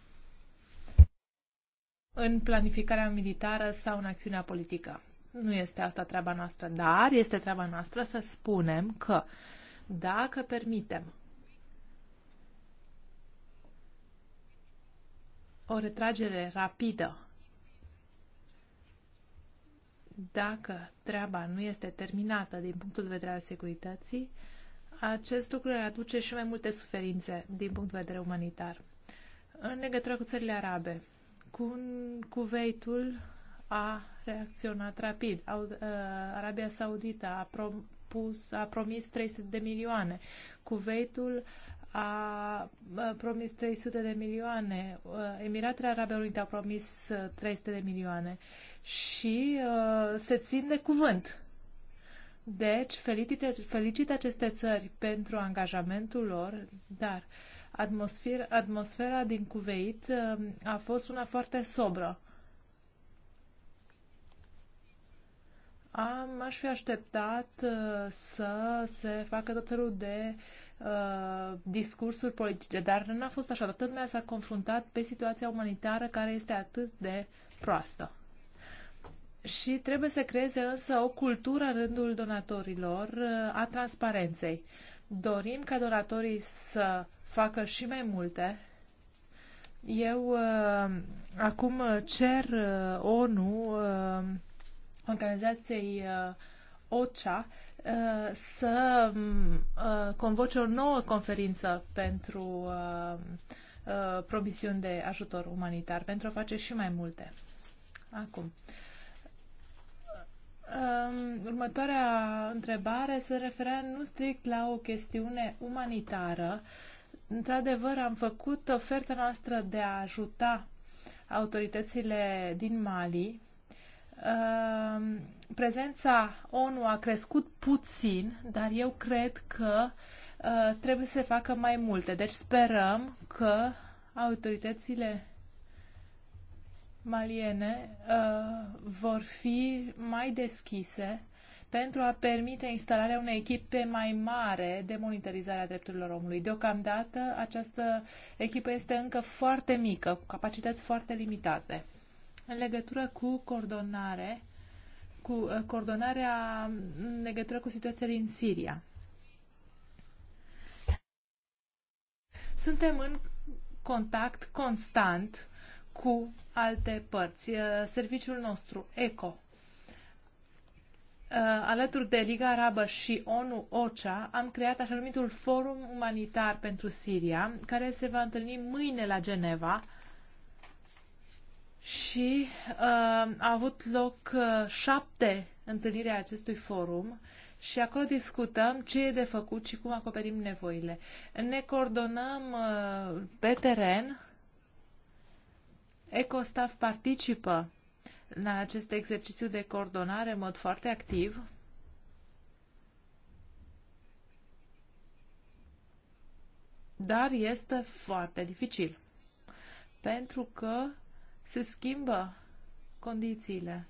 Speaker 1: în planificarea militară sau în acțiunea politică. Nu este asta treaba noastră, dar este treaba noastră să spunem că dacă permitem o retragere rapidă dacă treaba nu este terminată din punctul de vedere al securității, acest lucru le aduce și mai multe suferințe din punct de vedere umanitar. În legătură cu țările arabe, cu Cuveitul a reacționat rapid. Uh, Arabia Saudită a propus, a promis 300 de milioane. Cuveitul a promis 300 de milioane, Emiratele Arabe Unite au promis 300 de milioane și uh, se țin de cuvânt. Deci, felicită felicit aceste țări pentru angajamentul lor, dar atmosfer, atmosfera din Cuveit uh, a fost una foarte sobră. Am, aș fi așteptat uh, să se facă tot felul de uh, Uh, discursuri politice, dar n-a fost așa. Toată lumea s-a confruntat pe situația umanitară care este atât de proastă. Și trebuie să creeze însă o cultură în rândul donatorilor uh, a transparenței. Dorim ca donatorii să facă și mai multe. Eu uh, acum cer uh, ONU, uh, organizației uh, OCHA, Uh, să uh, convoce o nouă conferință pentru uh, promisiuni de ajutor umanitar, pentru a face și mai multe. Acum. Um, următoarea întrebare se referea nu strict la o chestiune umanitară. Într-adevăr, am făcut oferta noastră de a ajuta autoritățile din Mali Ehm, prezența ONU a crescut puțin, dar eu cred că eh, trebuie să se facă mai multe. Deci sperăm că autoritățile maliene eh, vor fi mai deschise pentru a permite instalarea unei echipe mai mare de monitorizare a drepturilor omului. Deocamdată, această echipă este încă foarte mică, cu capacități foarte limitate în legătură cu coordonare, cu uh, coordonarea în legătură cu situația din Siria. Suntem în contact constant cu alte părți. Uh, serviciul nostru, ECO, uh, alături de Liga Arabă și ONU OCHA, am creat așa numitul Forum Umanitar pentru Siria, care se va întâlni mâine la Geneva și uh, a avut loc uh, șapte întâlniri a acestui forum și acolo discutăm ce e de făcut și cum acoperim nevoile. Ne coordonăm uh, pe teren, Ecostaff participă la acest exercițiu de coordonare în mod foarte activ. Dar este foarte dificil. Pentru că se schimbă condițiile.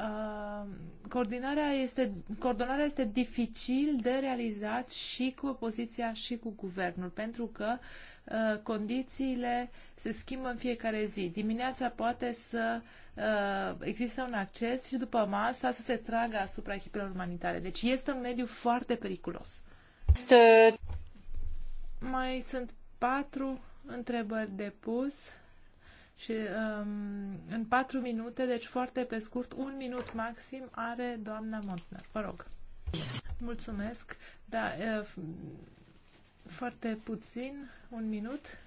Speaker 1: Uh, coordonarea este, coordonarea este dificil de realizat și cu opoziția și cu guvernul, pentru că uh, condițiile se schimbă în fiecare zi. Dimineața poate să uh, există un acces și după masa să se tragă asupra echipelor umanitare. Deci este un mediu foarte periculos. Mai sunt patru întrebări de pus. Și um, în patru minute, deci foarte pe scurt, un minut maxim, are doamna Montner. Vă rog. Mulțumesc. Da, uh, foarte puțin, un minut.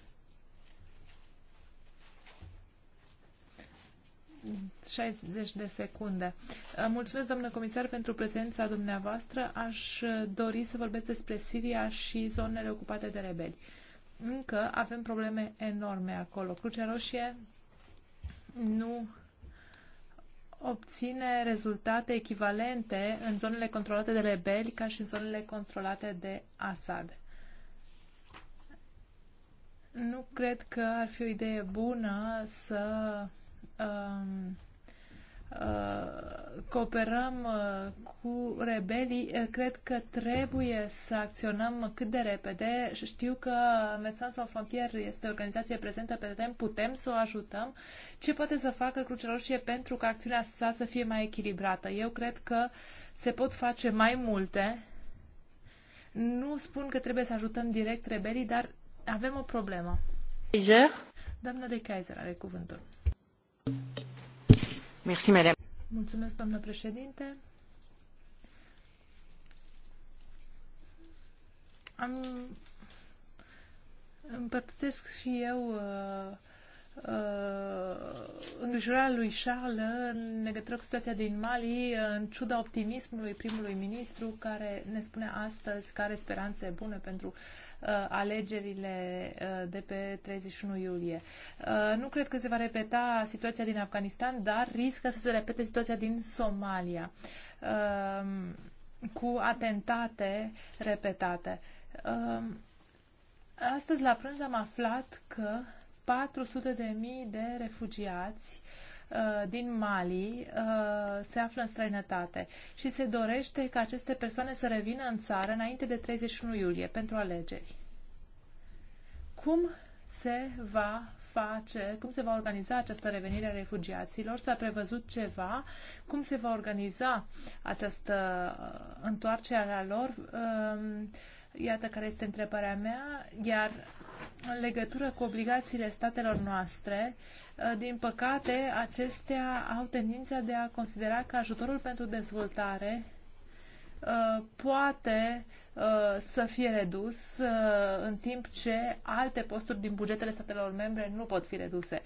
Speaker 1: 60 de secunde. Uh, mulțumesc, doamnă comisar, pentru prezența dumneavoastră. Aș uh, dori să vorbesc despre Siria și zonele ocupate de rebeli. Uh, încă avem probleme enorme acolo. Crucea Roșie nu obține rezultate echivalente în zonele controlate de rebeli ca și în zonele controlate de Assad. Nu cred că ar fi o idee bună să um, Uh, cooperăm uh, cu rebelii, uh, cred că trebuie să acționăm cât de repede. Știu că Médecins Sans Frontières este o organizație prezentă pe teren, putem să o ajutăm. Ce poate să facă Crucea Roșie pentru ca acțiunea sa să fie mai echilibrată? Eu cred că se pot face mai multe. Nu spun că trebuie să ajutăm direct rebelii, dar avem o problemă. Kaiser? Doamna de Kaiser are cuvântul. Merci, madame. președinte. Am... Împărtățesc și eu uh, uh, îngrijorarea lui Charles în legătură cu situația din Mali, în ciuda optimismului primului ministru care ne spune astăzi care speranțe bune pentru uh, Uh, alegerile uh, de pe 31 iulie. Uh, nu cred că se va repeta situația din Afganistan, dar riscă să se repete situația din Somalia um, cu atentate repetate. Um, astăzi la prânz am aflat că 400 de mii de refugiați uh, Uh, din Mali uh, se află în străinătate și se dorește ca aceste persoane să revină în țară înainte de 31 iulie pentru alegeri. Cum se va face, cum se va organiza această revenire a refugiaților? S-a prevăzut ceva? Cum se va organiza această uh, întoarcere a lor? Um, iată care este întrebarea mea, iar în legătură cu obligațiile statelor noastre, uh, Uh, din păcate, acestea au tendința de a considera că ajutorul pentru dezvoltare uh, poate uh, să fie redus în timp ce alte posturi din bugetele statelor membre nu pot fi reduse.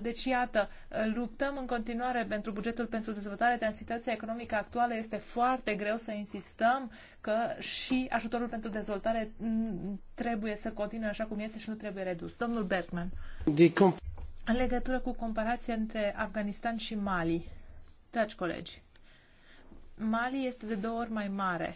Speaker 1: Deci, iată, luptăm în continuare pentru bugetul pentru dezvoltare, dar în situația economică actuală este foarte greu să insistăm că și ajutorul pentru dezvoltare mm, trebuie să continue așa cum este și nu trebuie redus. Domnul Bergman. În legătură cu comparația între Afganistan și Mali, dragi colegi, Mali este de două ori mai mare.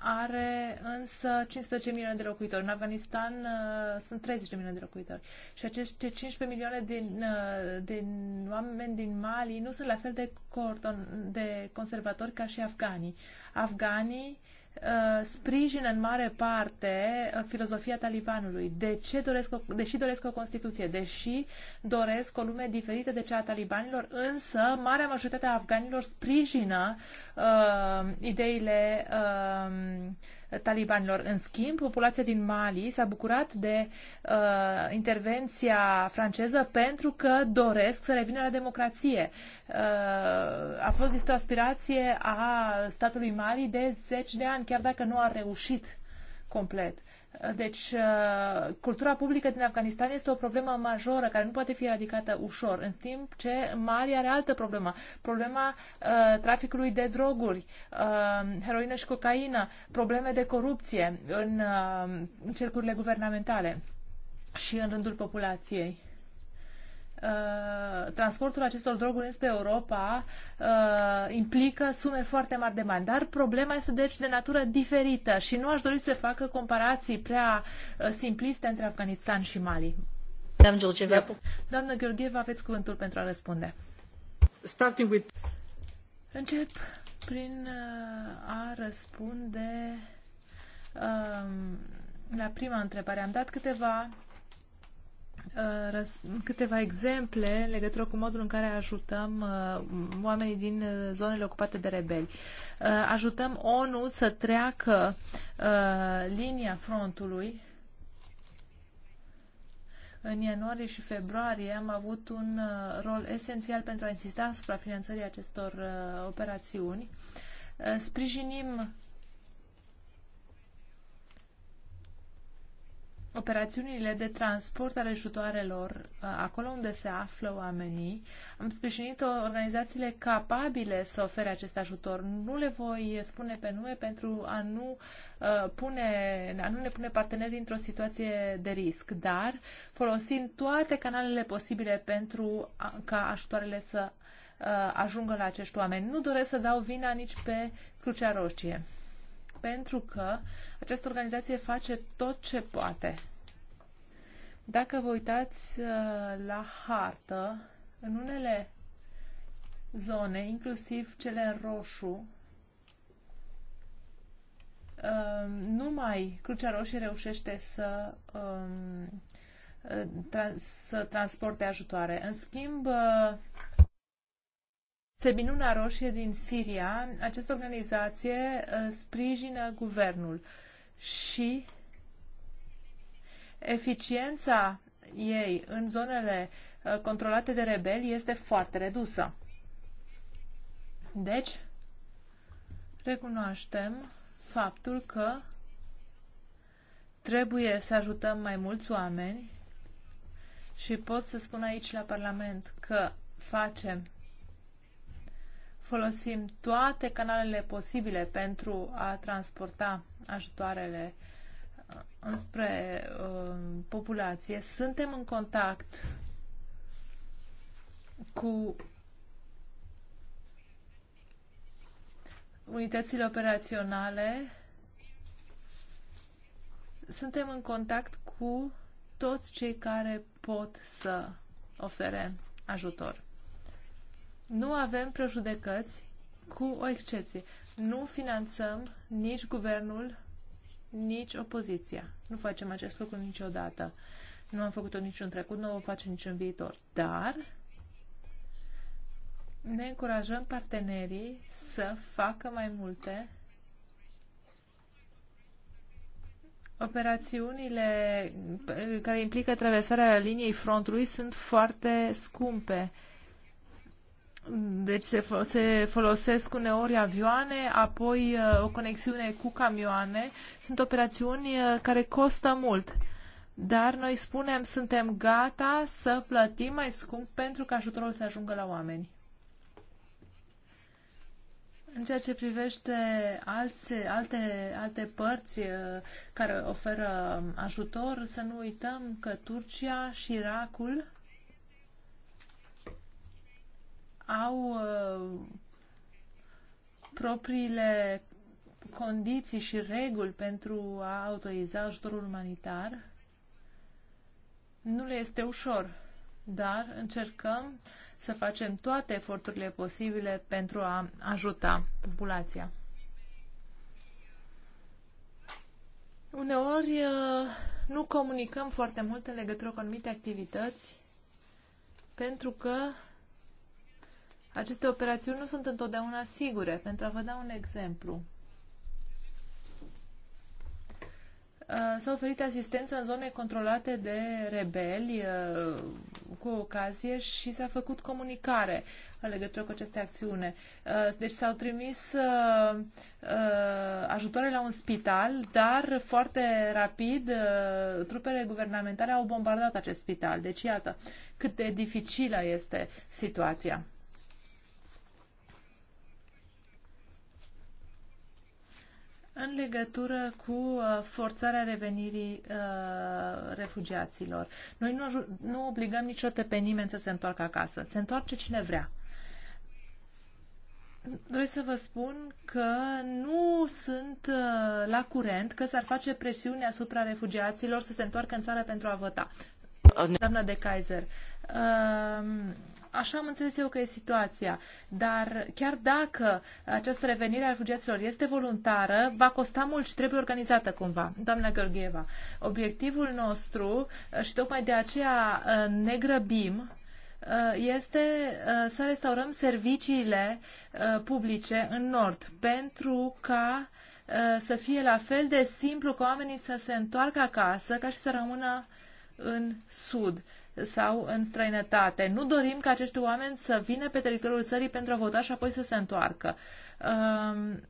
Speaker 1: Are însă 15 milioane de locuitori. În Afganistan uh, sunt 30 de milioane de locuitori. Și aceste 15 milioane din, uh, din oameni din Mali nu sunt la fel de, cordon, de conservatori ca și afganii. Afganii uh, Uh, sprijină în mare parte uh, filozofia talibanului. De ce doresc o, deși doresc o Constituție, deși doresc o lume diferită de cea a talibanilor, însă marea majoritate a afganilor sprijină uh, ideile uh, talibanilor. În schimb, populația din Mali s-a bucurat de uh, intervenția franceză pentru că doresc să revină la democrație. Uh, a fost este o aspirație a statului Mali de zeci de ani, chiar dacă nu a reușit complet. Uh, deci, uh, cultura publică din Afganistan este o problemă majoră care nu poate fi eradicată ușor, în timp ce Mali are altă problemă. Problema uh, traficului de droguri, uh, heroină și cocaină, probleme de corupție în uh, cercurile guvernamentale și în rândul populației. Uh, transportul acestor droguri înspre Europa uh, implică sume foarte mari de bani. Dar problema este deci de natură diferită și nu aș dori să facă comparații prea uh, simpliste între Afganistan și Mali. Doamna Gheorgheva, aveți cuvântul pentru a răspunde. Starting with... Încep prin uh, a răspunde um, la prima întrebare. Am dat câteva Uh, câteva exemple în legătură cu modul în care ajutăm uh, oamenii din uh, zonele ocupate de rebeli. Ajutăm ONU să treacă linia frontului. În ianuarie și februarie am avut un rol esențial pentru a insista asupra finanțării acestor operațiuni. Sprijinim operațiunile de transport ale ajutoarelor acolo unde se află oamenii. Am sprijinit organizațiile capabile să ofere acest ajutor. Nu le voi spune pe nume pentru a nu, pune, a nu ne pune partenerii într-o situație de risc, dar folosind toate canalele posibile pentru a, ca ajutoarele să ajungă la acești oameni. Nu doresc să dau vina nici pe Crucea Roșie pentru că această organizație face tot ce poate. Dacă vă uitați uh, la hartă, în unele zone, inclusiv cele în roșu, um, numai Crucea Roșie reușește să, um, uh, să transporte ajutoare. În schimb, uh, Țeminuna Roșie din Siria, această organizație uh, sprijină guvernul și eficiența ei în zonele uh, controlate de rebeli este foarte redusă. Deci, recunoaștem faptul că trebuie să ajutăm mai mulți oameni și pot să spun aici la Parlament că facem folosim toate canalele posibile pentru a transporta ajutoarele uh, înspre uh, populație. Suntem în contact cu unitățile operaționale. Suntem în contact cu toți cei care pot să ofere ajutor. Nu avem prejudecăți, cu o excepție. Nu finanțăm nici guvernul, nici opoziția. Nu facem acest lucru niciodată. Nu am făcut-o nici trecut, nu o facem nici viitor. Dar ne încurajăm partenerii să facă mai multe Operațiunile care implică traversarea liniei frontului sunt foarte scumpe. Deci se, se folosesc uneori avioane, apoi uh, o conexiune cu camioane. Sunt operațiuni uh, care costă mult. Dar noi spunem, suntem gata să plătim mai scump pentru că ajutorul să ajungă la oameni. În ceea ce privește alte, alte, alte părți uh, care oferă um, ajutor, să nu uităm că Turcia și Irakul au uh, propriile condiții și reguli pentru a autoriza ajutorul umanitar. Nu le este ușor, dar încercăm să facem toate eforturile posibile pentru a ajuta populația. Uneori uh, nu comunicăm foarte mult în legătură cu anumite activități pentru că aceste operațiuni nu sunt întotdeauna sigure. Pentru a vă da un exemplu, uh, s-a oferit asistență în zone controlate de rebeli uh, cu ocazie și s-a făcut comunicare în legătură cu aceste acțiune. Uh, deci s-au trimis ajutoare la un spital, dar foarte rapid trupele guvernamentale au bombardat acest spital. Deci iată cât de dificilă este situația. în legătură cu uh, forțarea revenirii uh, refugiaților. Noi nu, nu obligăm niciodată pe nimeni să se întoarcă acasă. Se întoarce cine vrea. Vreau să vă spun că nu sunt uh, la curent că s-ar face presiune asupra refugiaților să se întoarcă în țară pentru a vota. Doamna de Kaiser, uh, așa am înțeles eu că e situația. Dar chiar dacă această revenire a refugiaților este voluntară, va costa mult și trebuie organizată cumva. Doamna Gheorgheva, obiectivul nostru uh, și tocmai de aceea uh, ne grăbim uh, este să restaurăm serviciile publice în Nord pentru ca să fie la fel de simplu ca oamenii să se întoarcă acasă ca și să rămână în Sud sau în străinătate. Nu dorim ca acești oameni să vină pe teritoriul țării pentru a vota și apoi să se întoarcă. Um,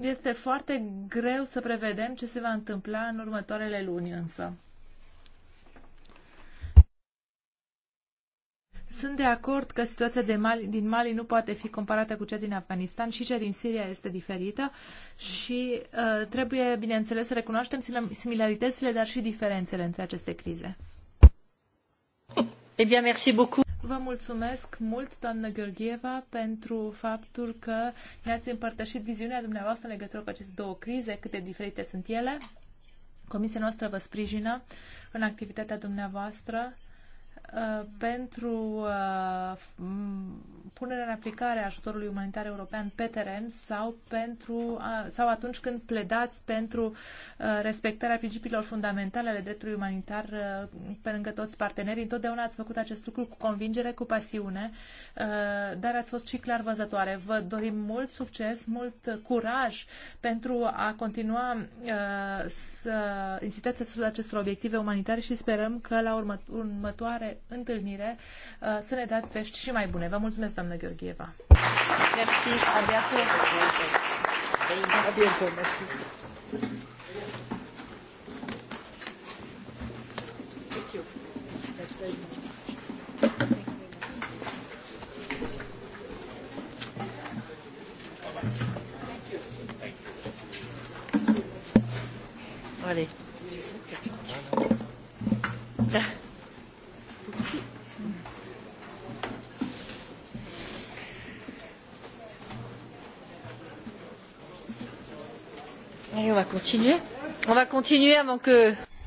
Speaker 1: este foarte greu să prevedem ce se va întâmpla în următoarele luni însă. Sunt de acord că situația de Mali, din Mali nu poate fi comparată cu cea din Afganistan și cea din Siria este diferită și uh, trebuie, bineînțeles, să recunoaștem similaritățile, dar și diferențele între aceste crize. Eh vă mulțumesc mult, doamnă Gheorgheva, pentru faptul că ne-ați împărtășit viziunea dumneavoastră în legătură cu aceste două crize, cât de diferite sunt ele. Comisia noastră vă sprijină în activitatea dumneavoastră Uh, pentru uh, punerea în aplicare a ajutorului umanitar european pe teren sau, pentru, uh, sau atunci când pledați pentru respectarea principiilor fundamentale ale dreptului umanitar pe lângă toți partenerii. Întotdeauna ați făcut acest lucru cu convingere, cu pasiune, dar ați fost și clar văzătoare. Vă dorim mult succes, mult curaj pentru a continua să insistați asupra acestor obiective umanitare și sperăm că la următoare întâlnire uh, să ne dați vești și mai bune. Vă mulțumesc, doamnă Gheorgheva. Merci,
Speaker 3: à bientôt. merci.
Speaker 1: Allez.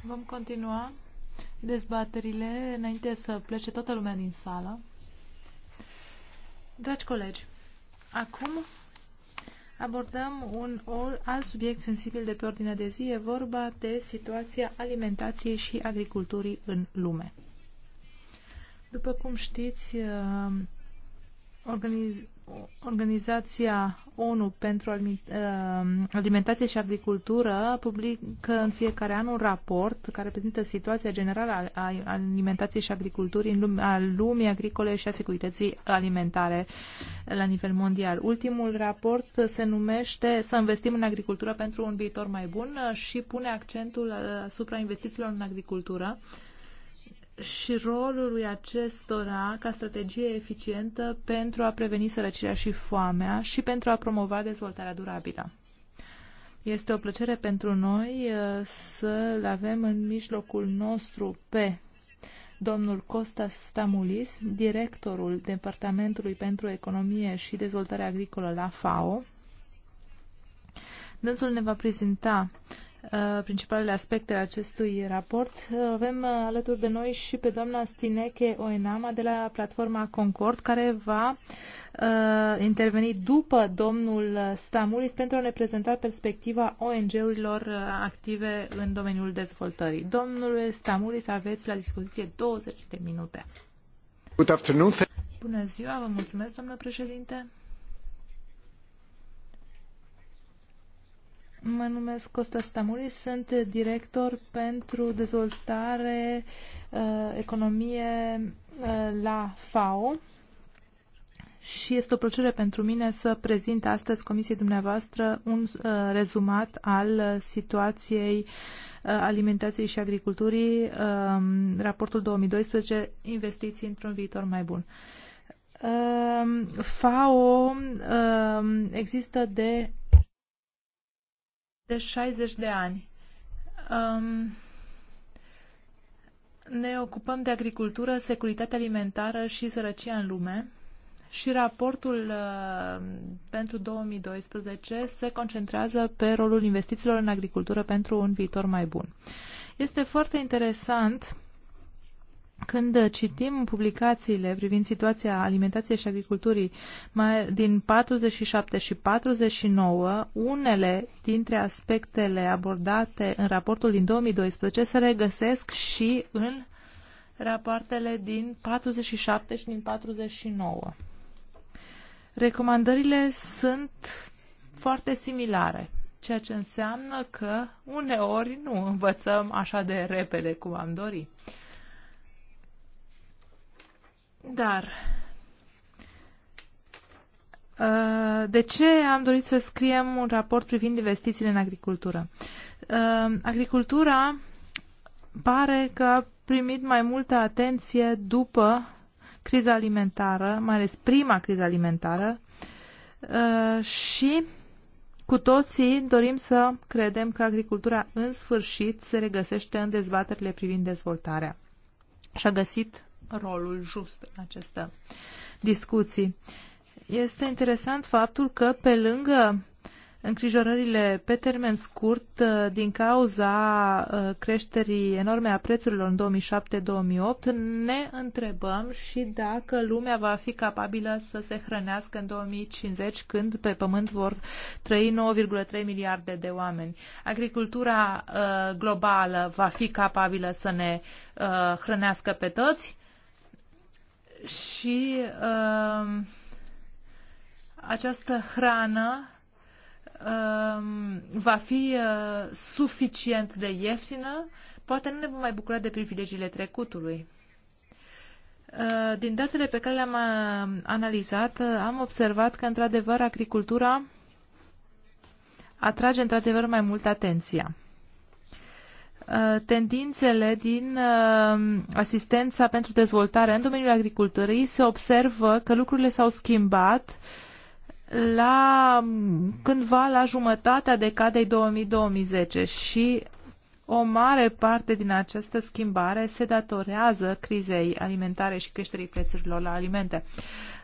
Speaker 1: Vom continua dezbaterile înainte să plece toată lumea din sală. Dragi colegi, acum abordăm un alt subiect sensibil de pe ordinea de zi. E vorba de situația alimentației și agriculturii în lume. După cum știți, uh, organiz Organizația ONU pentru uh, Alimentație și Agricultură publică în fiecare an un raport care prezintă situația generală a alimentației și agriculturii în lume, a lumii agricole și a securității alimentare la nivel mondial. Ultimul raport se numește Să investim în agricultură pentru un viitor mai bun și pune accentul uh, asupra investițiilor în agricultură și rolul lui acestora ca strategie eficientă pentru a preveni sărăcirea și foamea și pentru a promova dezvoltarea durabilă. Este o plăcere pentru noi uh, să-l avem în mijlocul nostru pe domnul Costa Stamulis, directorul Departamentului pentru Economie și Dezvoltare Agricolă la FAO. Dânsul ne va prezenta Uh, principalele aspecte ale acestui raport. Uh, avem uh, alături de noi și pe doamna Stineche Oenama de la platforma Concord, care va uh, interveni după domnul Stamulis pentru a ne prezenta perspectiva ONG-urilor active în domeniul dezvoltării. Domnule Stamulis, aveți la dispoziție 20 de minute. Good afternoon. Bună ziua, vă mulțumesc, doamnă președinte. Mă numesc Costa Stamuri, sunt director pentru dezvoltare, uh, economie uh, la FAO și este o plăcere pentru mine să prezint astăzi Comisiei dumneavoastră un uh, rezumat al situației alimentației și agriculturii, um, raportul 2012, investiții într-un viitor mai bun. Um, FAO um, există de de 60 de ani. Um, ne ocupăm de agricultură, securitate alimentară și sărăcia în lume și raportul uh, pentru 2012 se concentrează pe rolul investițiilor în agricultură pentru un viitor mai bun. Este foarte interesant când citim publicațiile privind situația alimentației și agriculturii mai din 47 și 49, unele dintre aspectele abordate în raportul din 2012 se regăsesc și în rapoartele din 47 și din 49. Recomandările sunt foarte similare, ceea ce înseamnă că uneori nu învățăm așa de repede cum am dorit. Dar uh, de ce am dorit să scriem un raport privind investițiile în agricultură? Uh, agricultura pare că a primit mai multă atenție după criza alimentară, mai ales prima criză alimentară uh, și cu toții dorim să credem că agricultura în sfârșit se regăsește în dezbaterile privind dezvoltarea și a găsit rolul just în aceste discuții. Este interesant faptul că pe lângă îngrijorările pe termen scurt uh, din cauza uh, creșterii enorme a prețurilor în 2007-2008, ne întrebăm și dacă lumea va fi capabilă să se hrănească în 2050 când pe pământ vor trăi 9,3 miliarde de oameni. Agricultura uh, globală va fi capabilă să ne hrănească pe toți? și uh, această hrană uh, va fi uh, suficient de ieftină, poate nu ne vom mai bucura de privilegiile trecutului. Uh, din datele pe care le-am uh, analizat, uh, am observat că, într-adevăr, agricultura atrage, într-adevăr, mai mult atenția. Uh, tendințele din uh, asistența pentru dezvoltare în domeniul agriculturii se observă că lucrurile s-au schimbat la cândva la jumătatea decadei 2000-2010 și o mare parte din această schimbare se datorează crizei alimentare și creșterii prețurilor la alimente.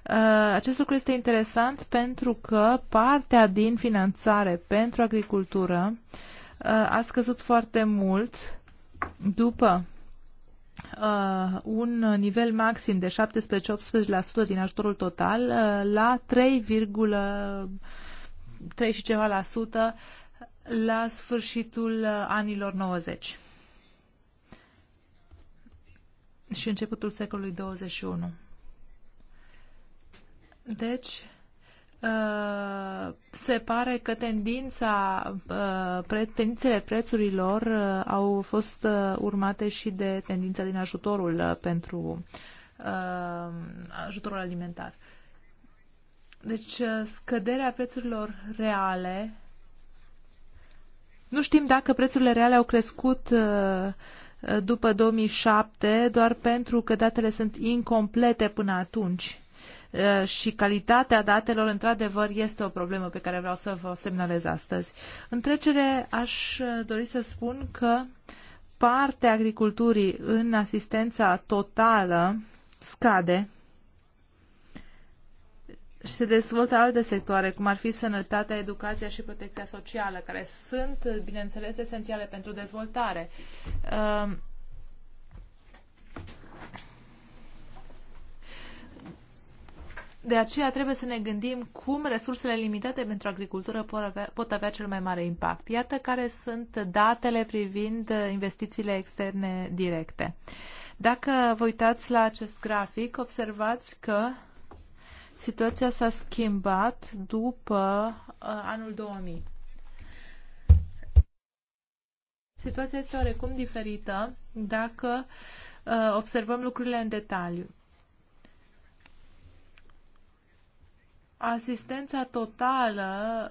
Speaker 1: Uh, acest lucru este interesant pentru că partea din finanțare pentru agricultură uh, Uh, a scăzut foarte mult după uh, un nivel maxim de 17-18% din ajutorul total uh, la 3,3 și ceva la sută la sfârșitul uh, anilor 90 și începutul secolului 21. Deci, Uh, se pare că tendința, uh, tendințele prețurilor uh, au fost urmate și de tendința din ajutorul pentru ajutorul alimentar. Deci scăderea prețurilor reale nu știm dacă prețurile reale au crescut după 2007 doar pentru că datele sunt incomplete până atunci. Eh, și calitatea datelor, într-adevăr, este o problemă pe care vreau să vă semnalez astăzi. În trecere, aș eh, dori să spun că partea agriculturii în asistența totală scade și se dezvoltă alte sectoare, cum ar fi sănătatea, educația și protecția socială, care sunt, bineînțeles, esențiale pentru dezvoltare. Uh, De aceea trebuie să ne gândim cum resursele limitate pentru agricultură pot avea, pot avea cel mai mare impact. Iată care sunt datele privind investițiile externe directe. Dacă vă uitați la acest grafic, observați că situația s-a schimbat după uh, anul 2000. Situația este oarecum diferită dacă uh, observăm lucrurile în detaliu. Asistența totală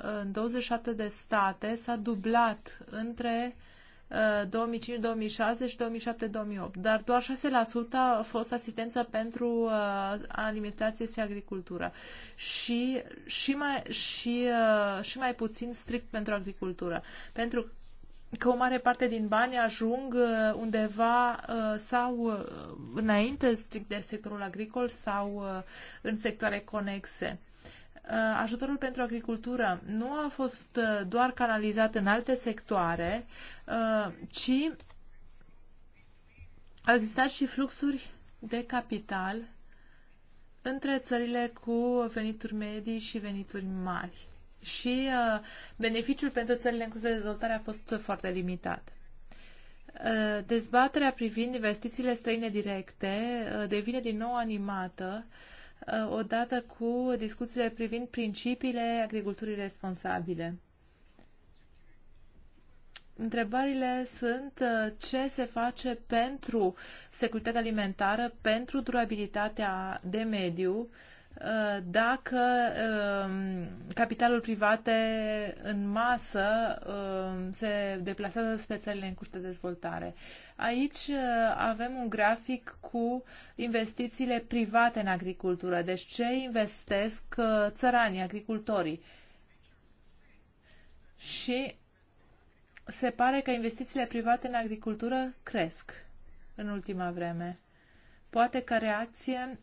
Speaker 1: uh, în 27 de state s-a dublat între 2005, uh, 2006 și 2007, 2008, dar doar 6% a fost asistență pentru uh, alimentație și agricultură și, și, mai, și, uh, și mai puțin strict pentru agricultură, pentru că o mare parte din bani ajung uh, undeva uh, sau înainte strict de sectorul agricol sau uh, în sectoare conexe. Uh, ajutorul pentru agricultură nu a fost uh, doar canalizat în alte sectoare, uh, ci au existat și fluxuri de capital între țările cu venituri medii și venituri mari. Și beneficiul pentru țările în curs de dezvoltare a fost foarte limitat. dezbaterea privind investițiile străine directe devine din nou animată Uh, odată cu discuțiile privind principiile agriculturii responsabile. Întrebările sunt uh, ce se face pentru securitatea alimentară, pentru durabilitatea de mediu, Uh, dacă um, capitalul private în masă um, se deplasează spre țările în curs de dezvoltare. Aici uh, avem un grafic cu investițiile private în agricultură, deci ce investesc uh, țăranii, agricultorii. Și se pare că investițiile private în agricultură cresc în ultima vreme. Poate că reacție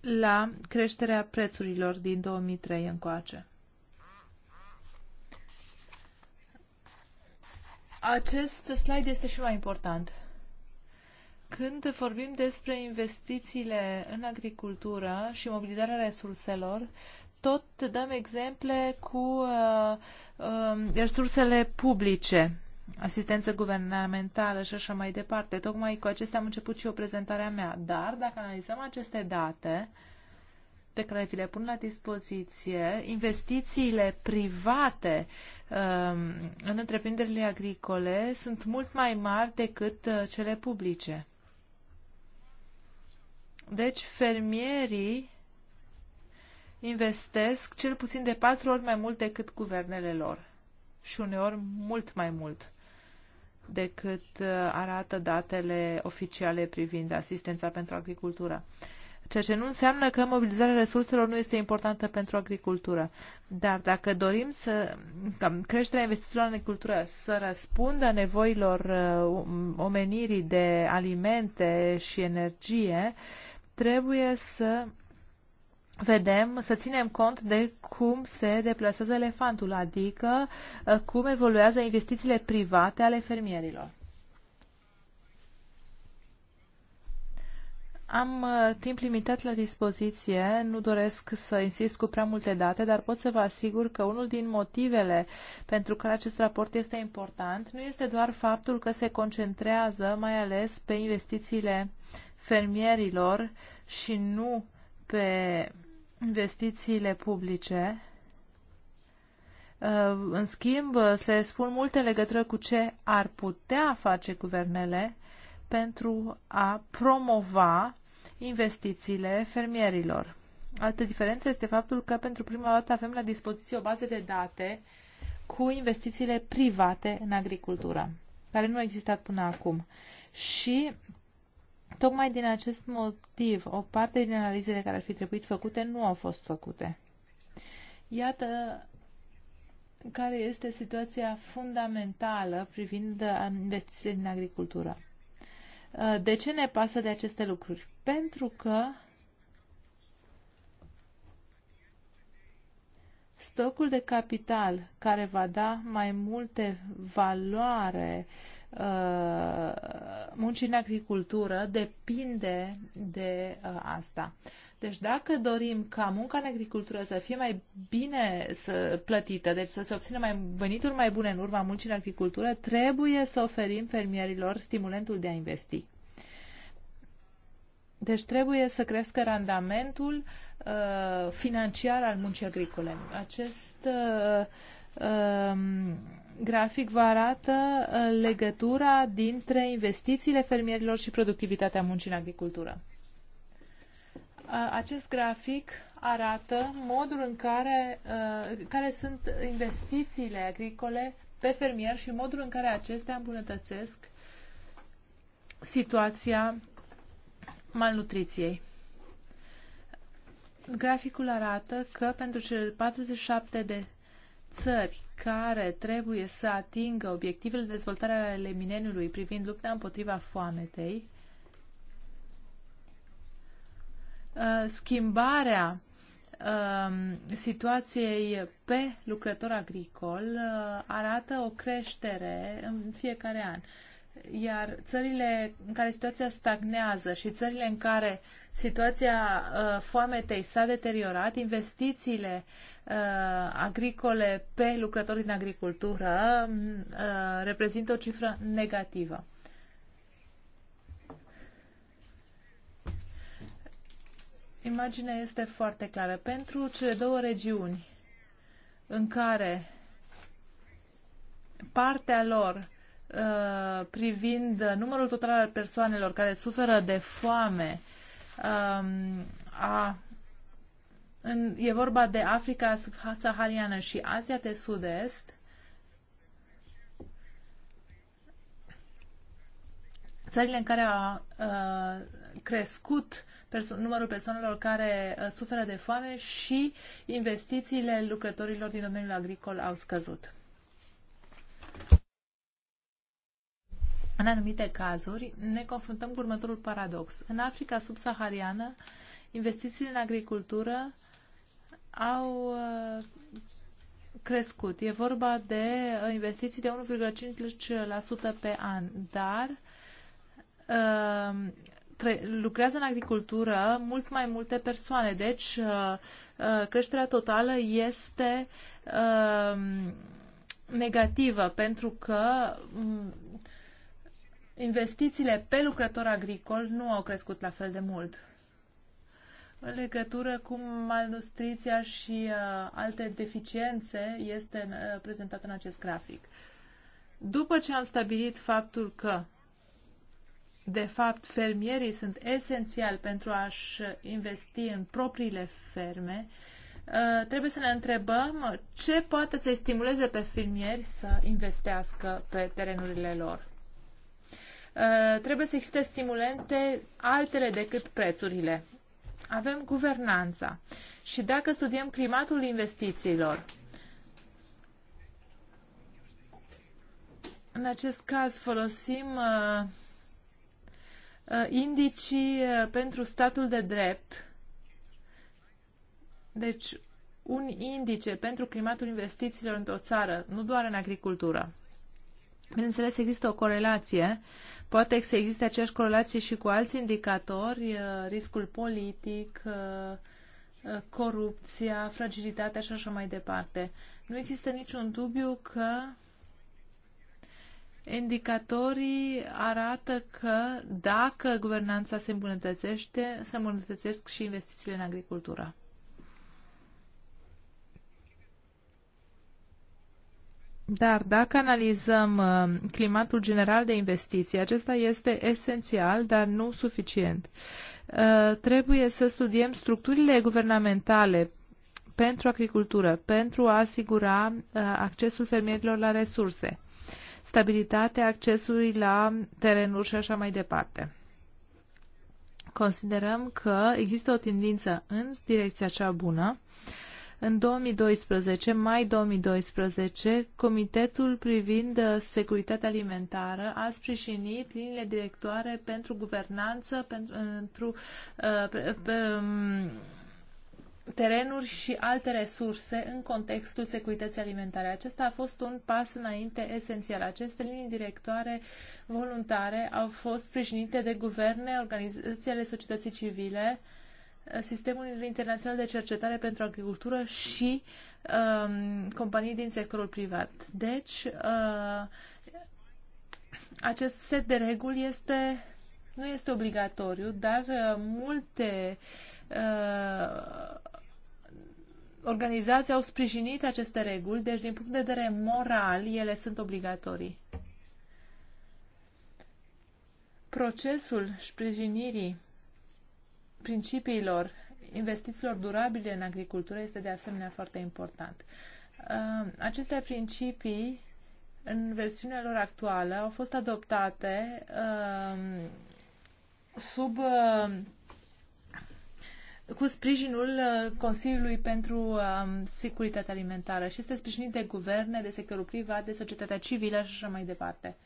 Speaker 1: la creșterea prețurilor din 2003 încoace. Acest slide este și mai important. Când vorbim despre investițiile în agricultură și mobilizarea resurselor, tot dăm exemple cu uh, uh, resursele publice asistență guvernamentală și așa mai departe. Tocmai cu acestea am început și eu prezentarea mea. Dar dacă analizăm aceste date pe care vi le pun la dispoziție, investițiile private um, în întreprinderile agricole sunt mult mai mari decât uh, cele publice. Deci fermierii investesc cel puțin de patru ori mai mult decât guvernele lor și uneori mult mai mult decât uh, arată datele oficiale privind asistența pentru agricultură. Ceea ce nu înseamnă că mobilizarea resurselor nu este importantă pentru agricultură. Dar dacă dorim să ca creșterea investițiilor în agricultură să răspundă nevoilor uh, omenirii de alimente și energie, trebuie să vedem, să ținem cont de cum se deplasează elefantul, adică uh, cum evoluează investițiile private ale fermierilor. Am uh, timp limitat la dispoziție, nu doresc să insist cu prea multe date, dar pot să vă asigur că unul din motivele pentru care acest raport este important nu este doar faptul că se concentrează mai ales pe investițiile fermierilor și nu pe investițiile publice. Uh, în schimb, se spun multe legătură cu ce ar putea face guvernele pentru a promova investițiile fermierilor. Altă diferență este faptul că pentru prima dată avem la dispoziție o bază de date cu investițiile private în agricultură, care nu a existat până acum. Și Tocmai din acest motiv, o parte din analizele care ar fi trebuit făcute nu au fost făcute. Iată care este situația fundamentală privind investițiile din agricultură. Uh, de ce ne pasă de aceste lucruri? Pentru că stocul de capital care va da mai multe valoare uh, Uh, muncii în agricultură depinde de uh, asta. Deci dacă dorim ca munca în agricultură să fie mai bine să, plătită, deci să se obțină mai, venituri mai bune în urma muncii în agricultură, trebuie să oferim fermierilor stimulentul de a investi. Deci trebuie să crească randamentul uh, financiar al muncii agricole. Acest uh, uh, grafic vă arată uh, legătura dintre investițiile fermierilor și productivitatea muncii în agricultură. Uh, acest grafic arată modul în care, uh, care sunt investițiile agricole pe fermier și modul în care acestea îmbunătățesc situația malnutriției. Graficul arată că pentru cele 47 de țări care trebuie să atingă obiectivele de dezvoltare ale mineniului privind lupta împotriva foametei, uh, schimbarea um, situației pe lucrător agricol uh, arată o creștere în fiecare an. Iar țările în care situația stagnează și țările în care situația uh, foametei s-a deteriorat, investițiile uh, agricole pe lucrători din agricultură mm, uh, reprezintă o cifră negativă. Imaginea este foarte clară. Pentru cele două regiuni în care partea lor Uh, privind numărul total al persoanelor care suferă de foame um, a în, e vorba de Africa subsahariană și Asia de Sud-Est. Țările în care a uh, crescut perso numărul persoanelor care uh, suferă de foame și investițiile lucrătorilor din domeniul agricol au scăzut. În anumite cazuri ne confruntăm cu următorul paradox. În Africa subsahariană, investițiile în agricultură au uh, crescut. E vorba de uh, investiții de 1,5% pe an, dar uh, lucrează în agricultură mult mai multe persoane. Deci, creșterea totală este negativă pentru că mm, Investițiile pe lucrător agricol nu au crescut la fel de mult. În legătură cu malnutriția și uh, alte deficiențe este uh, prezentat în acest grafic. După ce am stabilit faptul că de fapt, fermierii sunt esențiali pentru a-și investi în propriile ferme. Uh, trebuie să ne întrebăm ce poate să-i stimuleze pe fermieri să investească pe terenurile lor. Uh, trebuie să existe stimulente altele decât prețurile. Avem guvernanța. Și dacă studiem climatul investițiilor, în acest caz folosim uh, uh indicii uh, pentru statul de drept. Deci, un indice pentru climatul investițiilor într-o țară, nu doar în agricultură. Bineînțeles, există o corelație uh, Poate să existe aceeași corelație și cu alți indicatori, uh, riscul politic, uh, uh, corupția, fragilitatea și așa mai departe. Nu există niciun dubiu că indicatorii arată că dacă guvernanța se îmbunătățește, se îmbunătățesc și investițiile în agricultură. Dar dacă analizăm um, climatul general de investiții, acesta este esențial, dar nu suficient. Uh, trebuie să studiem structurile guvernamentale pentru agricultură, pentru a asigura uh, accesul fermierilor la resurse, stabilitatea accesului la terenuri și așa mai departe. Considerăm că există o tendință în direcția cea bună, uh, în 2012, mai 2012, Comitetul privind uh, securitatea alimentară a sprijinit liniile directoare pentru guvernanță, pentru uh, pe, pe, um, terenuri și alte resurse în contextul securității alimentare. Acesta a fost un pas înainte esențial. Aceste linii directoare voluntare au fost sprijinite de guverne, organizațiile societății civile, uh, sistemul internațional de cercetare pentru agricultură și um, companii din sectorul privat. Deci, uh, acest set de reguli este, nu este obligatoriu, dar uh, multe uh, organizații au sprijinit aceste reguli, deci din punct de vedere moral ele sunt obligatorii. Procesul sprijinirii principiilor investițiilor durabile în agricultură este de asemenea foarte important. Uh, aceste principii, în versiunea lor actuală, au fost adoptate uh, sub uh, cu sprijinul Consiliului pentru Securitatea Alimentară și este sprijinit de guverne, de sectorul privat, de societatea civilă și așa mai departe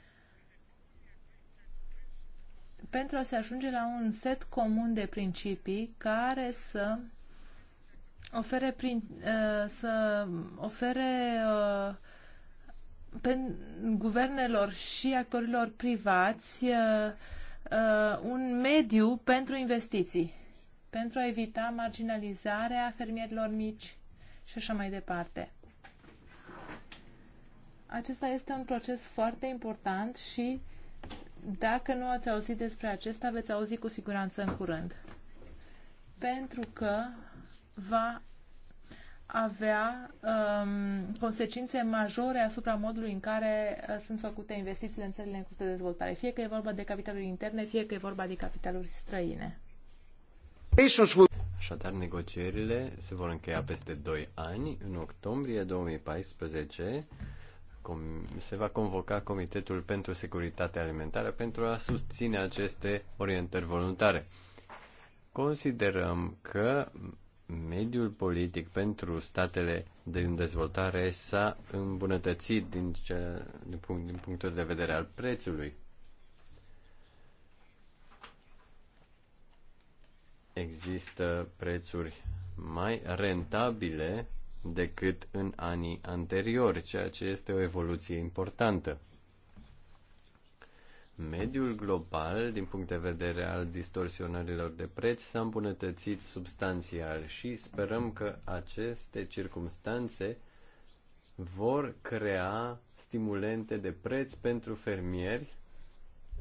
Speaker 1: pentru a se ajunge la un set comun de principii care să ofere, prin, uh, să ofere uh, pen, guvernelor și actorilor privați uh, un mediu pentru investiții, pentru a evita marginalizarea fermierilor mici și așa mai departe. Acesta este un proces foarte important și dacă nu ați auzit despre acesta, veți auzi cu siguranță în curând. Pentru că va avea um, consecințe majore asupra modului în care uh, sunt făcute investițiile în țările în curs de dezvoltare, fie că e vorba de capitaluri interne, fie că e vorba de capitaluri străine.
Speaker 3: Așadar, negocierile se vor încheia peste 2 ani, în octombrie 2014 se va convoca Comitetul pentru Securitate Alimentară pentru a susține aceste orientări voluntare. Considerăm că mediul politic pentru statele de dezvoltare s-a îmbunătățit din, ce, din, punct, din punctul de vedere al prețului. Există prețuri mai rentabile decât în anii anteriori, ceea ce este o evoluție importantă. Mediul global, din punct de vedere al distorsionărilor de preț, s-a îmbunătățit substanțial și sperăm că aceste circumstanțe vor crea stimulente de preț pentru fermieri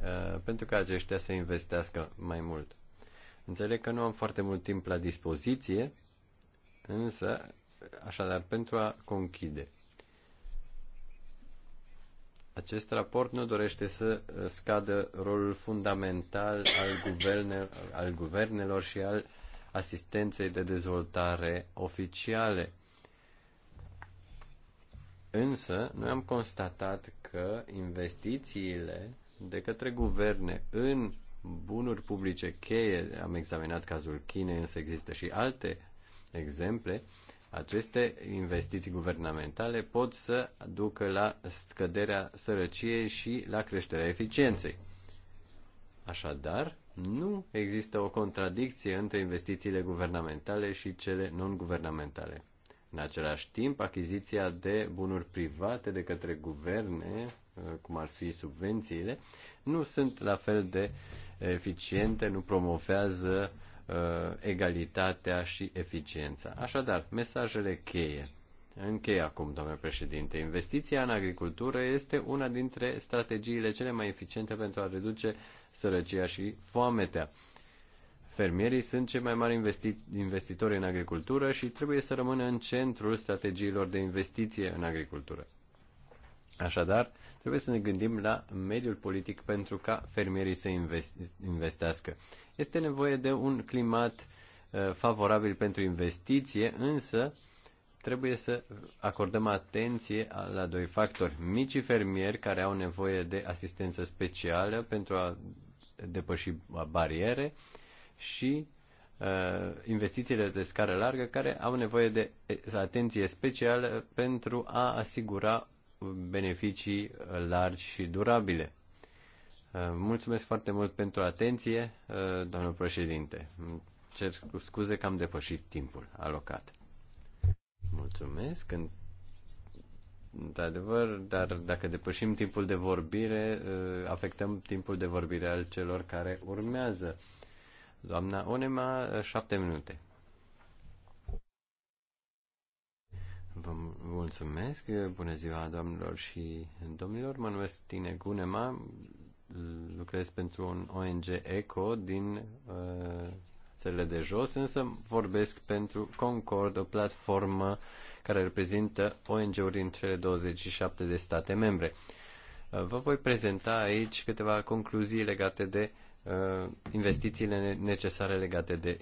Speaker 3: uh, pentru ca aceștia să investească mai mult. Înțeleg că nu am foarte mult timp la dispoziție, însă Așadar, pentru a conchide, acest raport nu dorește să uh, scadă rolul fundamental al, guverne, al guvernelor și al asistenței de dezvoltare oficiale. Însă, noi am constatat că investițiile de către guverne în bunuri publice cheie, am examinat cazul Chinei, însă există și alte exemple, aceste investiții guvernamentale pot să ducă la scăderea sărăciei și la creșterea eficienței. Așadar, nu există o contradicție între investițiile guvernamentale și cele non-guvernamentale. În același timp, achiziția de bunuri private de către guverne, cum ar fi subvențiile, nu sunt la fel de eficiente, nu promovează uh, Uh, egalitatea și eficiența. Așadar, mesajele cheie. Închei acum, domnule președinte. Investiția în agricultură este una dintre strategiile cele mai eficiente pentru a reduce sărăcia și foametea. Fermierii sunt cei mai mari investi- investitori în agricultură și trebuie să rămână în centrul strategiilor de investiție în agricultură. Așadar, trebuie să ne gândim la mediul politic pentru ca fermierii să investească. Este nevoie de un climat uh, favorabil pentru investiție, însă trebuie să acordăm atenție la doi factori. Micii fermieri care au nevoie de asistență specială pentru a depăși bariere și uh, investițiile de scară largă care au nevoie de atenție specială pentru a asigura beneficii largi și durabile. Uh, mulțumesc foarte mult pentru atenție, uh, domnul președinte. Cer scuze că am depășit timpul alocat. Mulțumesc. Într-adevăr, dar dacă depășim timpul de vorbire, uh, afectăm timpul de vorbire al celor care urmează. Doamna Onema, șapte minute. Vă mulțumesc. Bună ziua, doamnelor și domnilor. Mă numesc Tine Gunema. Lucrez pentru un ONG ECO din uh, țările de jos, însă vorbesc pentru Concord, o platformă care reprezintă ONG-uri din cele 27 de state membre. Uh, vă voi prezenta aici câteva concluzii legate de uh, investițiile necesare legate de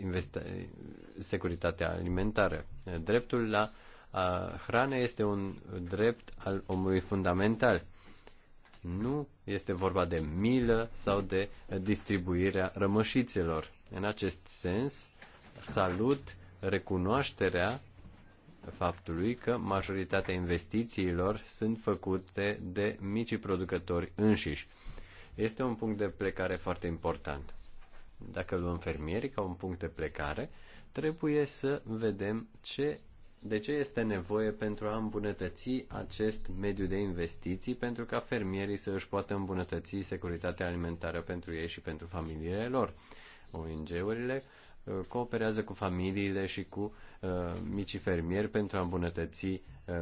Speaker 3: securitatea alimentară. Uh, dreptul la uh, a este un drept al omului fundamental. Nu este vorba de milă sau de distribuirea rămășițelor. În acest sens, salut recunoașterea faptului că majoritatea investițiilor sunt făcute de micii producători înșiși. Este un punct de plecare foarte important. Dacă luăm fermierii ca un punct de plecare, trebuie să vedem ce de ce este nevoie pentru a îmbunătăți acest mediu de investiții pentru ca fermierii să își poată îmbunătăți securitatea alimentară pentru ei și pentru familiile lor? ONG-urile Uh, cooperează cu familiile și cu uh, micii fermieri pentru a îmbunătăți uh,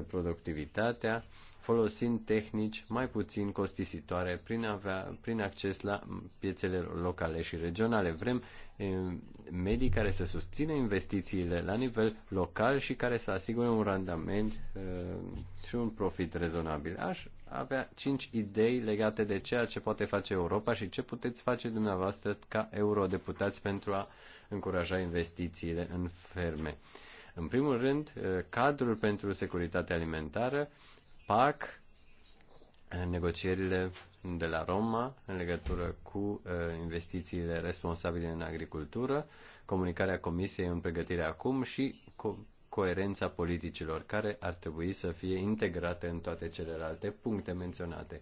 Speaker 3: productivitatea, folosind tehnici mai puțin costisitoare prin, avea, prin acces la piețele locale și regionale. Vrem medii care să susțină investițiile la nivel local și care să asigure un randament și un profit rezonabil. Aș avea cinci idei legate de ceea ce poate face Europa și ce puteți face dumneavoastră ca eurodeputați pentru a uh, încuraja investițiile în ferme. În primul rând, eh, cadrul pentru securitate alimentară, PAC, eh, negocierile de la Roma în legătură cu eh, investițiile responsabile în agricultură, comunicarea Comisiei în pregătire acum și co- coerența politicilor, care ar trebui să fie integrate în toate celelalte puncte menționate.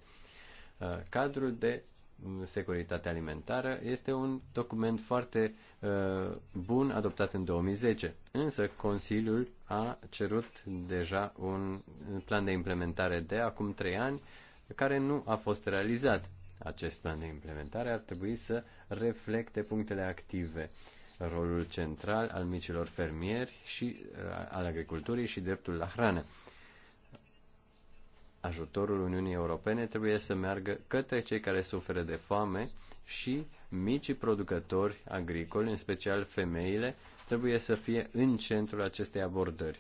Speaker 3: Cadrul de securitatea alimentară este un document foarte uh, bun adoptat în 2010. Însă Consiliul a cerut deja un plan de implementare de acum 3 ani care nu a fost realizat. Acest plan de implementare ar trebui să reflecte punctele active, rolul central al micilor fermieri și uh, al agriculturii și dreptul la hrană ajutorul Uniunii Europene trebuie să meargă către cei care suferă de foame și micii producători agricoli, în special femeile, trebuie să fie în centrul acestei abordări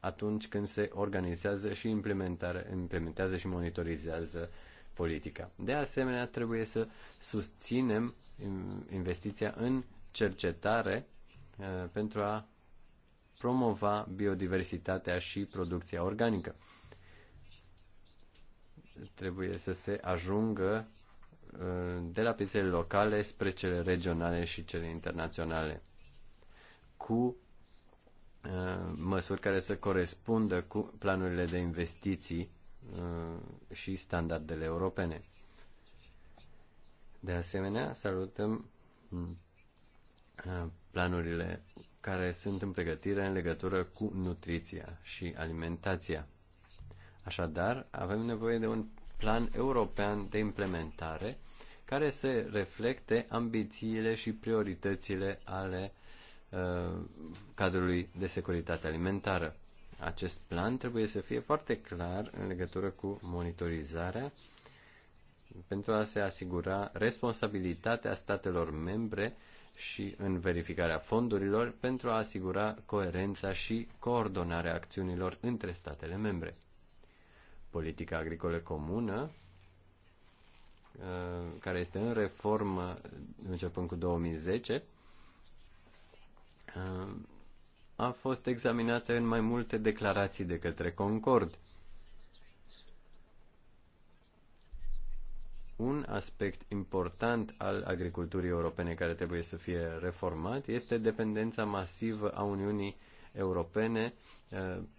Speaker 3: atunci când se organizează și implementează și monitorizează politica. De asemenea, trebuie să susținem investiția în cercetare uh, pentru a promova biodiversitatea și producția organică trebuie să se ajungă uh, de la piețele locale spre cele regionale și cele internaționale, cu uh, măsuri care să corespundă cu planurile de investiții uh, și standardele europene. De asemenea, salutăm planurile care sunt în pregătire în legătură cu nutriția și alimentația. Așadar, avem nevoie de un plan european de implementare care să reflecte ambițiile și prioritățile ale uh, cadrului de securitate alimentară. Acest plan trebuie să fie foarte clar în legătură cu monitorizarea pentru a se asigura responsabilitatea statelor membre și în verificarea fondurilor pentru a asigura coerența și coordonarea acțiunilor între statele membre politica agricolă comună, uh, care este în reformă uh, începând cu 2010, uh, a fost examinată în mai multe declarații de către Concord. Un aspect important al agriculturii europene care trebuie să fie reformat este dependența masivă a Uniunii Europene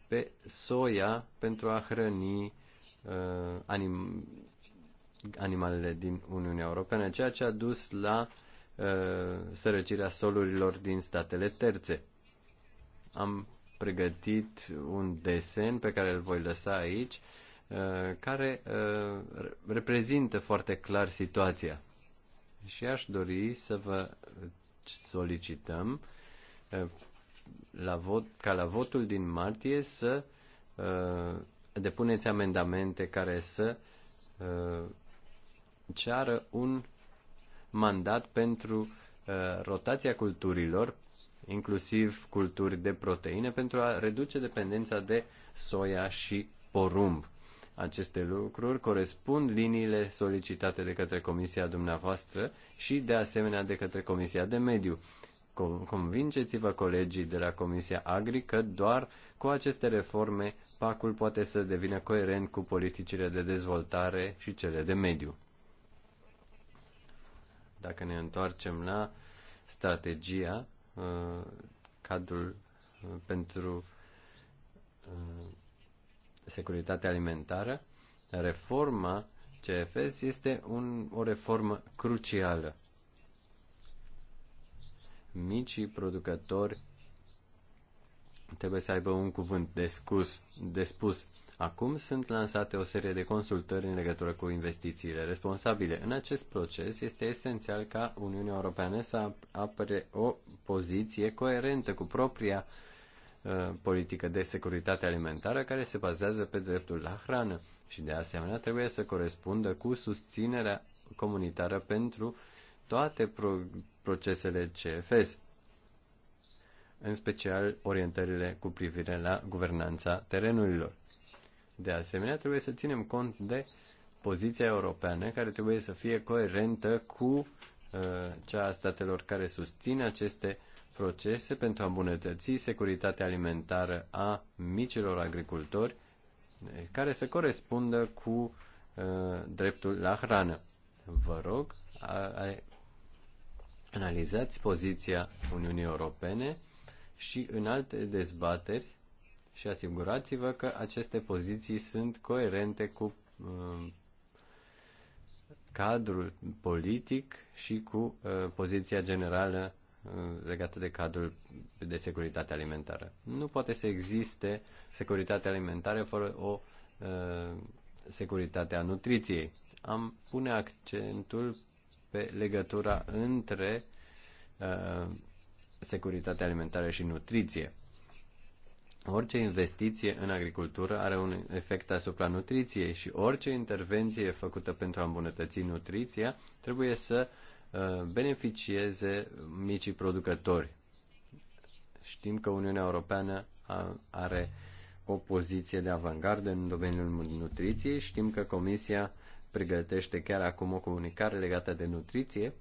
Speaker 3: pe soia pentru a hrăni Uh, anim, animalele din Uniunea Europeană, ceea ce a dus la uh, sărăcirea solurilor din statele terțe. Am pregătit un desen pe care îl voi lăsa aici, uh, care uh, reprezintă foarte clar situația. Și aș dori să vă solicităm uh, la vot, ca la votul din martie să uh, depuneți amendamente care să uh, ceară un mandat pentru uh, rotația culturilor, inclusiv culturi de proteine, pentru a reduce dependența de soia și porumb. Aceste lucruri corespund liniile solicitate de către Comisia dumneavoastră și, de asemenea, de către Comisia de Mediu. Convingeți-vă colegii de la Comisia Agri că doar cu aceste reforme pacul poate să devină coerent cu politicile de dezvoltare și cele de mediu. Dacă ne întoarcem la strategia, uh, cadrul uh, pentru uh, securitatea alimentară, reforma CFS este un, o reformă crucială. Micii producători trebuie să aibă un cuvânt de, scus, de spus. Acum sunt lansate o serie de consultări în legătură cu investițiile responsabile. În acest proces este esențial ca Uniunea Europeană să apere o poziție coerentă cu propria uh, politică de securitate alimentară care se bazează pe dreptul la hrană și de asemenea trebuie să corespundă cu susținerea comunitară pentru toate pro- procesele CFS în special orientările cu privire la guvernanța terenurilor. De asemenea, trebuie să ținem cont de poziția europeană, care trebuie să fie coerentă cu uh, cea a statelor care susțin aceste procese pentru a îmbunătăți securitatea alimentară a micilor agricultori, care să corespundă cu uh, dreptul la hrană. Vă rog, a, a, analizați poziția Uniunii Europene și în alte dezbateri și asigurați-vă că aceste poziții sunt coerente cu um, cadrul politic și cu uh, poziția generală uh, legată de cadrul de securitate alimentară. Nu poate să existe securitate alimentară fără o uh, securitate a nutriției. Am pune accentul pe legătura între uh, securitate alimentară și nutriție. Orice investiție în agricultură are un efect asupra nutriției și orice intervenție făcută pentru a îmbunătăți nutriția trebuie să uh, beneficieze micii producători. Știm că Uniunea Europeană are o poziție de avangardă în domeniul nutriției, știm că Comisia pregătește chiar acum o comunicare legată de nutriție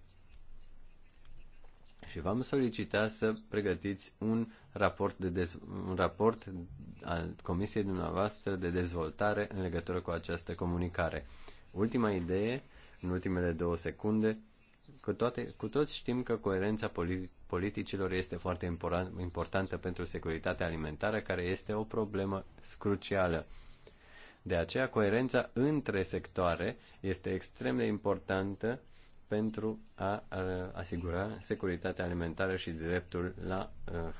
Speaker 3: și v-am solicitat să pregătiți un raport, de dez- un raport al Comisiei dumneavoastră de dezvoltare în legătură cu această comunicare. Ultima idee, în ultimele două secunde, cu, toate, cu toți știm că coerența politi- politicilor este foarte important, importantă pentru securitatea alimentară, care este o problemă crucială. De aceea, coerența între sectoare este extrem de importantă pentru a asigura securitatea alimentară și dreptul la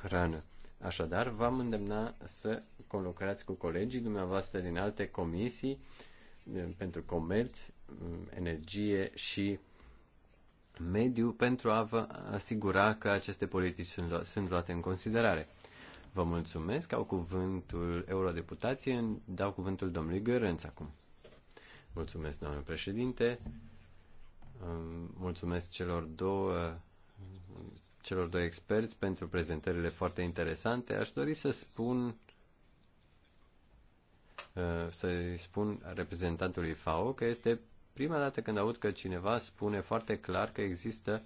Speaker 3: hrană. Așadar, v-am îndemna să conlucrați cu colegii dumneavoastră din alte comisii pentru comerț, energie și mediu pentru a vă asigura că aceste politici sunt, lu- sunt luate în considerare. Vă mulțumesc, au cuvântul eurodeputații, dau cuvântul domnului Gărânț acum. Mulțumesc, domnule președinte mulțumesc celor două celor doi experți pentru prezentările foarte interesante. Aș dori să spun uh, să spun reprezentantului FAO că este prima dată când aud că cineva spune foarte clar că există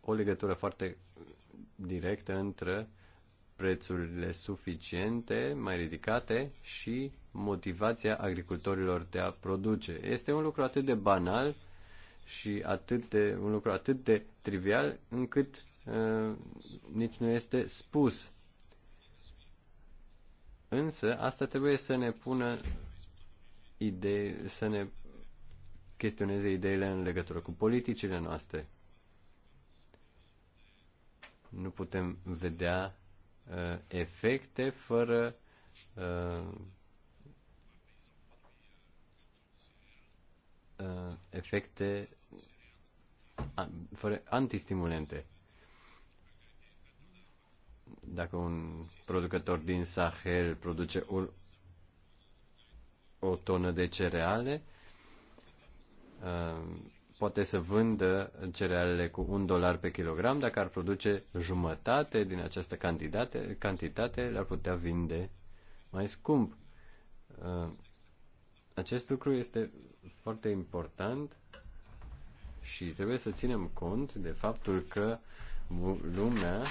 Speaker 3: o legătură foarte directă între prețurile suficiente, mai ridicate și motivația agricultorilor de a produce. Este un lucru atât de banal și atât de, un lucru atât de trivial încât uh, nici nu este spus. Însă, asta trebuie să ne pună idei, să ne chestioneze ideile în legătură cu politicile noastre. Nu putem vedea uh, efecte fără uh, uh, efecte fără antistimulente. Dacă un producător din Sahel produce o, o tonă de cereale, poate să vândă cerealele cu un dolar pe kilogram, dacă ar produce jumătate din această cantitate, cantitate l-ar putea vinde mai scump. Acest lucru este foarte important și trebuie să ținem cont de faptul că lumea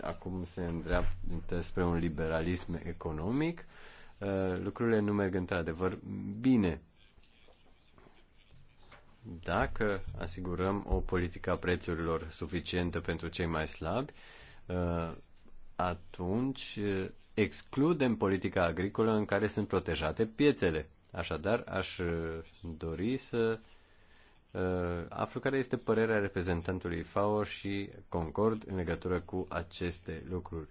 Speaker 3: acum se îndreaptă spre un liberalism economic, uh, lucrurile nu merg într-adevăr bine. Dacă asigurăm o politică a prețurilor suficientă pentru cei mai slabi, uh, atunci uh, excludem politica agricolă în care sunt protejate piețele. Așadar, aș dori să Uh, aflu care este părerea reprezentantului FAO și concord în legătură cu aceste lucruri.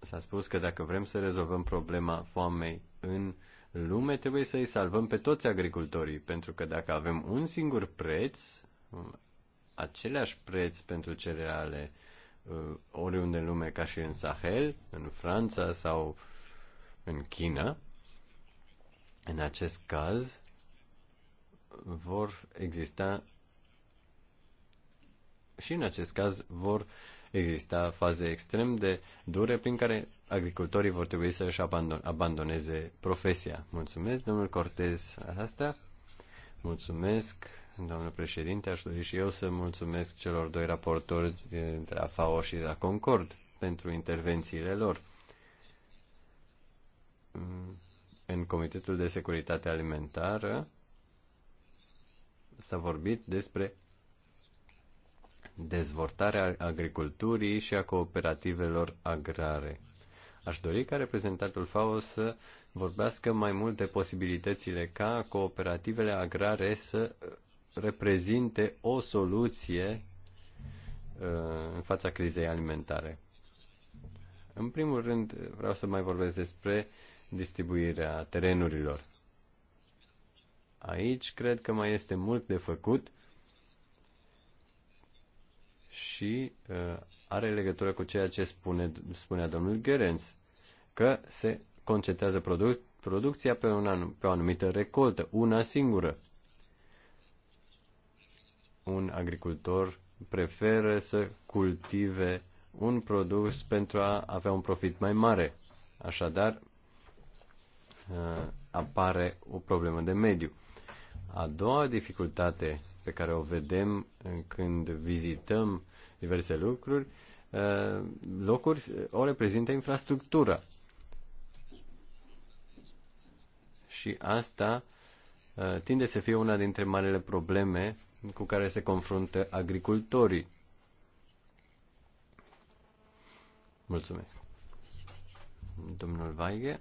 Speaker 3: S-a spus că dacă vrem să rezolvăm problema foamei în lume, trebuie să-i salvăm pe toți agricultorii, pentru că dacă avem un singur preț, um, același preț pentru cereale uh, oriunde în lume, ca și în Sahel, în Franța sau uh, în China, în acest caz vor exista și în acest caz vor exista faze extrem de dure prin care agricultorii vor trebui să își abandoneze profesia. Mulțumesc, domnul Cortez, asta. Mulțumesc, domnul președinte. Aș dori și eu să mulțumesc celor doi raportori eh, de la FAO și de la Concord pentru intervențiile lor în Comitetul de Securitate Alimentară s-a vorbit despre dezvoltarea agriculturii și a cooperativelor agrare. Aș dori ca reprezentantul FAO să vorbească mai mult de posibilitățile ca cooperativele agrare să reprezinte o soluție uh, în fața crizei alimentare. În primul rând, vreau să mai vorbesc despre uh, distribuirea terenurilor. Aici cred că mai este mult de făcut și uh, are legătură cu ceea ce spune, spunea domnul Gerenț, că se concentrează produc, producția pe, un anum, pe o anumită recoltă, una singură. Un agricultor preferă să cultive un produs pentru a avea un profit mai mare. Așadar, Uh, apare o problemă de mediu. A doua dificultate pe care o vedem când vizităm diverse lucruri, uh, locuri o reprezintă infrastructura. Și asta uh, tinde să fie una dintre marele probleme cu care se confruntă agricultorii. Mulțumesc. Domnul Weige.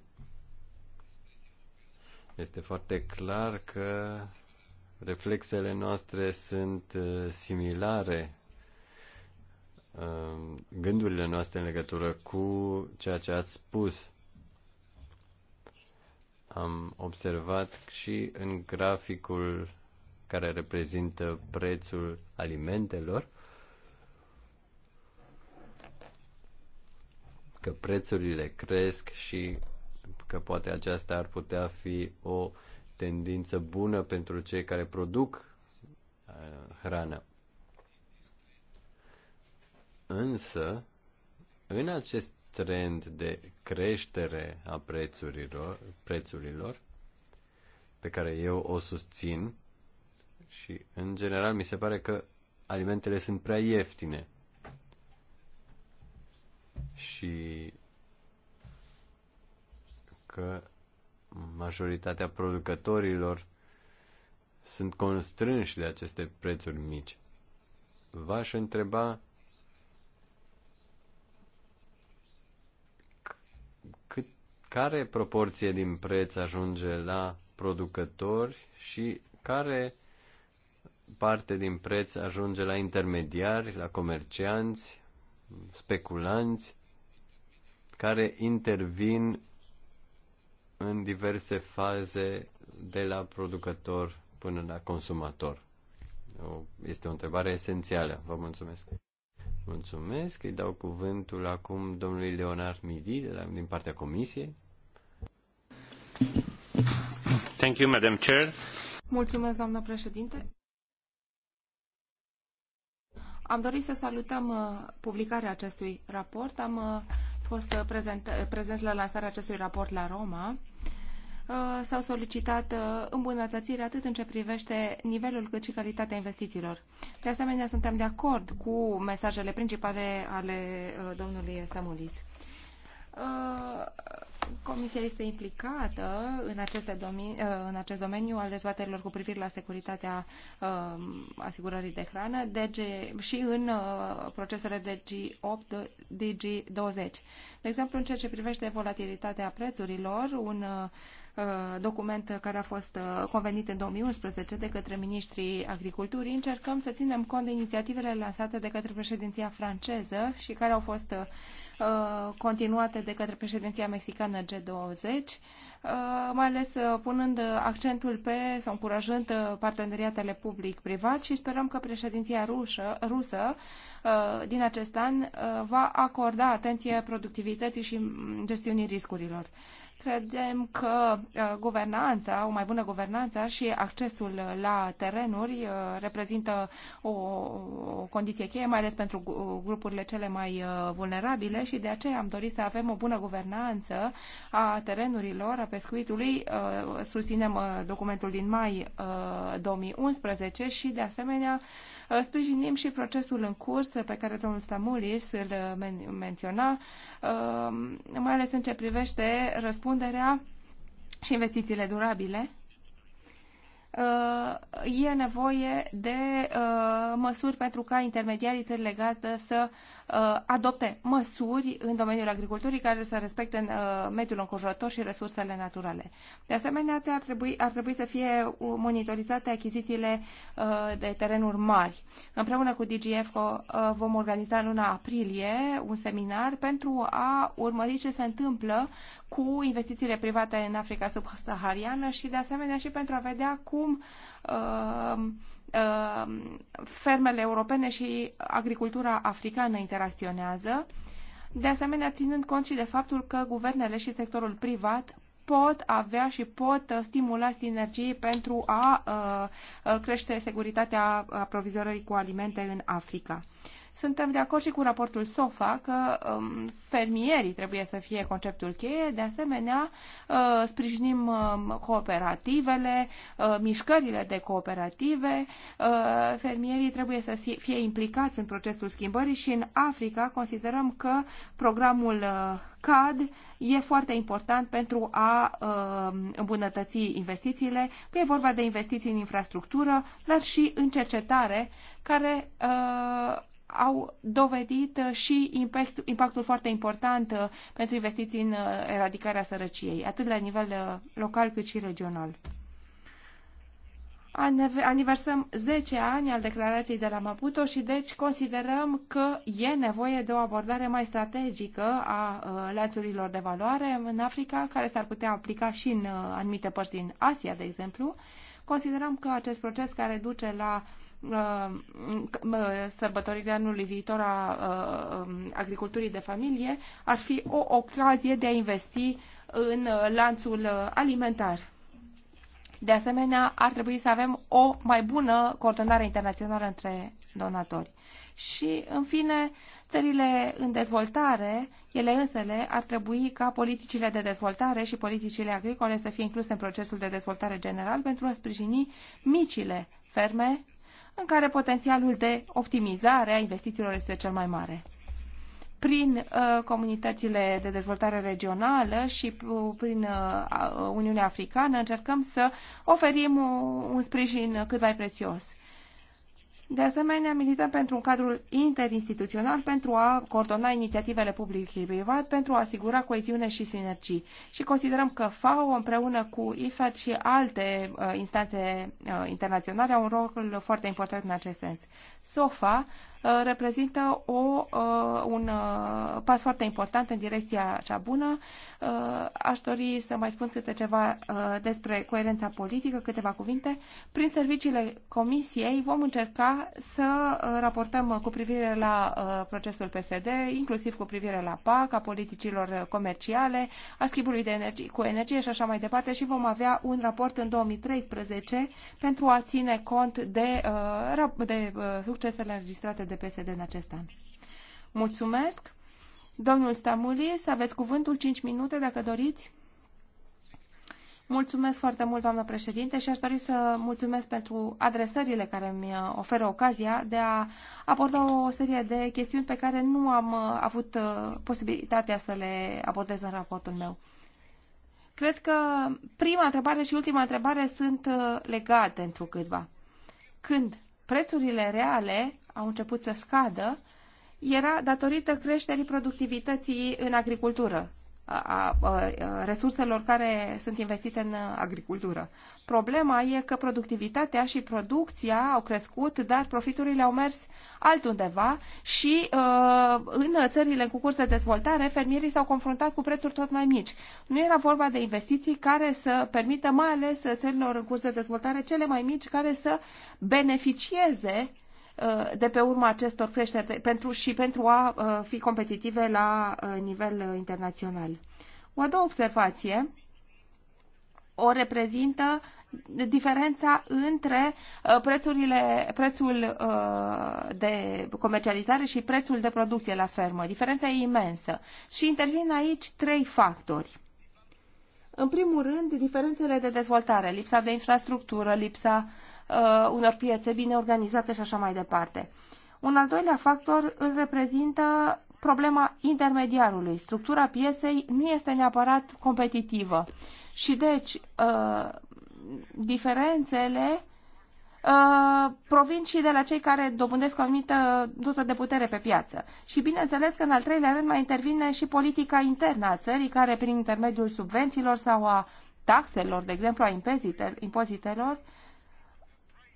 Speaker 3: Este foarte clar că reflexele noastre sunt uh, similare, uh, gândurile noastre în legătură cu ceea ce ați spus. Am observat și în graficul care reprezintă prețul alimentelor că prețurile cresc și că poate aceasta ar putea fi o tendință bună pentru cei care produc uh, hrană. Însă, în acest trend de creștere a prețurilor, prețurilor pe care eu o susțin și, în general, mi se pare că alimentele sunt prea ieftine. Și că majoritatea producătorilor sunt constrânși de aceste prețuri mici. V-aș întreba cât, care proporție din preț ajunge la producători și care parte din preț ajunge la intermediari, la comercianți, speculanți, care intervin în diverse faze de la producător până la consumator? Este o întrebare esențială. Vă mulțumesc. Mulțumesc. Îi dau cuvântul acum domnului Leonard Midi de la, din partea Comisiei. Thank you, Madam Chair.
Speaker 2: Mulțumesc, doamnă președinte. Am dorit să salutăm uh, publicarea acestui raport. Am uh, fost uh, prezent, uh, prezenți la lansarea acestui raport la Roma uh, s-au solicitat îmbunătățiri atât în ce privește nivelul cât și calitatea investițiilor. De asemenea, suntem de acord cu mesajele principale ale domnului Stamulis Comisia este implicată în, aceste domeni, uh, în acest domeniu al dezbaterilor cu privire la securitatea uh, asigurării de hrană DG, și în uh, procesele DG8, DG20. De exemplu, în ceea ce privește volatilitatea prețurilor, un document care a fost convenit în 2011 de către ministrii agriculturii, încercăm să ținem cont de inițiativele lansate de către președinția franceză și care au fost Uh, continuate de către președinția mexicană G20, uh, mai ales uh, punând accentul pe sau încurajând parteneriatele public-privat și sperăm că președinția rușă, rusă din acest an va acorda atenție productivității și mm, gestiunii riscurilor. Credem că uh, guvernanța, o mai bună guvernanță și accesul la terenuri uh, reprezintă o, condiție cheie, mai ales pentru grupurile cele mai uh, vulnerabile și de aceea am dorit să avem o bună guvernanță a terenurilor, a pescuitului. Susținem documentul din mai 2011 și de asemenea Uh, sprijinim și procesul în curs pe care domnul Stamulis îl uh, men- menționa, uh, mai ales în ce privește răspunderea și investițiile durabile e nevoie de măsuri pentru ca intermediarii țările gazdă să Uh, adopte măsuri în domeniul agriculturii care să respecte uh, mediul înconjurător și resursele naturale. De asemenea, ar trebui, ar trebui să fie uh, monitorizate achizițiile de terenuri mari. Împreună cu DGFCO vom organiza în luna aprilie un seminar pentru a urmări ce se întâmplă cu investițiile private în Africa subsahariană și, de asemenea, și pentru a vedea cum uh, Uh, fermele europene și agricultura africană interacționează, de asemenea ținând cont și de faptul că guvernele și sectorul privat pot avea și pot stimula sinergii pentru a uh, uh, crește securitatea aprovizorării cu alimente în Africa. Suntem de acord și cu raportul SOFA că um, fermierii trebuie să fie conceptul cheie. De asemenea, uh, sprijinim uh, cooperativele, uh, mișcările de cooperative. Uh, fermierii trebuie să fie implicați în procesul schimbării și în Africa considerăm că programul uh, CAD e foarte important pentru a uh, îmbunătăți investițiile, că e vorba de investiții în infrastructură, dar și în cercetare, care uh, au dovedit uh, și impact, impactul foarte important uh, pentru investiții în uh, eradicarea sărăciei, atât la nivel local cât și regional. Aniversăm 10 ani al declarației de la Maputo și deci considerăm că e nevoie de o abordare mai strategică a lanțurilor de valoare în Africa, care s-ar putea aplica și în anumite părți din Asia, de exemplu. Considerăm că acest proces care duce la uh, Uh, sărbătoririle anului viitor a uh, agriculturii de familie ar fi o ocazie de a investi în uh, lanțul alimentar. De asemenea, ar trebui să avem o mai bună coordonare internațională între donatori. Și, în fine, țările în dezvoltare, ele însele, ar trebui ca politicile de dezvoltare și politicile agricole să fie incluse în procesul de dezvoltare general pentru a sprijini micile ferme în care potențialul de optimizare a investițiilor este cel mai mare. Prin uh, comunitățile de dezvoltare regională și prin uh, Uniunea Africană încercăm să oferim un sprijin cât mai prețios. De asemenea, milităm pentru un cadru interinstituțional pentru a coordona inițiativele public și privat pentru a asigura coeziune și sinergii. Și considerăm că FAO împreună cu IFAD și alte uh, instanțe uh, internaționale au un rol foarte important în acest sens. SOFA Uh, reprezintă o, uh, un uh, pas foarte important în direcția cea bună. Aș dori să mai spun câte ceva despre coerența politică, câteva cuvinte. Prin serviciile Comisiei vom încerca să raportăm cu privire la procesul PSD, inclusiv cu privire la PAC, a politicilor comerciale, a schimbului de energie, cu energie și așa mai departe și vom avea un raport în 2013 pentru a ține cont de, de succesele înregistrate de de PSD în acest an. Mulțumesc! Domnul Stamulis, aveți cuvântul 5 minute dacă doriți. Mulțumesc foarte mult, doamnă președinte, și aș dori să mulțumesc pentru adresările care mi oferă ocazia de a aborda o serie de chestiuni pe care nu am uh, avut uh, posibilitatea să le abordez în raportul meu. Cred că prima întrebare și ultima întrebare sunt uh, legate într-o câtva. Când prețurile reale au început să scadă era datorită creșterii productivității în agricultură, a, a, a resurselor care sunt investite în agricultură. Problema e că productivitatea și producția au crescut, dar profiturile au mers altundeva și a, în țările cu curs de dezvoltare, fermierii s-au confruntat cu prețuri tot mai mici. Nu era vorba de investiții care să permită mai ales țărilor în curs de dezvoltare cele mai mici care să beneficieze Uh, de pe urma acestor creșteri pentru, și pentru a uh, fi competitive la uh, nivel internațional. O a doua observație o reprezintă diferența între prețurile, prețul de comercializare și prețul de producție la fermă. Diferența e imensă. Și intervin aici trei factori. În primul rând, diferențele de dezvoltare, lipsa de infrastructură, lipsa Uh, unor piețe bine organizate și așa mai departe. Un al doilea factor îl reprezintă problema intermediarului. Structura pieței nu este neapărat competitivă și deci uh, diferențele Uh, provin și de la cei care dobândesc o anumită doză de putere pe piață. Și bineînțeles că în al treilea rând mai intervine și politica internă a țării, care prin intermediul subvențiilor sau a taxelor, de exemplu a impozitelor,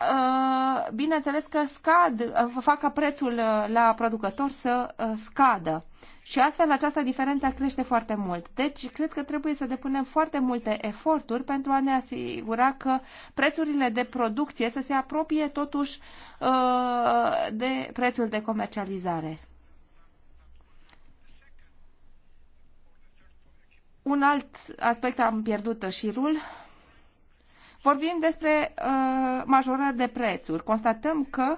Speaker 2: Uh, bineînțeles că scad, uh, fac ca prețul uh, la producător să scadă. Și astfel această diferență crește foarte mult. Deci cred că trebuie să depunem foarte multe eforturi pentru a ne asigura că prețurile de producție să se apropie totuși de prețul de comercializare. Un alt aspect am pierdut șirul Vorbim despre uh, majorări de prețuri. Constatăm că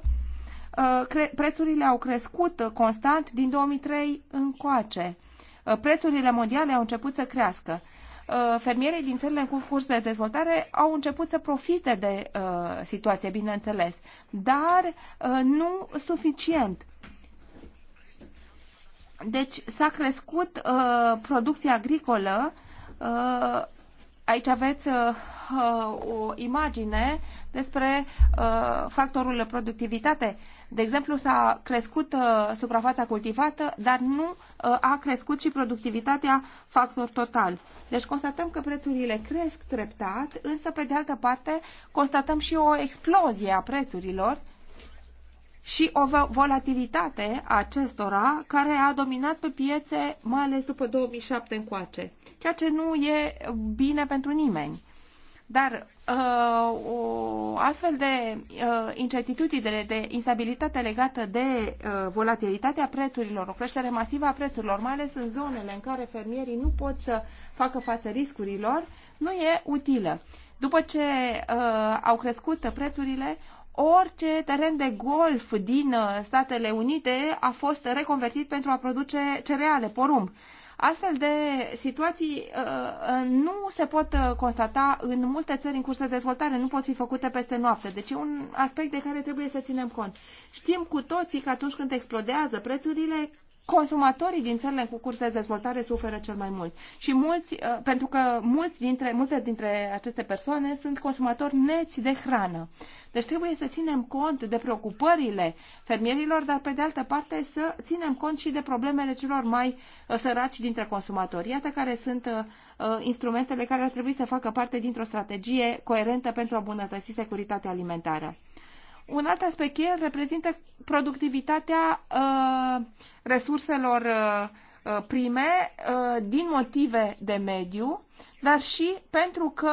Speaker 2: uh, prețurile au crescut constant din 2003 încoace. Uh, prețurile mondiale au început să crească. Uh, fermierii din țările în curs de dezvoltare au început să profite de uh, situație, bineînțeles, dar uh, nu suficient. Deci s-a crescut uh, producția agricolă uh, Aici aveți uh, uh, o imagine despre uh, factorul productivitate. De exemplu, s-a crescut suprafața cultivată, dar nu a crescut și productivitatea factor total. Deci constatăm că prețurile cresc treptat, însă pe de altă parte constatăm și o explozie a prețurilor și o volatilitate a acestora care a dominat pe piețe, mai ales după 2007 încoace, ceea ce nu e bine pentru nimeni. Dar uh, o astfel de uh, incertitudine, de instabilitate legată de uh, volatilitatea prețurilor, o creștere masivă a prețurilor, mai ales în zonele în care fermierii nu pot să facă față riscurilor, nu e utilă. După ce uh, au crescut prețurile, orice teren de golf din uh, Statele Unite a fost reconvertit pentru a produce cereale, porumb. Astfel de situații uh, uh nu se pot uh, constata în multe țări în curs de dezvoltare, nu pot fi făcute peste noapte. Deci e un aspect de care trebuie să ținem cont. Știm cu toții că atunci când explodează prețurile, consumatorii din țările cu curs de dezvoltare suferă cel mai mult. Și mulți, uh, pentru că mulți dintre, multe dintre aceste persoane sunt consumatori neți de hrană. Deci trebuie să ținem cont de preocupările fermierilor, dar pe de altă parte să ținem cont și de problemele celor mai uh, săraci dintre consumatori. Iată care sunt uh, instrumentele care ar trebui să facă parte dintr-o strategie coerentă pentru a îmbunătăți securitatea alimentară. Un alt aspect cheie reprezintă productivitatea uh, resurselor uh, uh, prime uh, din motive de mediu, dar și pentru că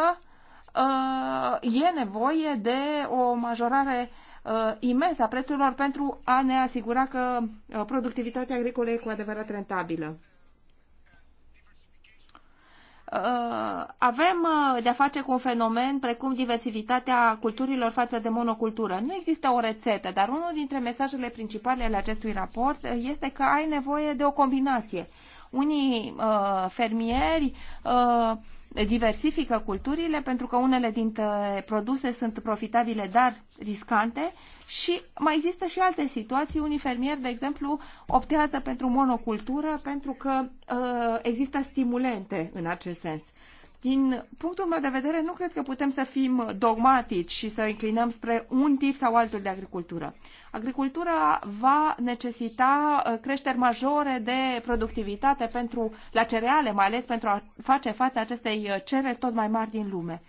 Speaker 2: uh, e nevoie de o majorare uh, imensă a prețurilor pentru a ne asigura că uh, productivitatea agricolă e cu adevărat rentabilă. Uh, avem uh, de-a face cu un fenomen precum diversitatea culturilor față de monocultură. Nu există o rețetă, dar unul dintre mesajele principale ale acestui raport uh, este că ai nevoie de o combinație. Unii uh, fermieri uh, diversifică culturile pentru că unele dintre produse sunt profitabile, dar riscante și mai există și alte situații. Unii fermieri, de exemplu, optează pentru monocultură pentru că uh, există stimulente în acest sens. Din punctul meu de vedere, nu cred că putem să fim dogmatici și să inclinăm spre un tip sau altul de agricultură. Agricultura va necesita uh, creșteri majore de productivitate pentru, la cereale, mai ales pentru a face față acestei uh, cereri tot mai mari din lume.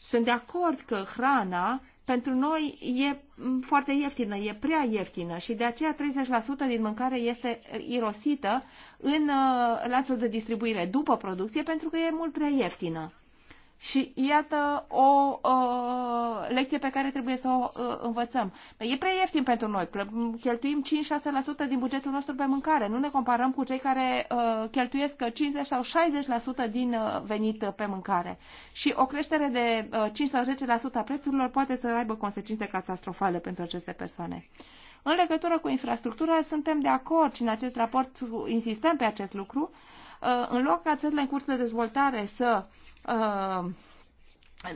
Speaker 2: Sunt de acord că hrana pentru noi e foarte ieftină, e prea ieftină și de aceea 30% din mâncare este irosită în uh, lanțul de distribuire după producție pentru că e mult prea ieftină. Și iată o uh, lecție pe care trebuie să o uh, învățăm. Păi e prea ieftin pentru noi. Cheltuim 5-6% din bugetul nostru pe mâncare. Nu ne comparăm cu cei care uh, cheltuiesc 50 sau 60% din uh, venit pe mâncare. Și o creștere de uh, 5 sau 10% a prețurilor poate să aibă consecințe catastrofale pentru aceste persoane. În legătură cu infrastructura, suntem de acord și în acest raport insistăm pe acest lucru. Uh, în loc ca țările în curs de dezvoltare să uh, uh,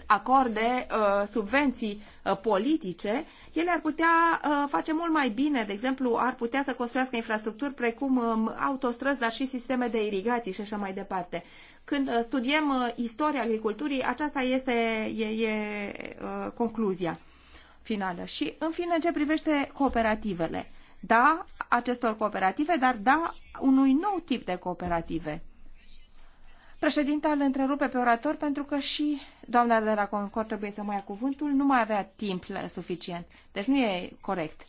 Speaker 2: acorde uh, subvenții uh, politice, ele ar putea uh, face mult mai bine, de exemplu, ar putea să construiască infrastructuri precum um, autostrăzi, dar și sisteme de irigații și așa mai departe. Când uh, studiem uh, istoria agriculturii, aceasta este e, e, uh, concluzia finală. Și, în fine, în ce privește cooperativele. Da, acestor cooperative, dar da unui nou tip de cooperative Președinta îl întrerupe pe orator pentru că și doamna de la Concord trebuie să mai ia cuvântul, nu mai avea timp suficient. Deci nu e corect.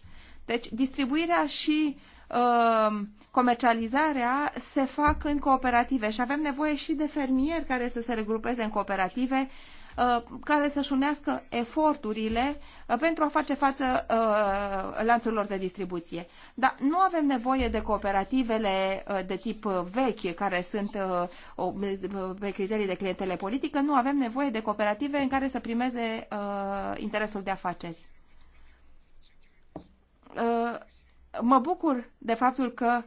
Speaker 2: Deci distribuirea și uh, comercializarea se fac în cooperative și avem nevoie și de fermieri care să se regrupeze în cooperative uh, Uh, care să-și unească eforturile uh, pentru a face față uh, lanțurilor de distribuție. Dar nu avem nevoie de cooperativele de tip vechi, care sunt pe criterii de clientele politică, nu avem nevoie de cooperative în care să primeze interesul de afaceri mă bucur de faptul că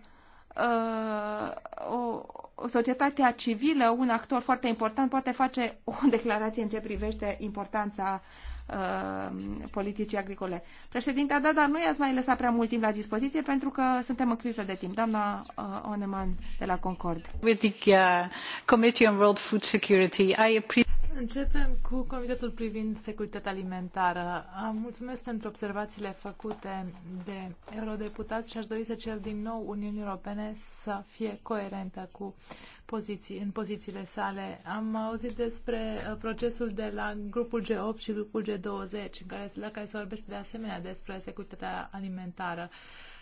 Speaker 2: societatea civilă, un actor foarte important, poate face o declarație în ce privește importanța uh, politicii agricole. Președinte, da, dar nu i-ați mai lăsat prea mult timp la dispoziție pentru că suntem în criză de timp. Doamna uh, Oneman de la Concord. With the
Speaker 1: uh, Committee on World Food Security, I appreciate Începem cu Comitetul privind securitatea alimentară. Am Mulțumesc pentru observațiile făcute de eurodeputați și aș dori să cer din nou Uniunii Europene să fie coerentă cu poziții, în pozițiile sale. Am auzit despre uh, procesul de la grupul G8 și grupul G20, în care, la care se vorbește de asemenea despre securitatea alimentară.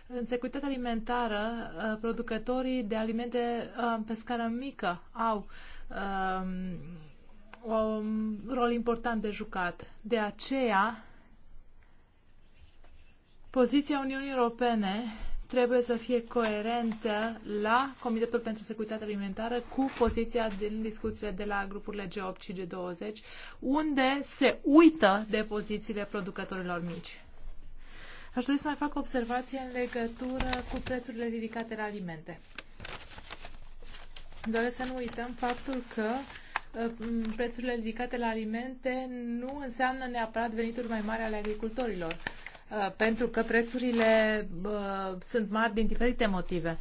Speaker 1: În securitatea alimentară, uh, producătorii de alimente uh, pe scară mică au um, un um, rol important de jucat. De aceea, poziția Uniunii Europene trebuie să fie coerentă la Comitetul pentru Securitate Alimentară cu poziția din discuțiile de la grupurile G8 și G20, unde se uită de pozițiile producătorilor mici. Aș dori să mai fac observație în legătură cu prețurile ridicate la alimente. Doresc să nu uităm faptul că uh, Ă, prețurile ridicate la alimente nu înseamnă neapărat venituri mai mari ale agricultorilor, ă, pentru că prețurile ă, sunt mari din diferite motive.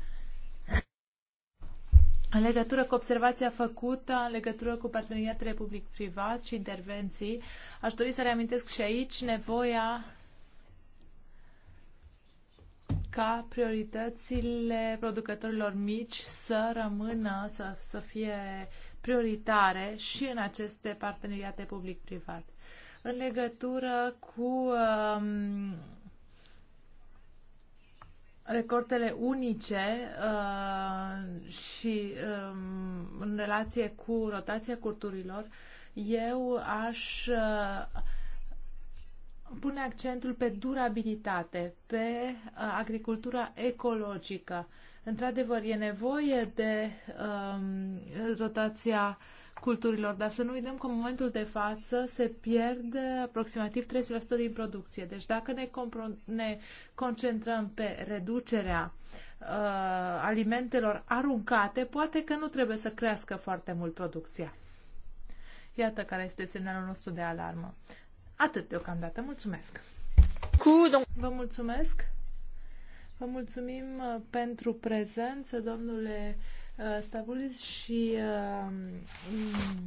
Speaker 1: În legătură cu observația făcută, în legătură cu parteneriatele public-privat și intervenții, aș dori să reamintesc și aici nevoia ca prioritățile producătorilor mici să rămână, să, să fie uh, prioritare și în aceste parteneriate public-privat. În legătură cu um, recortele unice uh, și um, în relație cu rotația culturilor, eu aș uh, pune accentul pe durabilitate, pe uh, agricultura ecologică. Uh, Într-adevăr, e nevoie de um, rotația culturilor, dar să nu uităm că în momentul de față se pierd aproximativ 30% din producție. Deci dacă ne, ne concentrăm pe reducerea uh, alimentelor aruncate, poate că nu trebuie să crească foarte mult producția. Iată care este semnalul nostru de alarmă. Atât deocamdată. Mulțumesc! Vă mulțumesc! Vă mulțumim uh, pentru prezență, domnule uh, Stavulis și uh,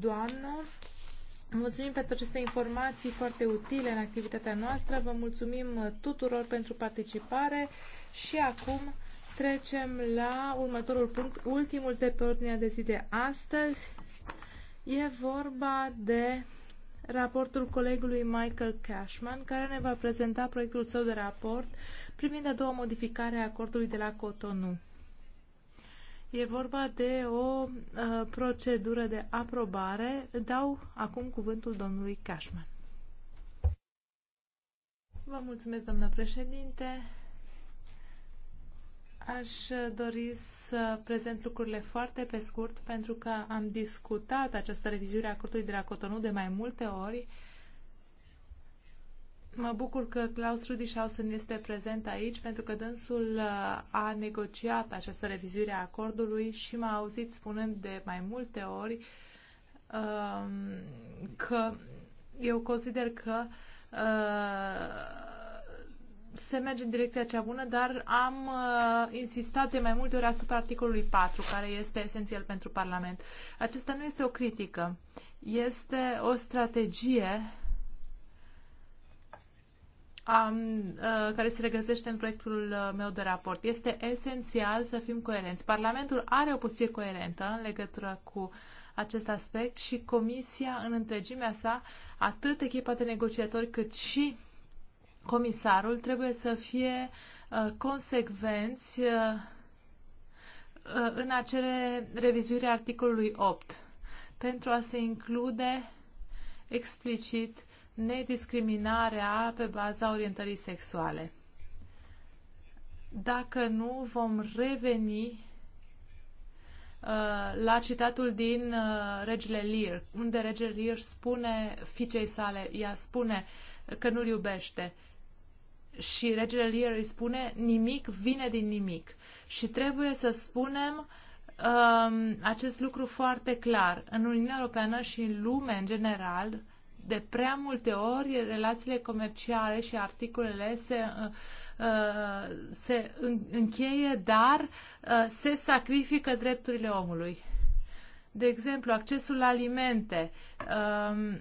Speaker 1: doamnă. Mulțumim pentru aceste informații foarte utile în activitatea noastră. Vă mulțumim tuturor pentru participare și acum trecem la următorul punct, ultimul de pe ordinea de zi de astăzi. E vorba de raportul colegului Michael Cashman, care ne va prezenta proiectul său de raport privind a doua modificare a acordului de la Cotonou. E vorba de o uh, procedură de aprobare. Dau acum cuvântul domnului Cashman. Vă mulțumesc, doamnă președinte. Aș dori să prezent lucrurile foarte pe scurt, pentru că am discutat această revizuire a acordului de la Cotonou de mai multe ori. Mă bucur că Klaus Rudishausen este prezent aici, pentru că dânsul uh, a negociat această revizuire a acordului și m-a auzit spunând de mai multe ori um, că eu consider că uh, se merge în direcția cea bună, dar am uh, insistat de mai multe ori asupra articolului 4, care este esențial pentru Parlament. Acesta nu este o critică, este o strategie um, uh, care se regăsește în proiectul uh, meu de raport. Este esențial să fim coerenți. Parlamentul are o poziție coerentă în legătură cu acest aspect și Comisia în întregimea sa, atât echipa de negociatori cât și comisarul trebuie să fie uh, consecvenți uh, uh în acele revizuire articolului 8 pentru a se include explicit nediscriminarea pe baza orientării sexuale. Dacă nu, vom reveni uh, la citatul din uh, Regele Lear, unde Regele Lear spune fiicei sale, ea spune că nu-l iubește și regele Lear îi spune nimic vine din nimic. Și trebuie să spunem um, acest lucru foarte clar. În Uniunea Europeană și în lume în general, de prea multe ori relațiile comerciale și articolele se, uh, uh se încheie, dar uh, se sacrifică drepturile omului. De exemplu, accesul la alimente. Uh,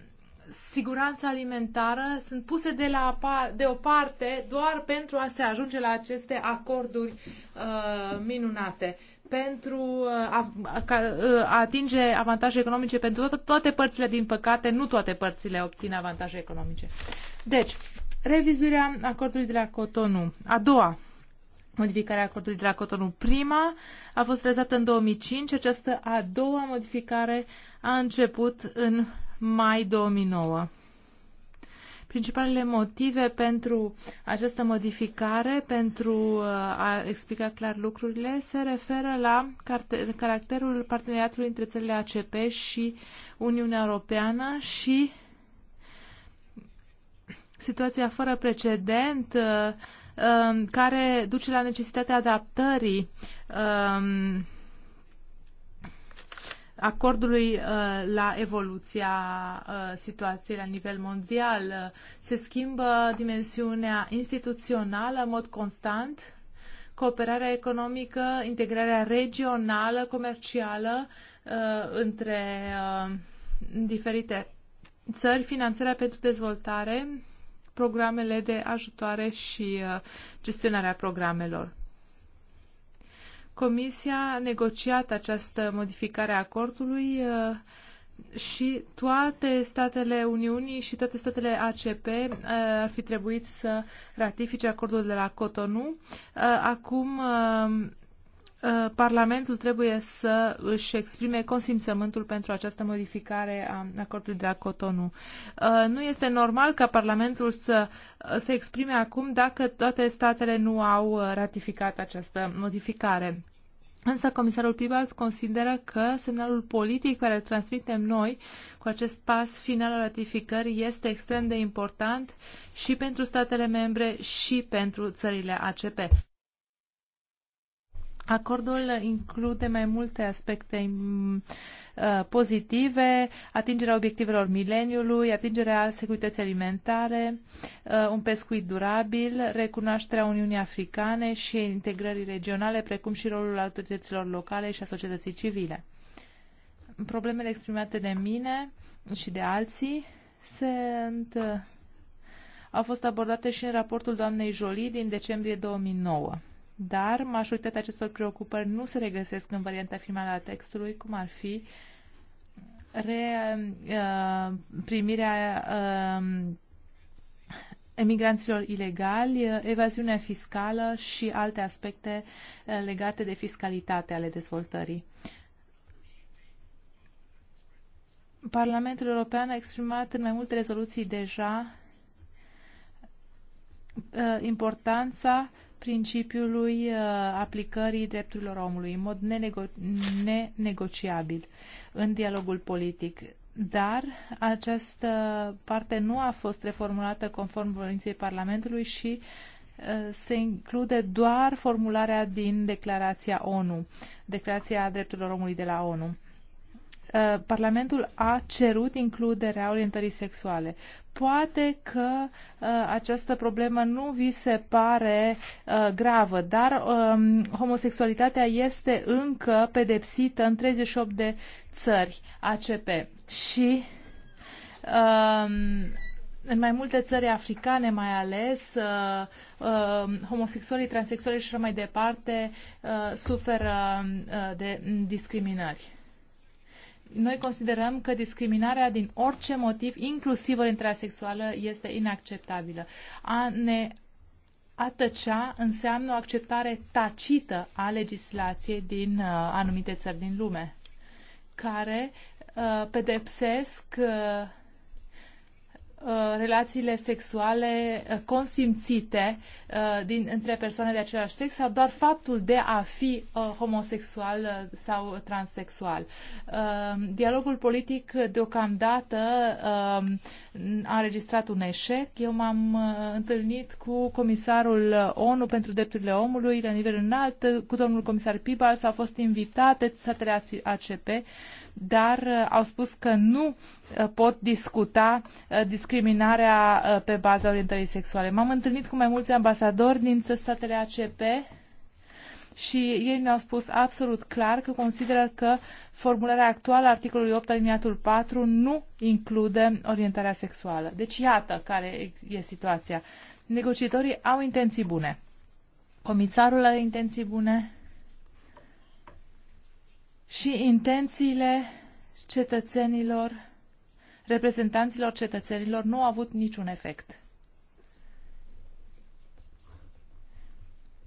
Speaker 1: siguranța alimentară sunt puse de la, deoparte doar pentru a se ajunge la aceste acorduri uh, minunate pentru uh, a, a, uh, a atinge avantaje economice pentru toate, toate părțile, din păcate, nu toate părțile obțin avantaje economice. Deci, revizuirea acordului de la Cotonou. A doua a acordului de la Cotonou. Prima a fost realizată în 2005, această a doua modificare a început în mai 2009. Principalele motive pentru această modificare, pentru uh, a explica clar lucrurile, se referă la caracterul parteneriatului între țările ACP și Uniunea Europeană și situația fără precedent uh, um, care duce la necesitatea adaptării um, acordului uh, la evoluția uh, situației la nivel mondial. Se schimbă dimensiunea instituțională în mod constant, cooperarea economică, integrarea regională, comercială uh, între diferite țări, finanțarea pentru dezvoltare, programele de ajutoare și gestionarea programelor. Comisia a negociat această modificare a acordului uh, și toate statele Uniunii și toate statele ACP uh, ar fi trebuit să ratifice acordul de la Cotonou. Uh, acum Uh, Parlamentul trebuie să își exprime consimțământul pentru această modificare a acordului de la Cotonou. Uh, nu este normal ca Parlamentul să uh, se exprime acum dacă toate statele nu au ratificat această modificare. Însă comisarul Pibals consideră că semnalul politic care îl transmitem noi cu acest pas final al ratificării este extrem de important și pentru statele membre și pentru țările ACP. Acordul include mai multe aspecte mm, uh, pozitive, atingerea obiectivelor mileniului, atingerea securității alimentare, uh, un pescuit durabil, recunoașterea Uniunii Africane și integrării regionale, precum și rolul autorităților locale și a societății civile. Problemele exprimate de mine și de alții sunt, uh, au fost abordate și în raportul doamnei Jolie din decembrie 2009 dar majoritatea acestor preocupări nu se regăsesc în varianta finală a textului, cum ar fi re, uh, primirea uh, emigranților ilegali, uh, evaziunea fiscală și alte aspecte uh, legate de fiscalitate ale dezvoltării. Parlamentul European a exprimat în mai multe rezoluții deja uh, importanța principiului uh, aplicării drepturilor omului în mod nenego- nenegociabil în dialogul politic. Dar această parte nu a fost reformulată conform voinței Parlamentului și uh, se include doar formularea din Declarația ONU, Declarația Drepturilor Omului de la ONU. Uh, Parlamentul a cerut includerea orientării sexuale. Poate că uh, această problemă nu vi se pare uh, gravă, dar um, homosexualitatea este încă pedepsită în 38 de țări ACP și um, în mai multe țări africane mai ales, uh, uh, homosexualii, transexualii și așa mai departe uh, suferă uh, de discriminări. Noi considerăm că discriminarea din orice motiv, inclusiv orientarea sexuală, este inacceptabilă. A ne atăcea înseamnă o acceptare tacită a legislației din uh, anumite țări din lume, care uh, pedepsesc uh, Uh, relațiile sexuale uh, consimțite uh, din, între persoane de același sex sau doar faptul de a fi homosexual sau transsexual. Dialogul politic deocamdată a înregistrat un eșec. Eu m-am întâlnit cu comisarul ONU pentru drepturile omului la nivel înalt, cu domnul comisar Pibal, s-au fost invitate statele ACP dar uh, au spus că nu uh, pot discuta uh, discriminarea pe baza orientării sexuale. M-am întâlnit cu mai mulți ambasadori din statele ACP și ei ne-au spus absolut clar că consideră că formularea actuală a articolului 8 aliniatul 4 nu include orientarea sexuală. Deci iată care e situația. Negocitorii au intenții bune. Comisarul are intenții bune și intențiile cetățenilor, reprezentanților cetățenilor nu au avut niciun efect.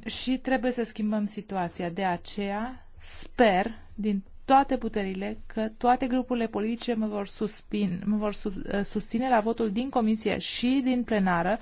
Speaker 1: Și trebuie să schimbăm situația. De aceea sper din toate puterile că toate grupurile politice mă vor, suspin, mă vor uh, susține la votul din comisie și din plenară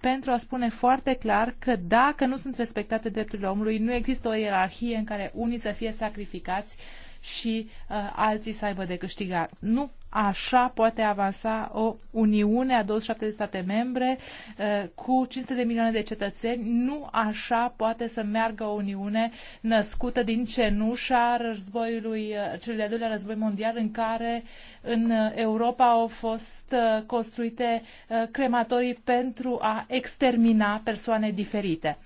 Speaker 1: pentru a spune foarte clar că dacă nu sunt respectate drepturile omului, nu există o ierarhie în care unii să fie sacrificați uh, și uh, alții să aibă de câștigat. Nu așa poate avansa o Uniune a 27 de state membre uh, cu 500 de milioane de cetățeni. Nu așa poate să meargă o Uniune născută din cenușa războiului, uh, cel de-al doilea război mondial în care în uh, Europa au fost uh, construite uh, crematorii pentru a extermina persoane diferite.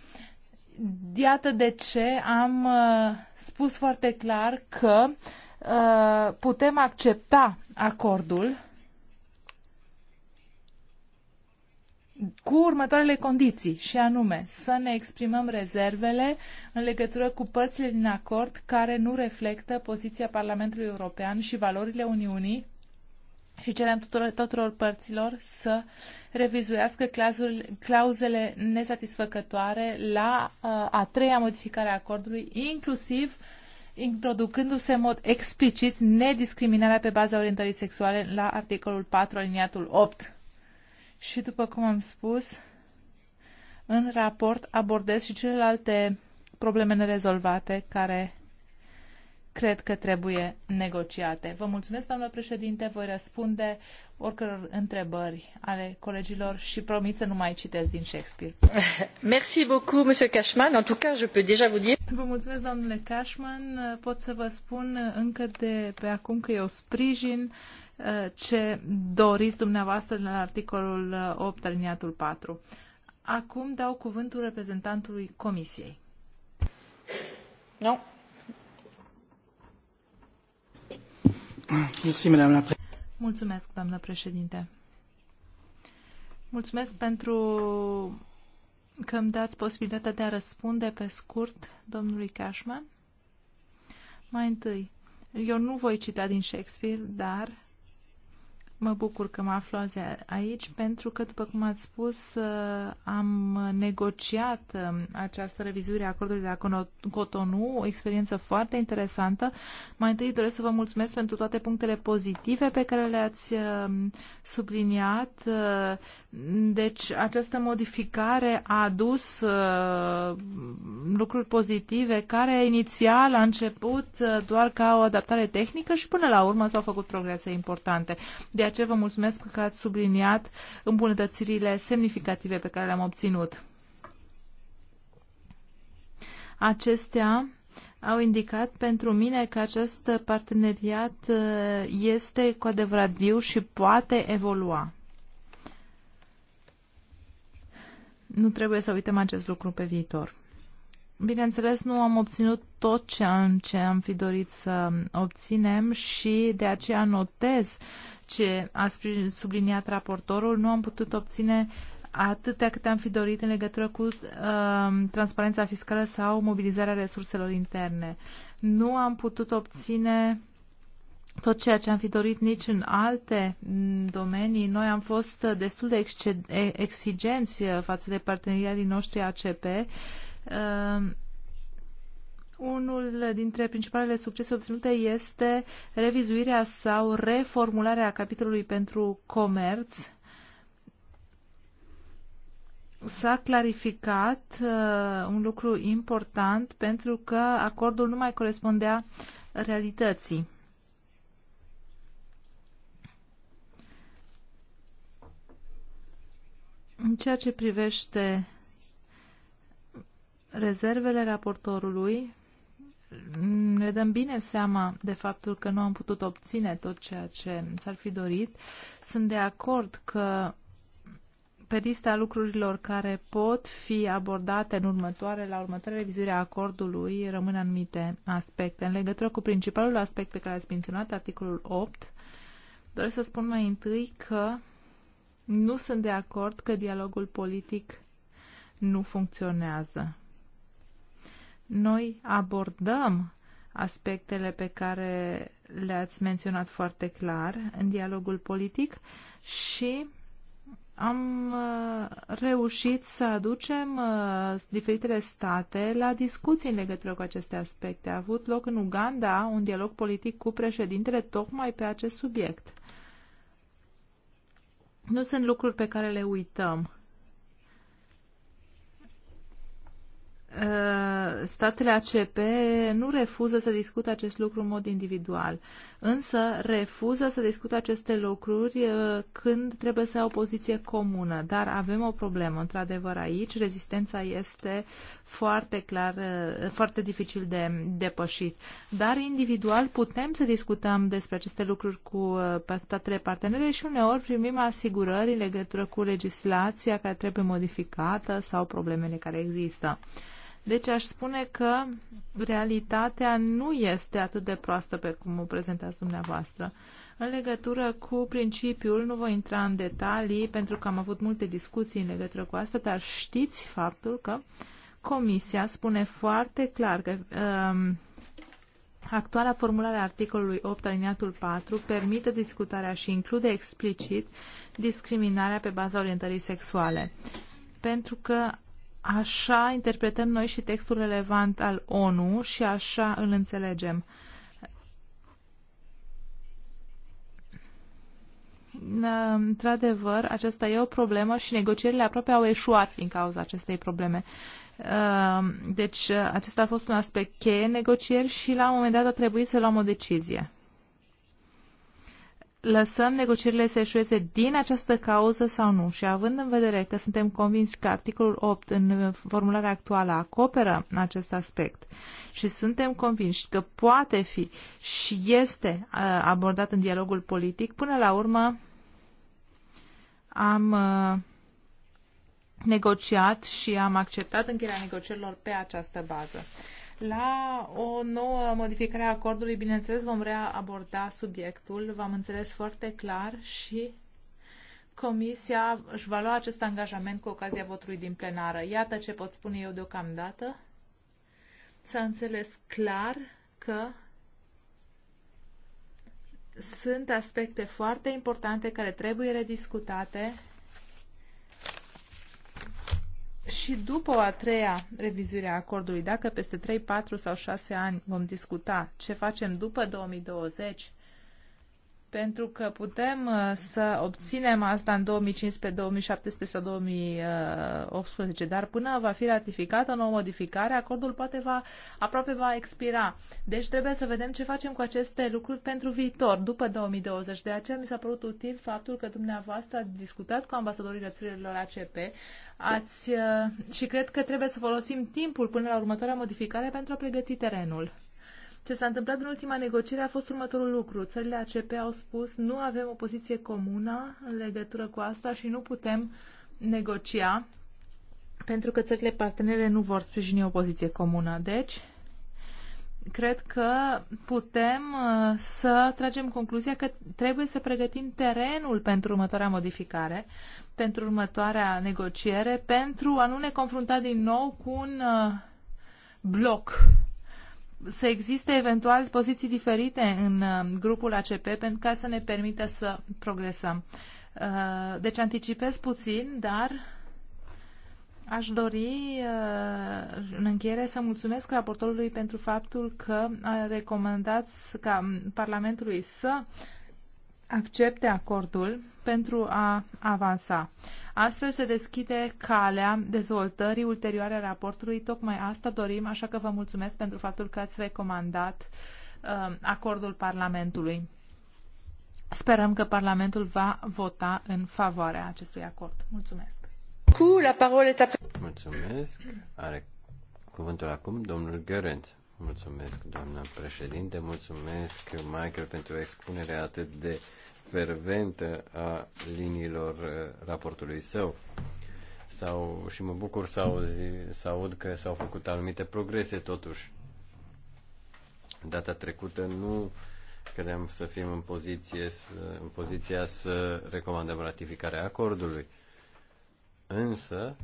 Speaker 1: Iată de ce am uh, spus foarte clar că uh, putem accepta acordul cu următoarele condiții, și anume să ne exprimăm rezervele în legătură cu părțile din acord care nu reflectă poziția Parlamentului European și valorile Uniunii și cerem tuturor, tuturor părților să revizuiască clauzul, clauzele nesatisfăcătoare la uh, a treia modificare a acordului, inclusiv introducându-se în mod explicit nediscriminarea pe baza orientării sexuale la articolul 4 aliniatul 8. Și după cum am spus, în raport abordez și celelalte probleme nerezolvate care cred că trebuie negociate. Vă mulțumesc, doamnă președinte, voi răspunde oricăror întrebări ale colegilor și promit să nu mai citesc din Shakespeare. Merci beaucoup, monsieur Cashman. En tout cas, je peux déjà vous dire... Vă mulțumesc, domnule Cashman. Pot să vă spun încă de pe acum că eu sprijin uh, ce doriți dumneavoastră la articolul 8, uh, aliniatul 4. Acum dau cuvântul reprezentantului Comisiei. Nu. No. Mulțumesc, doamnă președinte. Mulțumesc pentru că îmi dați posibilitatea de a răspunde pe scurt domnului Cashman. Mai întâi, eu nu voi cita din Shakespeare, dar Mă bucur că mă aflu azi aici pentru că, după cum ați spus, uh, am negociat um, această revizuire a acordului de la Cotonou, o experiență foarte interesantă. Mai întâi doresc să vă mulțumesc pentru toate punctele pozitive pe care le-ați um, subliniat, uh, deci această modificare a adus uh, lucruri pozitive care inițial a început uh, doar ca o adaptare tehnică și până la urmă s-au făcut progrese importante. De aceea vă mulțumesc că ați subliniat îmbunătățirile semnificative pe care le-am obținut. Acestea au indicat pentru mine că acest parteneriat uh, este cu adevărat viu și poate evolua. Nu trebuie să uităm acest lucru pe viitor. Bineînțeles, nu am obținut tot ce am, ce am fi dorit să obținem și de aceea notez ce a subliniat raportorul. Nu am putut obține atâtea cât am fi dorit în legătură cu uh, transparența fiscală sau mobilizarea resurselor interne. Nu am putut obține tot ceea ce am fi dorit nici în alte mm, domenii. Noi am fost destul de exigenți uh, față de partenerii noștri ACP. Um, unul dintre principalele succese obținute este revizuirea sau reformularea capitolului pentru comerț. S-a clarificat uh, un lucru important pentru că acordul nu mai corespundea realității. În ceea ce privește rezervele raportorului, ne dăm bine seama de faptul că nu am putut obține tot ceea ce s-ar fi dorit. Sunt de acord că pe lista lucrurilor care pot fi abordate în următoare, la următoarea revizuire a acordului, rămân anumite aspecte. În legătură cu principalul aspect pe care l-ați menționat, articolul 8, doresc să spun mai întâi că nu sunt de acord că dialogul politic nu funcționează. Noi abordăm aspectele pe care le-ați menționat foarte clar în dialogul politic și am uh, reușit să aducem uh, diferitele state la discuții în legătură cu aceste aspecte. A avut loc în Uganda un dialog politic cu președintele tocmai pe acest subiect. Nu sunt lucruri pe care le uităm. Uh, statele ACP nu refuză să discute acest lucru în mod individual, însă refuză să discute aceste lucruri uh, când trebuie să ai o poziție comună. Dar avem o problemă, într-adevăr, aici. Rezistența este foarte clar, uh, foarte dificil de depășit. Dar individual putem să discutăm despre aceste lucruri cu statele partenere și uneori primim asigurări în legătură cu legislația care trebuie modificată sau problemele care există. Deci aș spune că realitatea nu este atât de proastă pe cum o prezentați dumneavoastră. În legătură cu principiul, nu voi intra în detalii pentru că am avut multe discuții în legătură cu asta, dar știți faptul că Comisia spune foarte clar că um, actuala formulare a articolului 8 aliniatul 4 permite discutarea și include explicit discriminarea pe baza orientării sexuale. Pentru că Așa interpretăm noi și textul relevant al ONU și așa îl înțelegem. Într-adevăr, aceasta e o problemă și negocierile aproape au eșuat din cauza acestei probleme. Ehm, deci, acesta a fost un aspect cheie în negocieri și la un moment dat a trebuit să luăm o decizie lăsăm negocierile să eșueze din această cauză sau nu. Și având în vedere că suntem convinși că articolul 8 în formularea actuală acoperă acest aspect și suntem convinși că poate fi și este uh, abordat în dialogul politic, până la urmă am uh, negociat și am acceptat încheierea negocierilor pe această bază. La o nouă modificare a acordului, bineînțeles, vom reaborda subiectul, v-am înțeles foarte clar și Comisia își va lua acest angajament cu ocazia votului din plenară. Iată ce pot spune eu deocamdată. S-a înțeles clar că sunt aspecte foarte importante care trebuie rediscutate și după o a treia revizuire a acordului, dacă peste 3, 4 sau 6 ani vom discuta ce facem după 2020, pentru că putem uh, să obținem asta în 2015, 2017 sau 2018, dar până va fi ratificată o nouă modificare, acordul poate va, aproape va expira. Deci trebuie să vedem ce facem cu aceste lucruri pentru viitor, după 2020. De aceea mi s-a părut util faptul că dumneavoastră ați discutat cu ambasadorii rățurilor ACP ați, uh, și cred că trebuie să folosim timpul până la următoarea modificare pentru a pregăti terenul. Ce s-a întâmplat în ultima negociere a fost următorul lucru. Țările ACP au spus nu avem o poziție comună în legătură cu asta și nu putem negocia pentru că țările partenere nu vor sprijini o poziție comună. Deci, cred că putem uh, să tragem concluzia că trebuie să pregătim terenul pentru următoarea modificare, pentru următoarea negociere, pentru a nu ne confrunta din nou cu un uh, bloc să existe eventual poziții diferite în um, grupul ACP pentru ca să ne permită să progresăm. Uh, deci anticipez puțin, dar aș dori uh, în încheiere să mulțumesc raportorului pentru faptul că a recomandat ca Parlamentului să accepte acordul pentru a avansa. Astfel se deschide calea dezvoltării ulterioare a raportului. Tocmai asta dorim, așa că vă mulțumesc pentru faptul că ați recomandat uh, acordul Parlamentului. Sperăm că Parlamentul va vota în favoarea acestui acord. Mulțumesc. Cu la
Speaker 3: Mulțumesc. Are cuvântul acum domnul Gărenț. Mulțumesc, doamna președinte, mulțumesc, Michael, pentru expunerea atât de ferventă a liniilor uh, raportului său. Sau, și mă bucur să, auzi, să aud că s-au făcut anumite progrese totuși. Data trecută nu credeam să fim în, poziție, în poziția să recomandăm ratificarea acordului. Însă,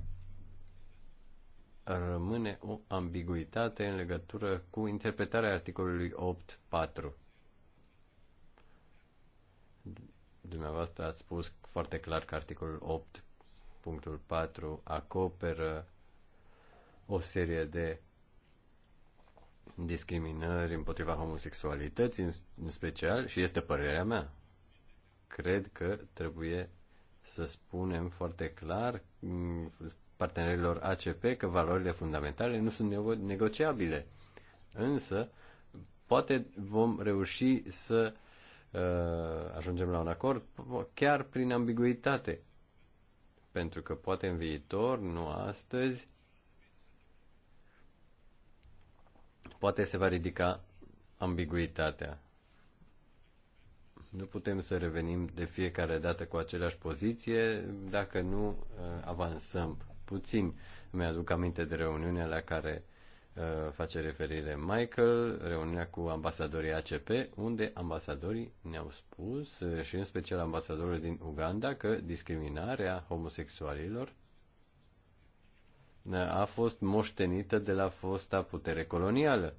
Speaker 3: rămâne o ambiguitate în legătură cu interpretarea articolului 8.4. Dumneavoastră ați spus foarte clar că articolul 8.4 acoperă o serie de discriminări împotriva homosexualității în special și este părerea mea. Cred că trebuie să spunem foarte clar partenerilor ACP că valorile fundamentale nu sunt negociabile. Însă, poate vom reuși să uh, ajungem la un acord chiar prin ambiguitate. Pentru că poate în viitor, nu astăzi, poate se va ridica ambiguitatea. Nu putem să revenim de fiecare dată cu aceleași poziție dacă nu uh, avansăm. Puțin îmi aduc aminte de reuniunea la care uh, face referire Michael, reuniunea cu ambasadorii ACP, unde ambasadorii ne-au spus, uh, și în special ambasadorul din Uganda, că discriminarea homosexualilor uh, a fost moștenită de la fosta putere colonială.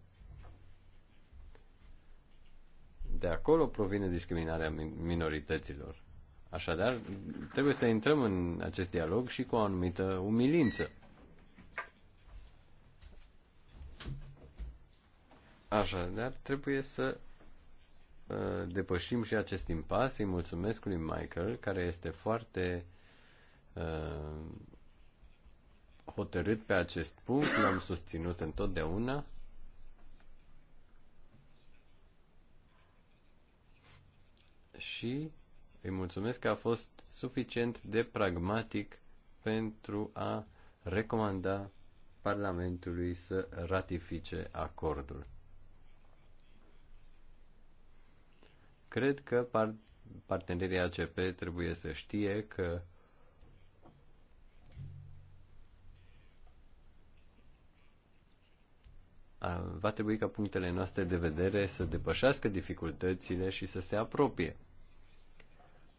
Speaker 3: De acolo provine discriminarea minorităților. Așadar, trebuie să intrăm în acest dialog și cu o anumită umilință. Așadar, trebuie să uh, depășim și acest impas. Îi mulțumesc lui Michael, care este foarte uh, hotărât pe acest punct. L-am susținut întotdeauna. Și îi mulțumesc că a fost suficient de pragmatic pentru a recomanda Parlamentului să ratifice acordul. Cred că par- partenerii ACP trebuie să știe că va trebui ca punctele noastre de vedere să depășească dificultățile și să se apropie.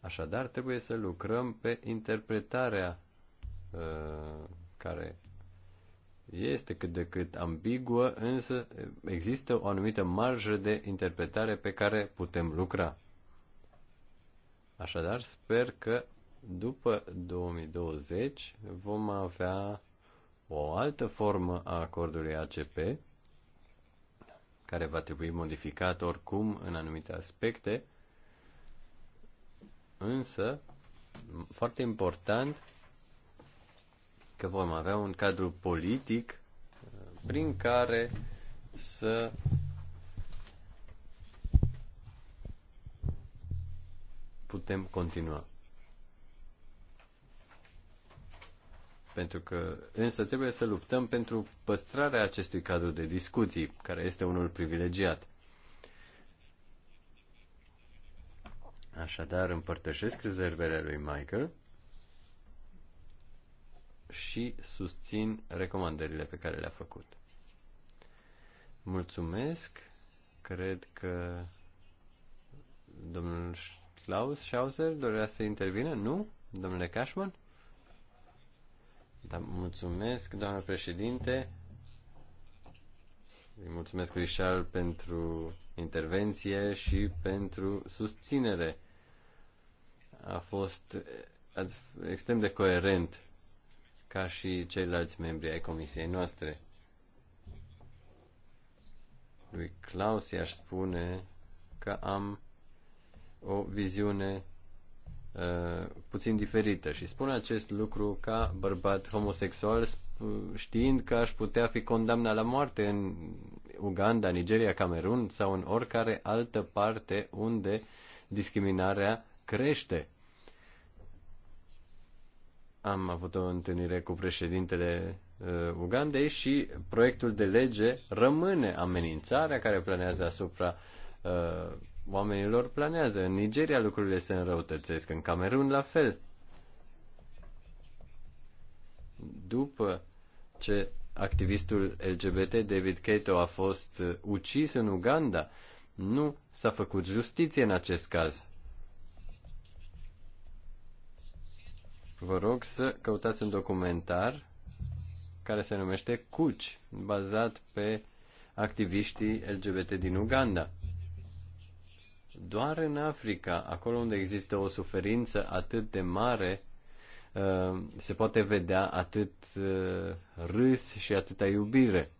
Speaker 3: Așadar, trebuie să lucrăm pe interpretarea uh, care este cât de cât ambiguă, însă există o anumită marjă de interpretare pe care putem lucra. Așadar, sper că după 2020 vom avea o altă formă a acordului ACP, care va trebui modificat oricum în anumite aspecte, însă foarte important că vom avea un cadru politic uh, prin care să putem continua. Pentru că, însă, trebuie să luptăm pentru păstrarea acestui cadru de discuții, care este unul privilegiat. Așadar, împărtășesc rezervele lui Michael și susțin recomandările pe care le-a făcut. Mulțumesc. Cred că domnul Klaus Schauser dorea să intervină, nu? Domnule Cashman? Da, mulțumesc, doamnă președinte. Îi mulțumesc lui Charles pentru intervenție și pentru susținere a fost ați, extrem de coerent ca și ceilalți membri ai comisiei noastre. Lui Claus i-aș spune că am o viziune uh, puțin diferită și spun acest lucru ca bărbat homosexual știind că aș putea fi condamnat la moarte în Uganda, Nigeria, Camerun sau în oricare altă parte unde discriminarea crește. Am avut o întâlnire cu președintele uh, Ugandei și proiectul de lege rămâne amenințarea care planează asupra uh, oamenilor planează. În Nigeria lucrurile se înrăutățesc, în Camerun la fel. După ce activistul LGBT David Keto a fost uh, ucis în Uganda, nu s-a făcut justiție în acest caz. Vă rog să căutați un documentar care se numește Cuci, bazat pe activiștii LGBT din Uganda. Doar în Africa, acolo unde există o suferință atât de mare, uh, se poate vedea atât uh, râs și atâta iubire.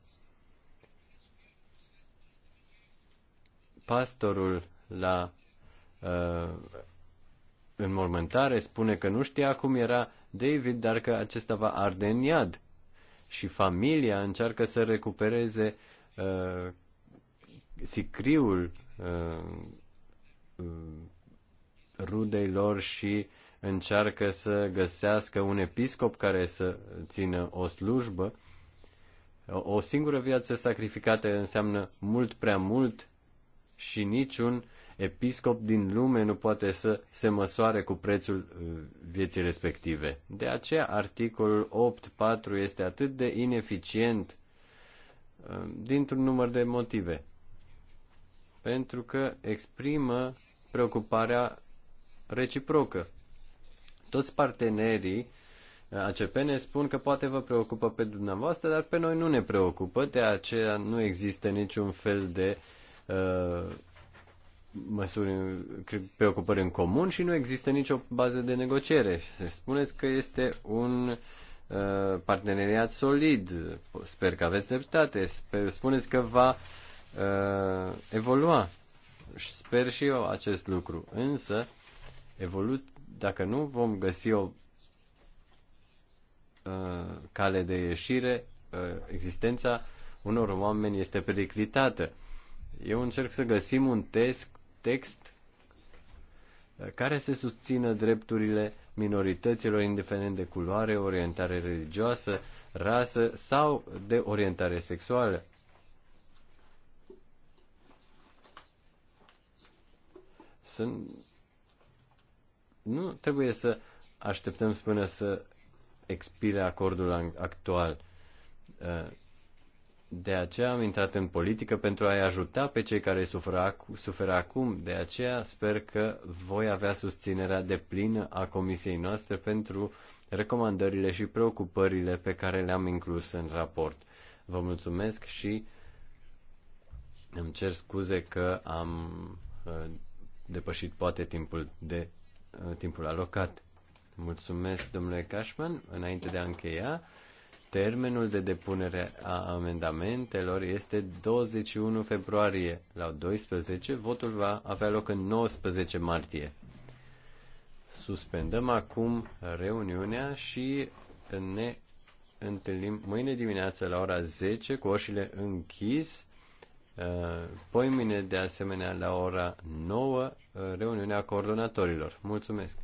Speaker 3: Pastorul la uh, înmormântare spune că nu știa cum era David, dar că acesta va arde în iad. Și familia încearcă să recupereze uh, sicriul uh, uh rudei lor și încearcă să găsească un episcop care să țină o slujbă. O singură viață sacrificată înseamnă mult prea mult și niciun episcop din lume nu poate să se măsoare cu prețul uh, vieții respective. De aceea articolul 8.4 este atât de ineficient uh, dintr-un număr de motive. Pentru că exprimă preocuparea reciprocă. Toți partenerii uh, ACP ne spun că poate vă preocupă pe dumneavoastră, dar pe noi nu ne preocupă, de aceea nu există niciun fel de uh, măsuri, preocupări în comun și nu există nicio bază de negociere. Se spuneți că este un uh, parteneriat solid. Sper că aveți dreptate. Sper, spuneți că va uh, evolua. Și sper și eu acest lucru. Însă, evolut, dacă nu vom găsi o uh, cale de ieșire, uh, existența unor oameni este periclitată. Eu încerc să găsim un test text uh, care să susțină drepturile minorităților, indiferent de culoare, orientare religioasă, rasă sau de orientare sexuală. Sunt... Nu trebuie să așteptăm până să expire acordul actual. Uh, de aceea am intrat în politică pentru a-i ajuta pe cei care suferă, suferă acum. De aceea sper că voi avea susținerea de plină a comisiei noastre pentru recomandările și preocupările pe care le-am inclus în raport. Vă mulțumesc și îmi cer scuze că am uh, depășit poate timpul, de, uh, timpul alocat. Mulțumesc, domnule Cashman, înainte de a încheia. Termenul de depunere a amendamentelor este 21 februarie la 12. Votul va avea loc în 19 martie. Suspendăm acum reuniunea și ne întâlnim mâine dimineață la ora 10 cu oșile închis. Uh, poi mine de asemenea la ora 9 uh, reuniunea coordonatorilor. Mulțumesc!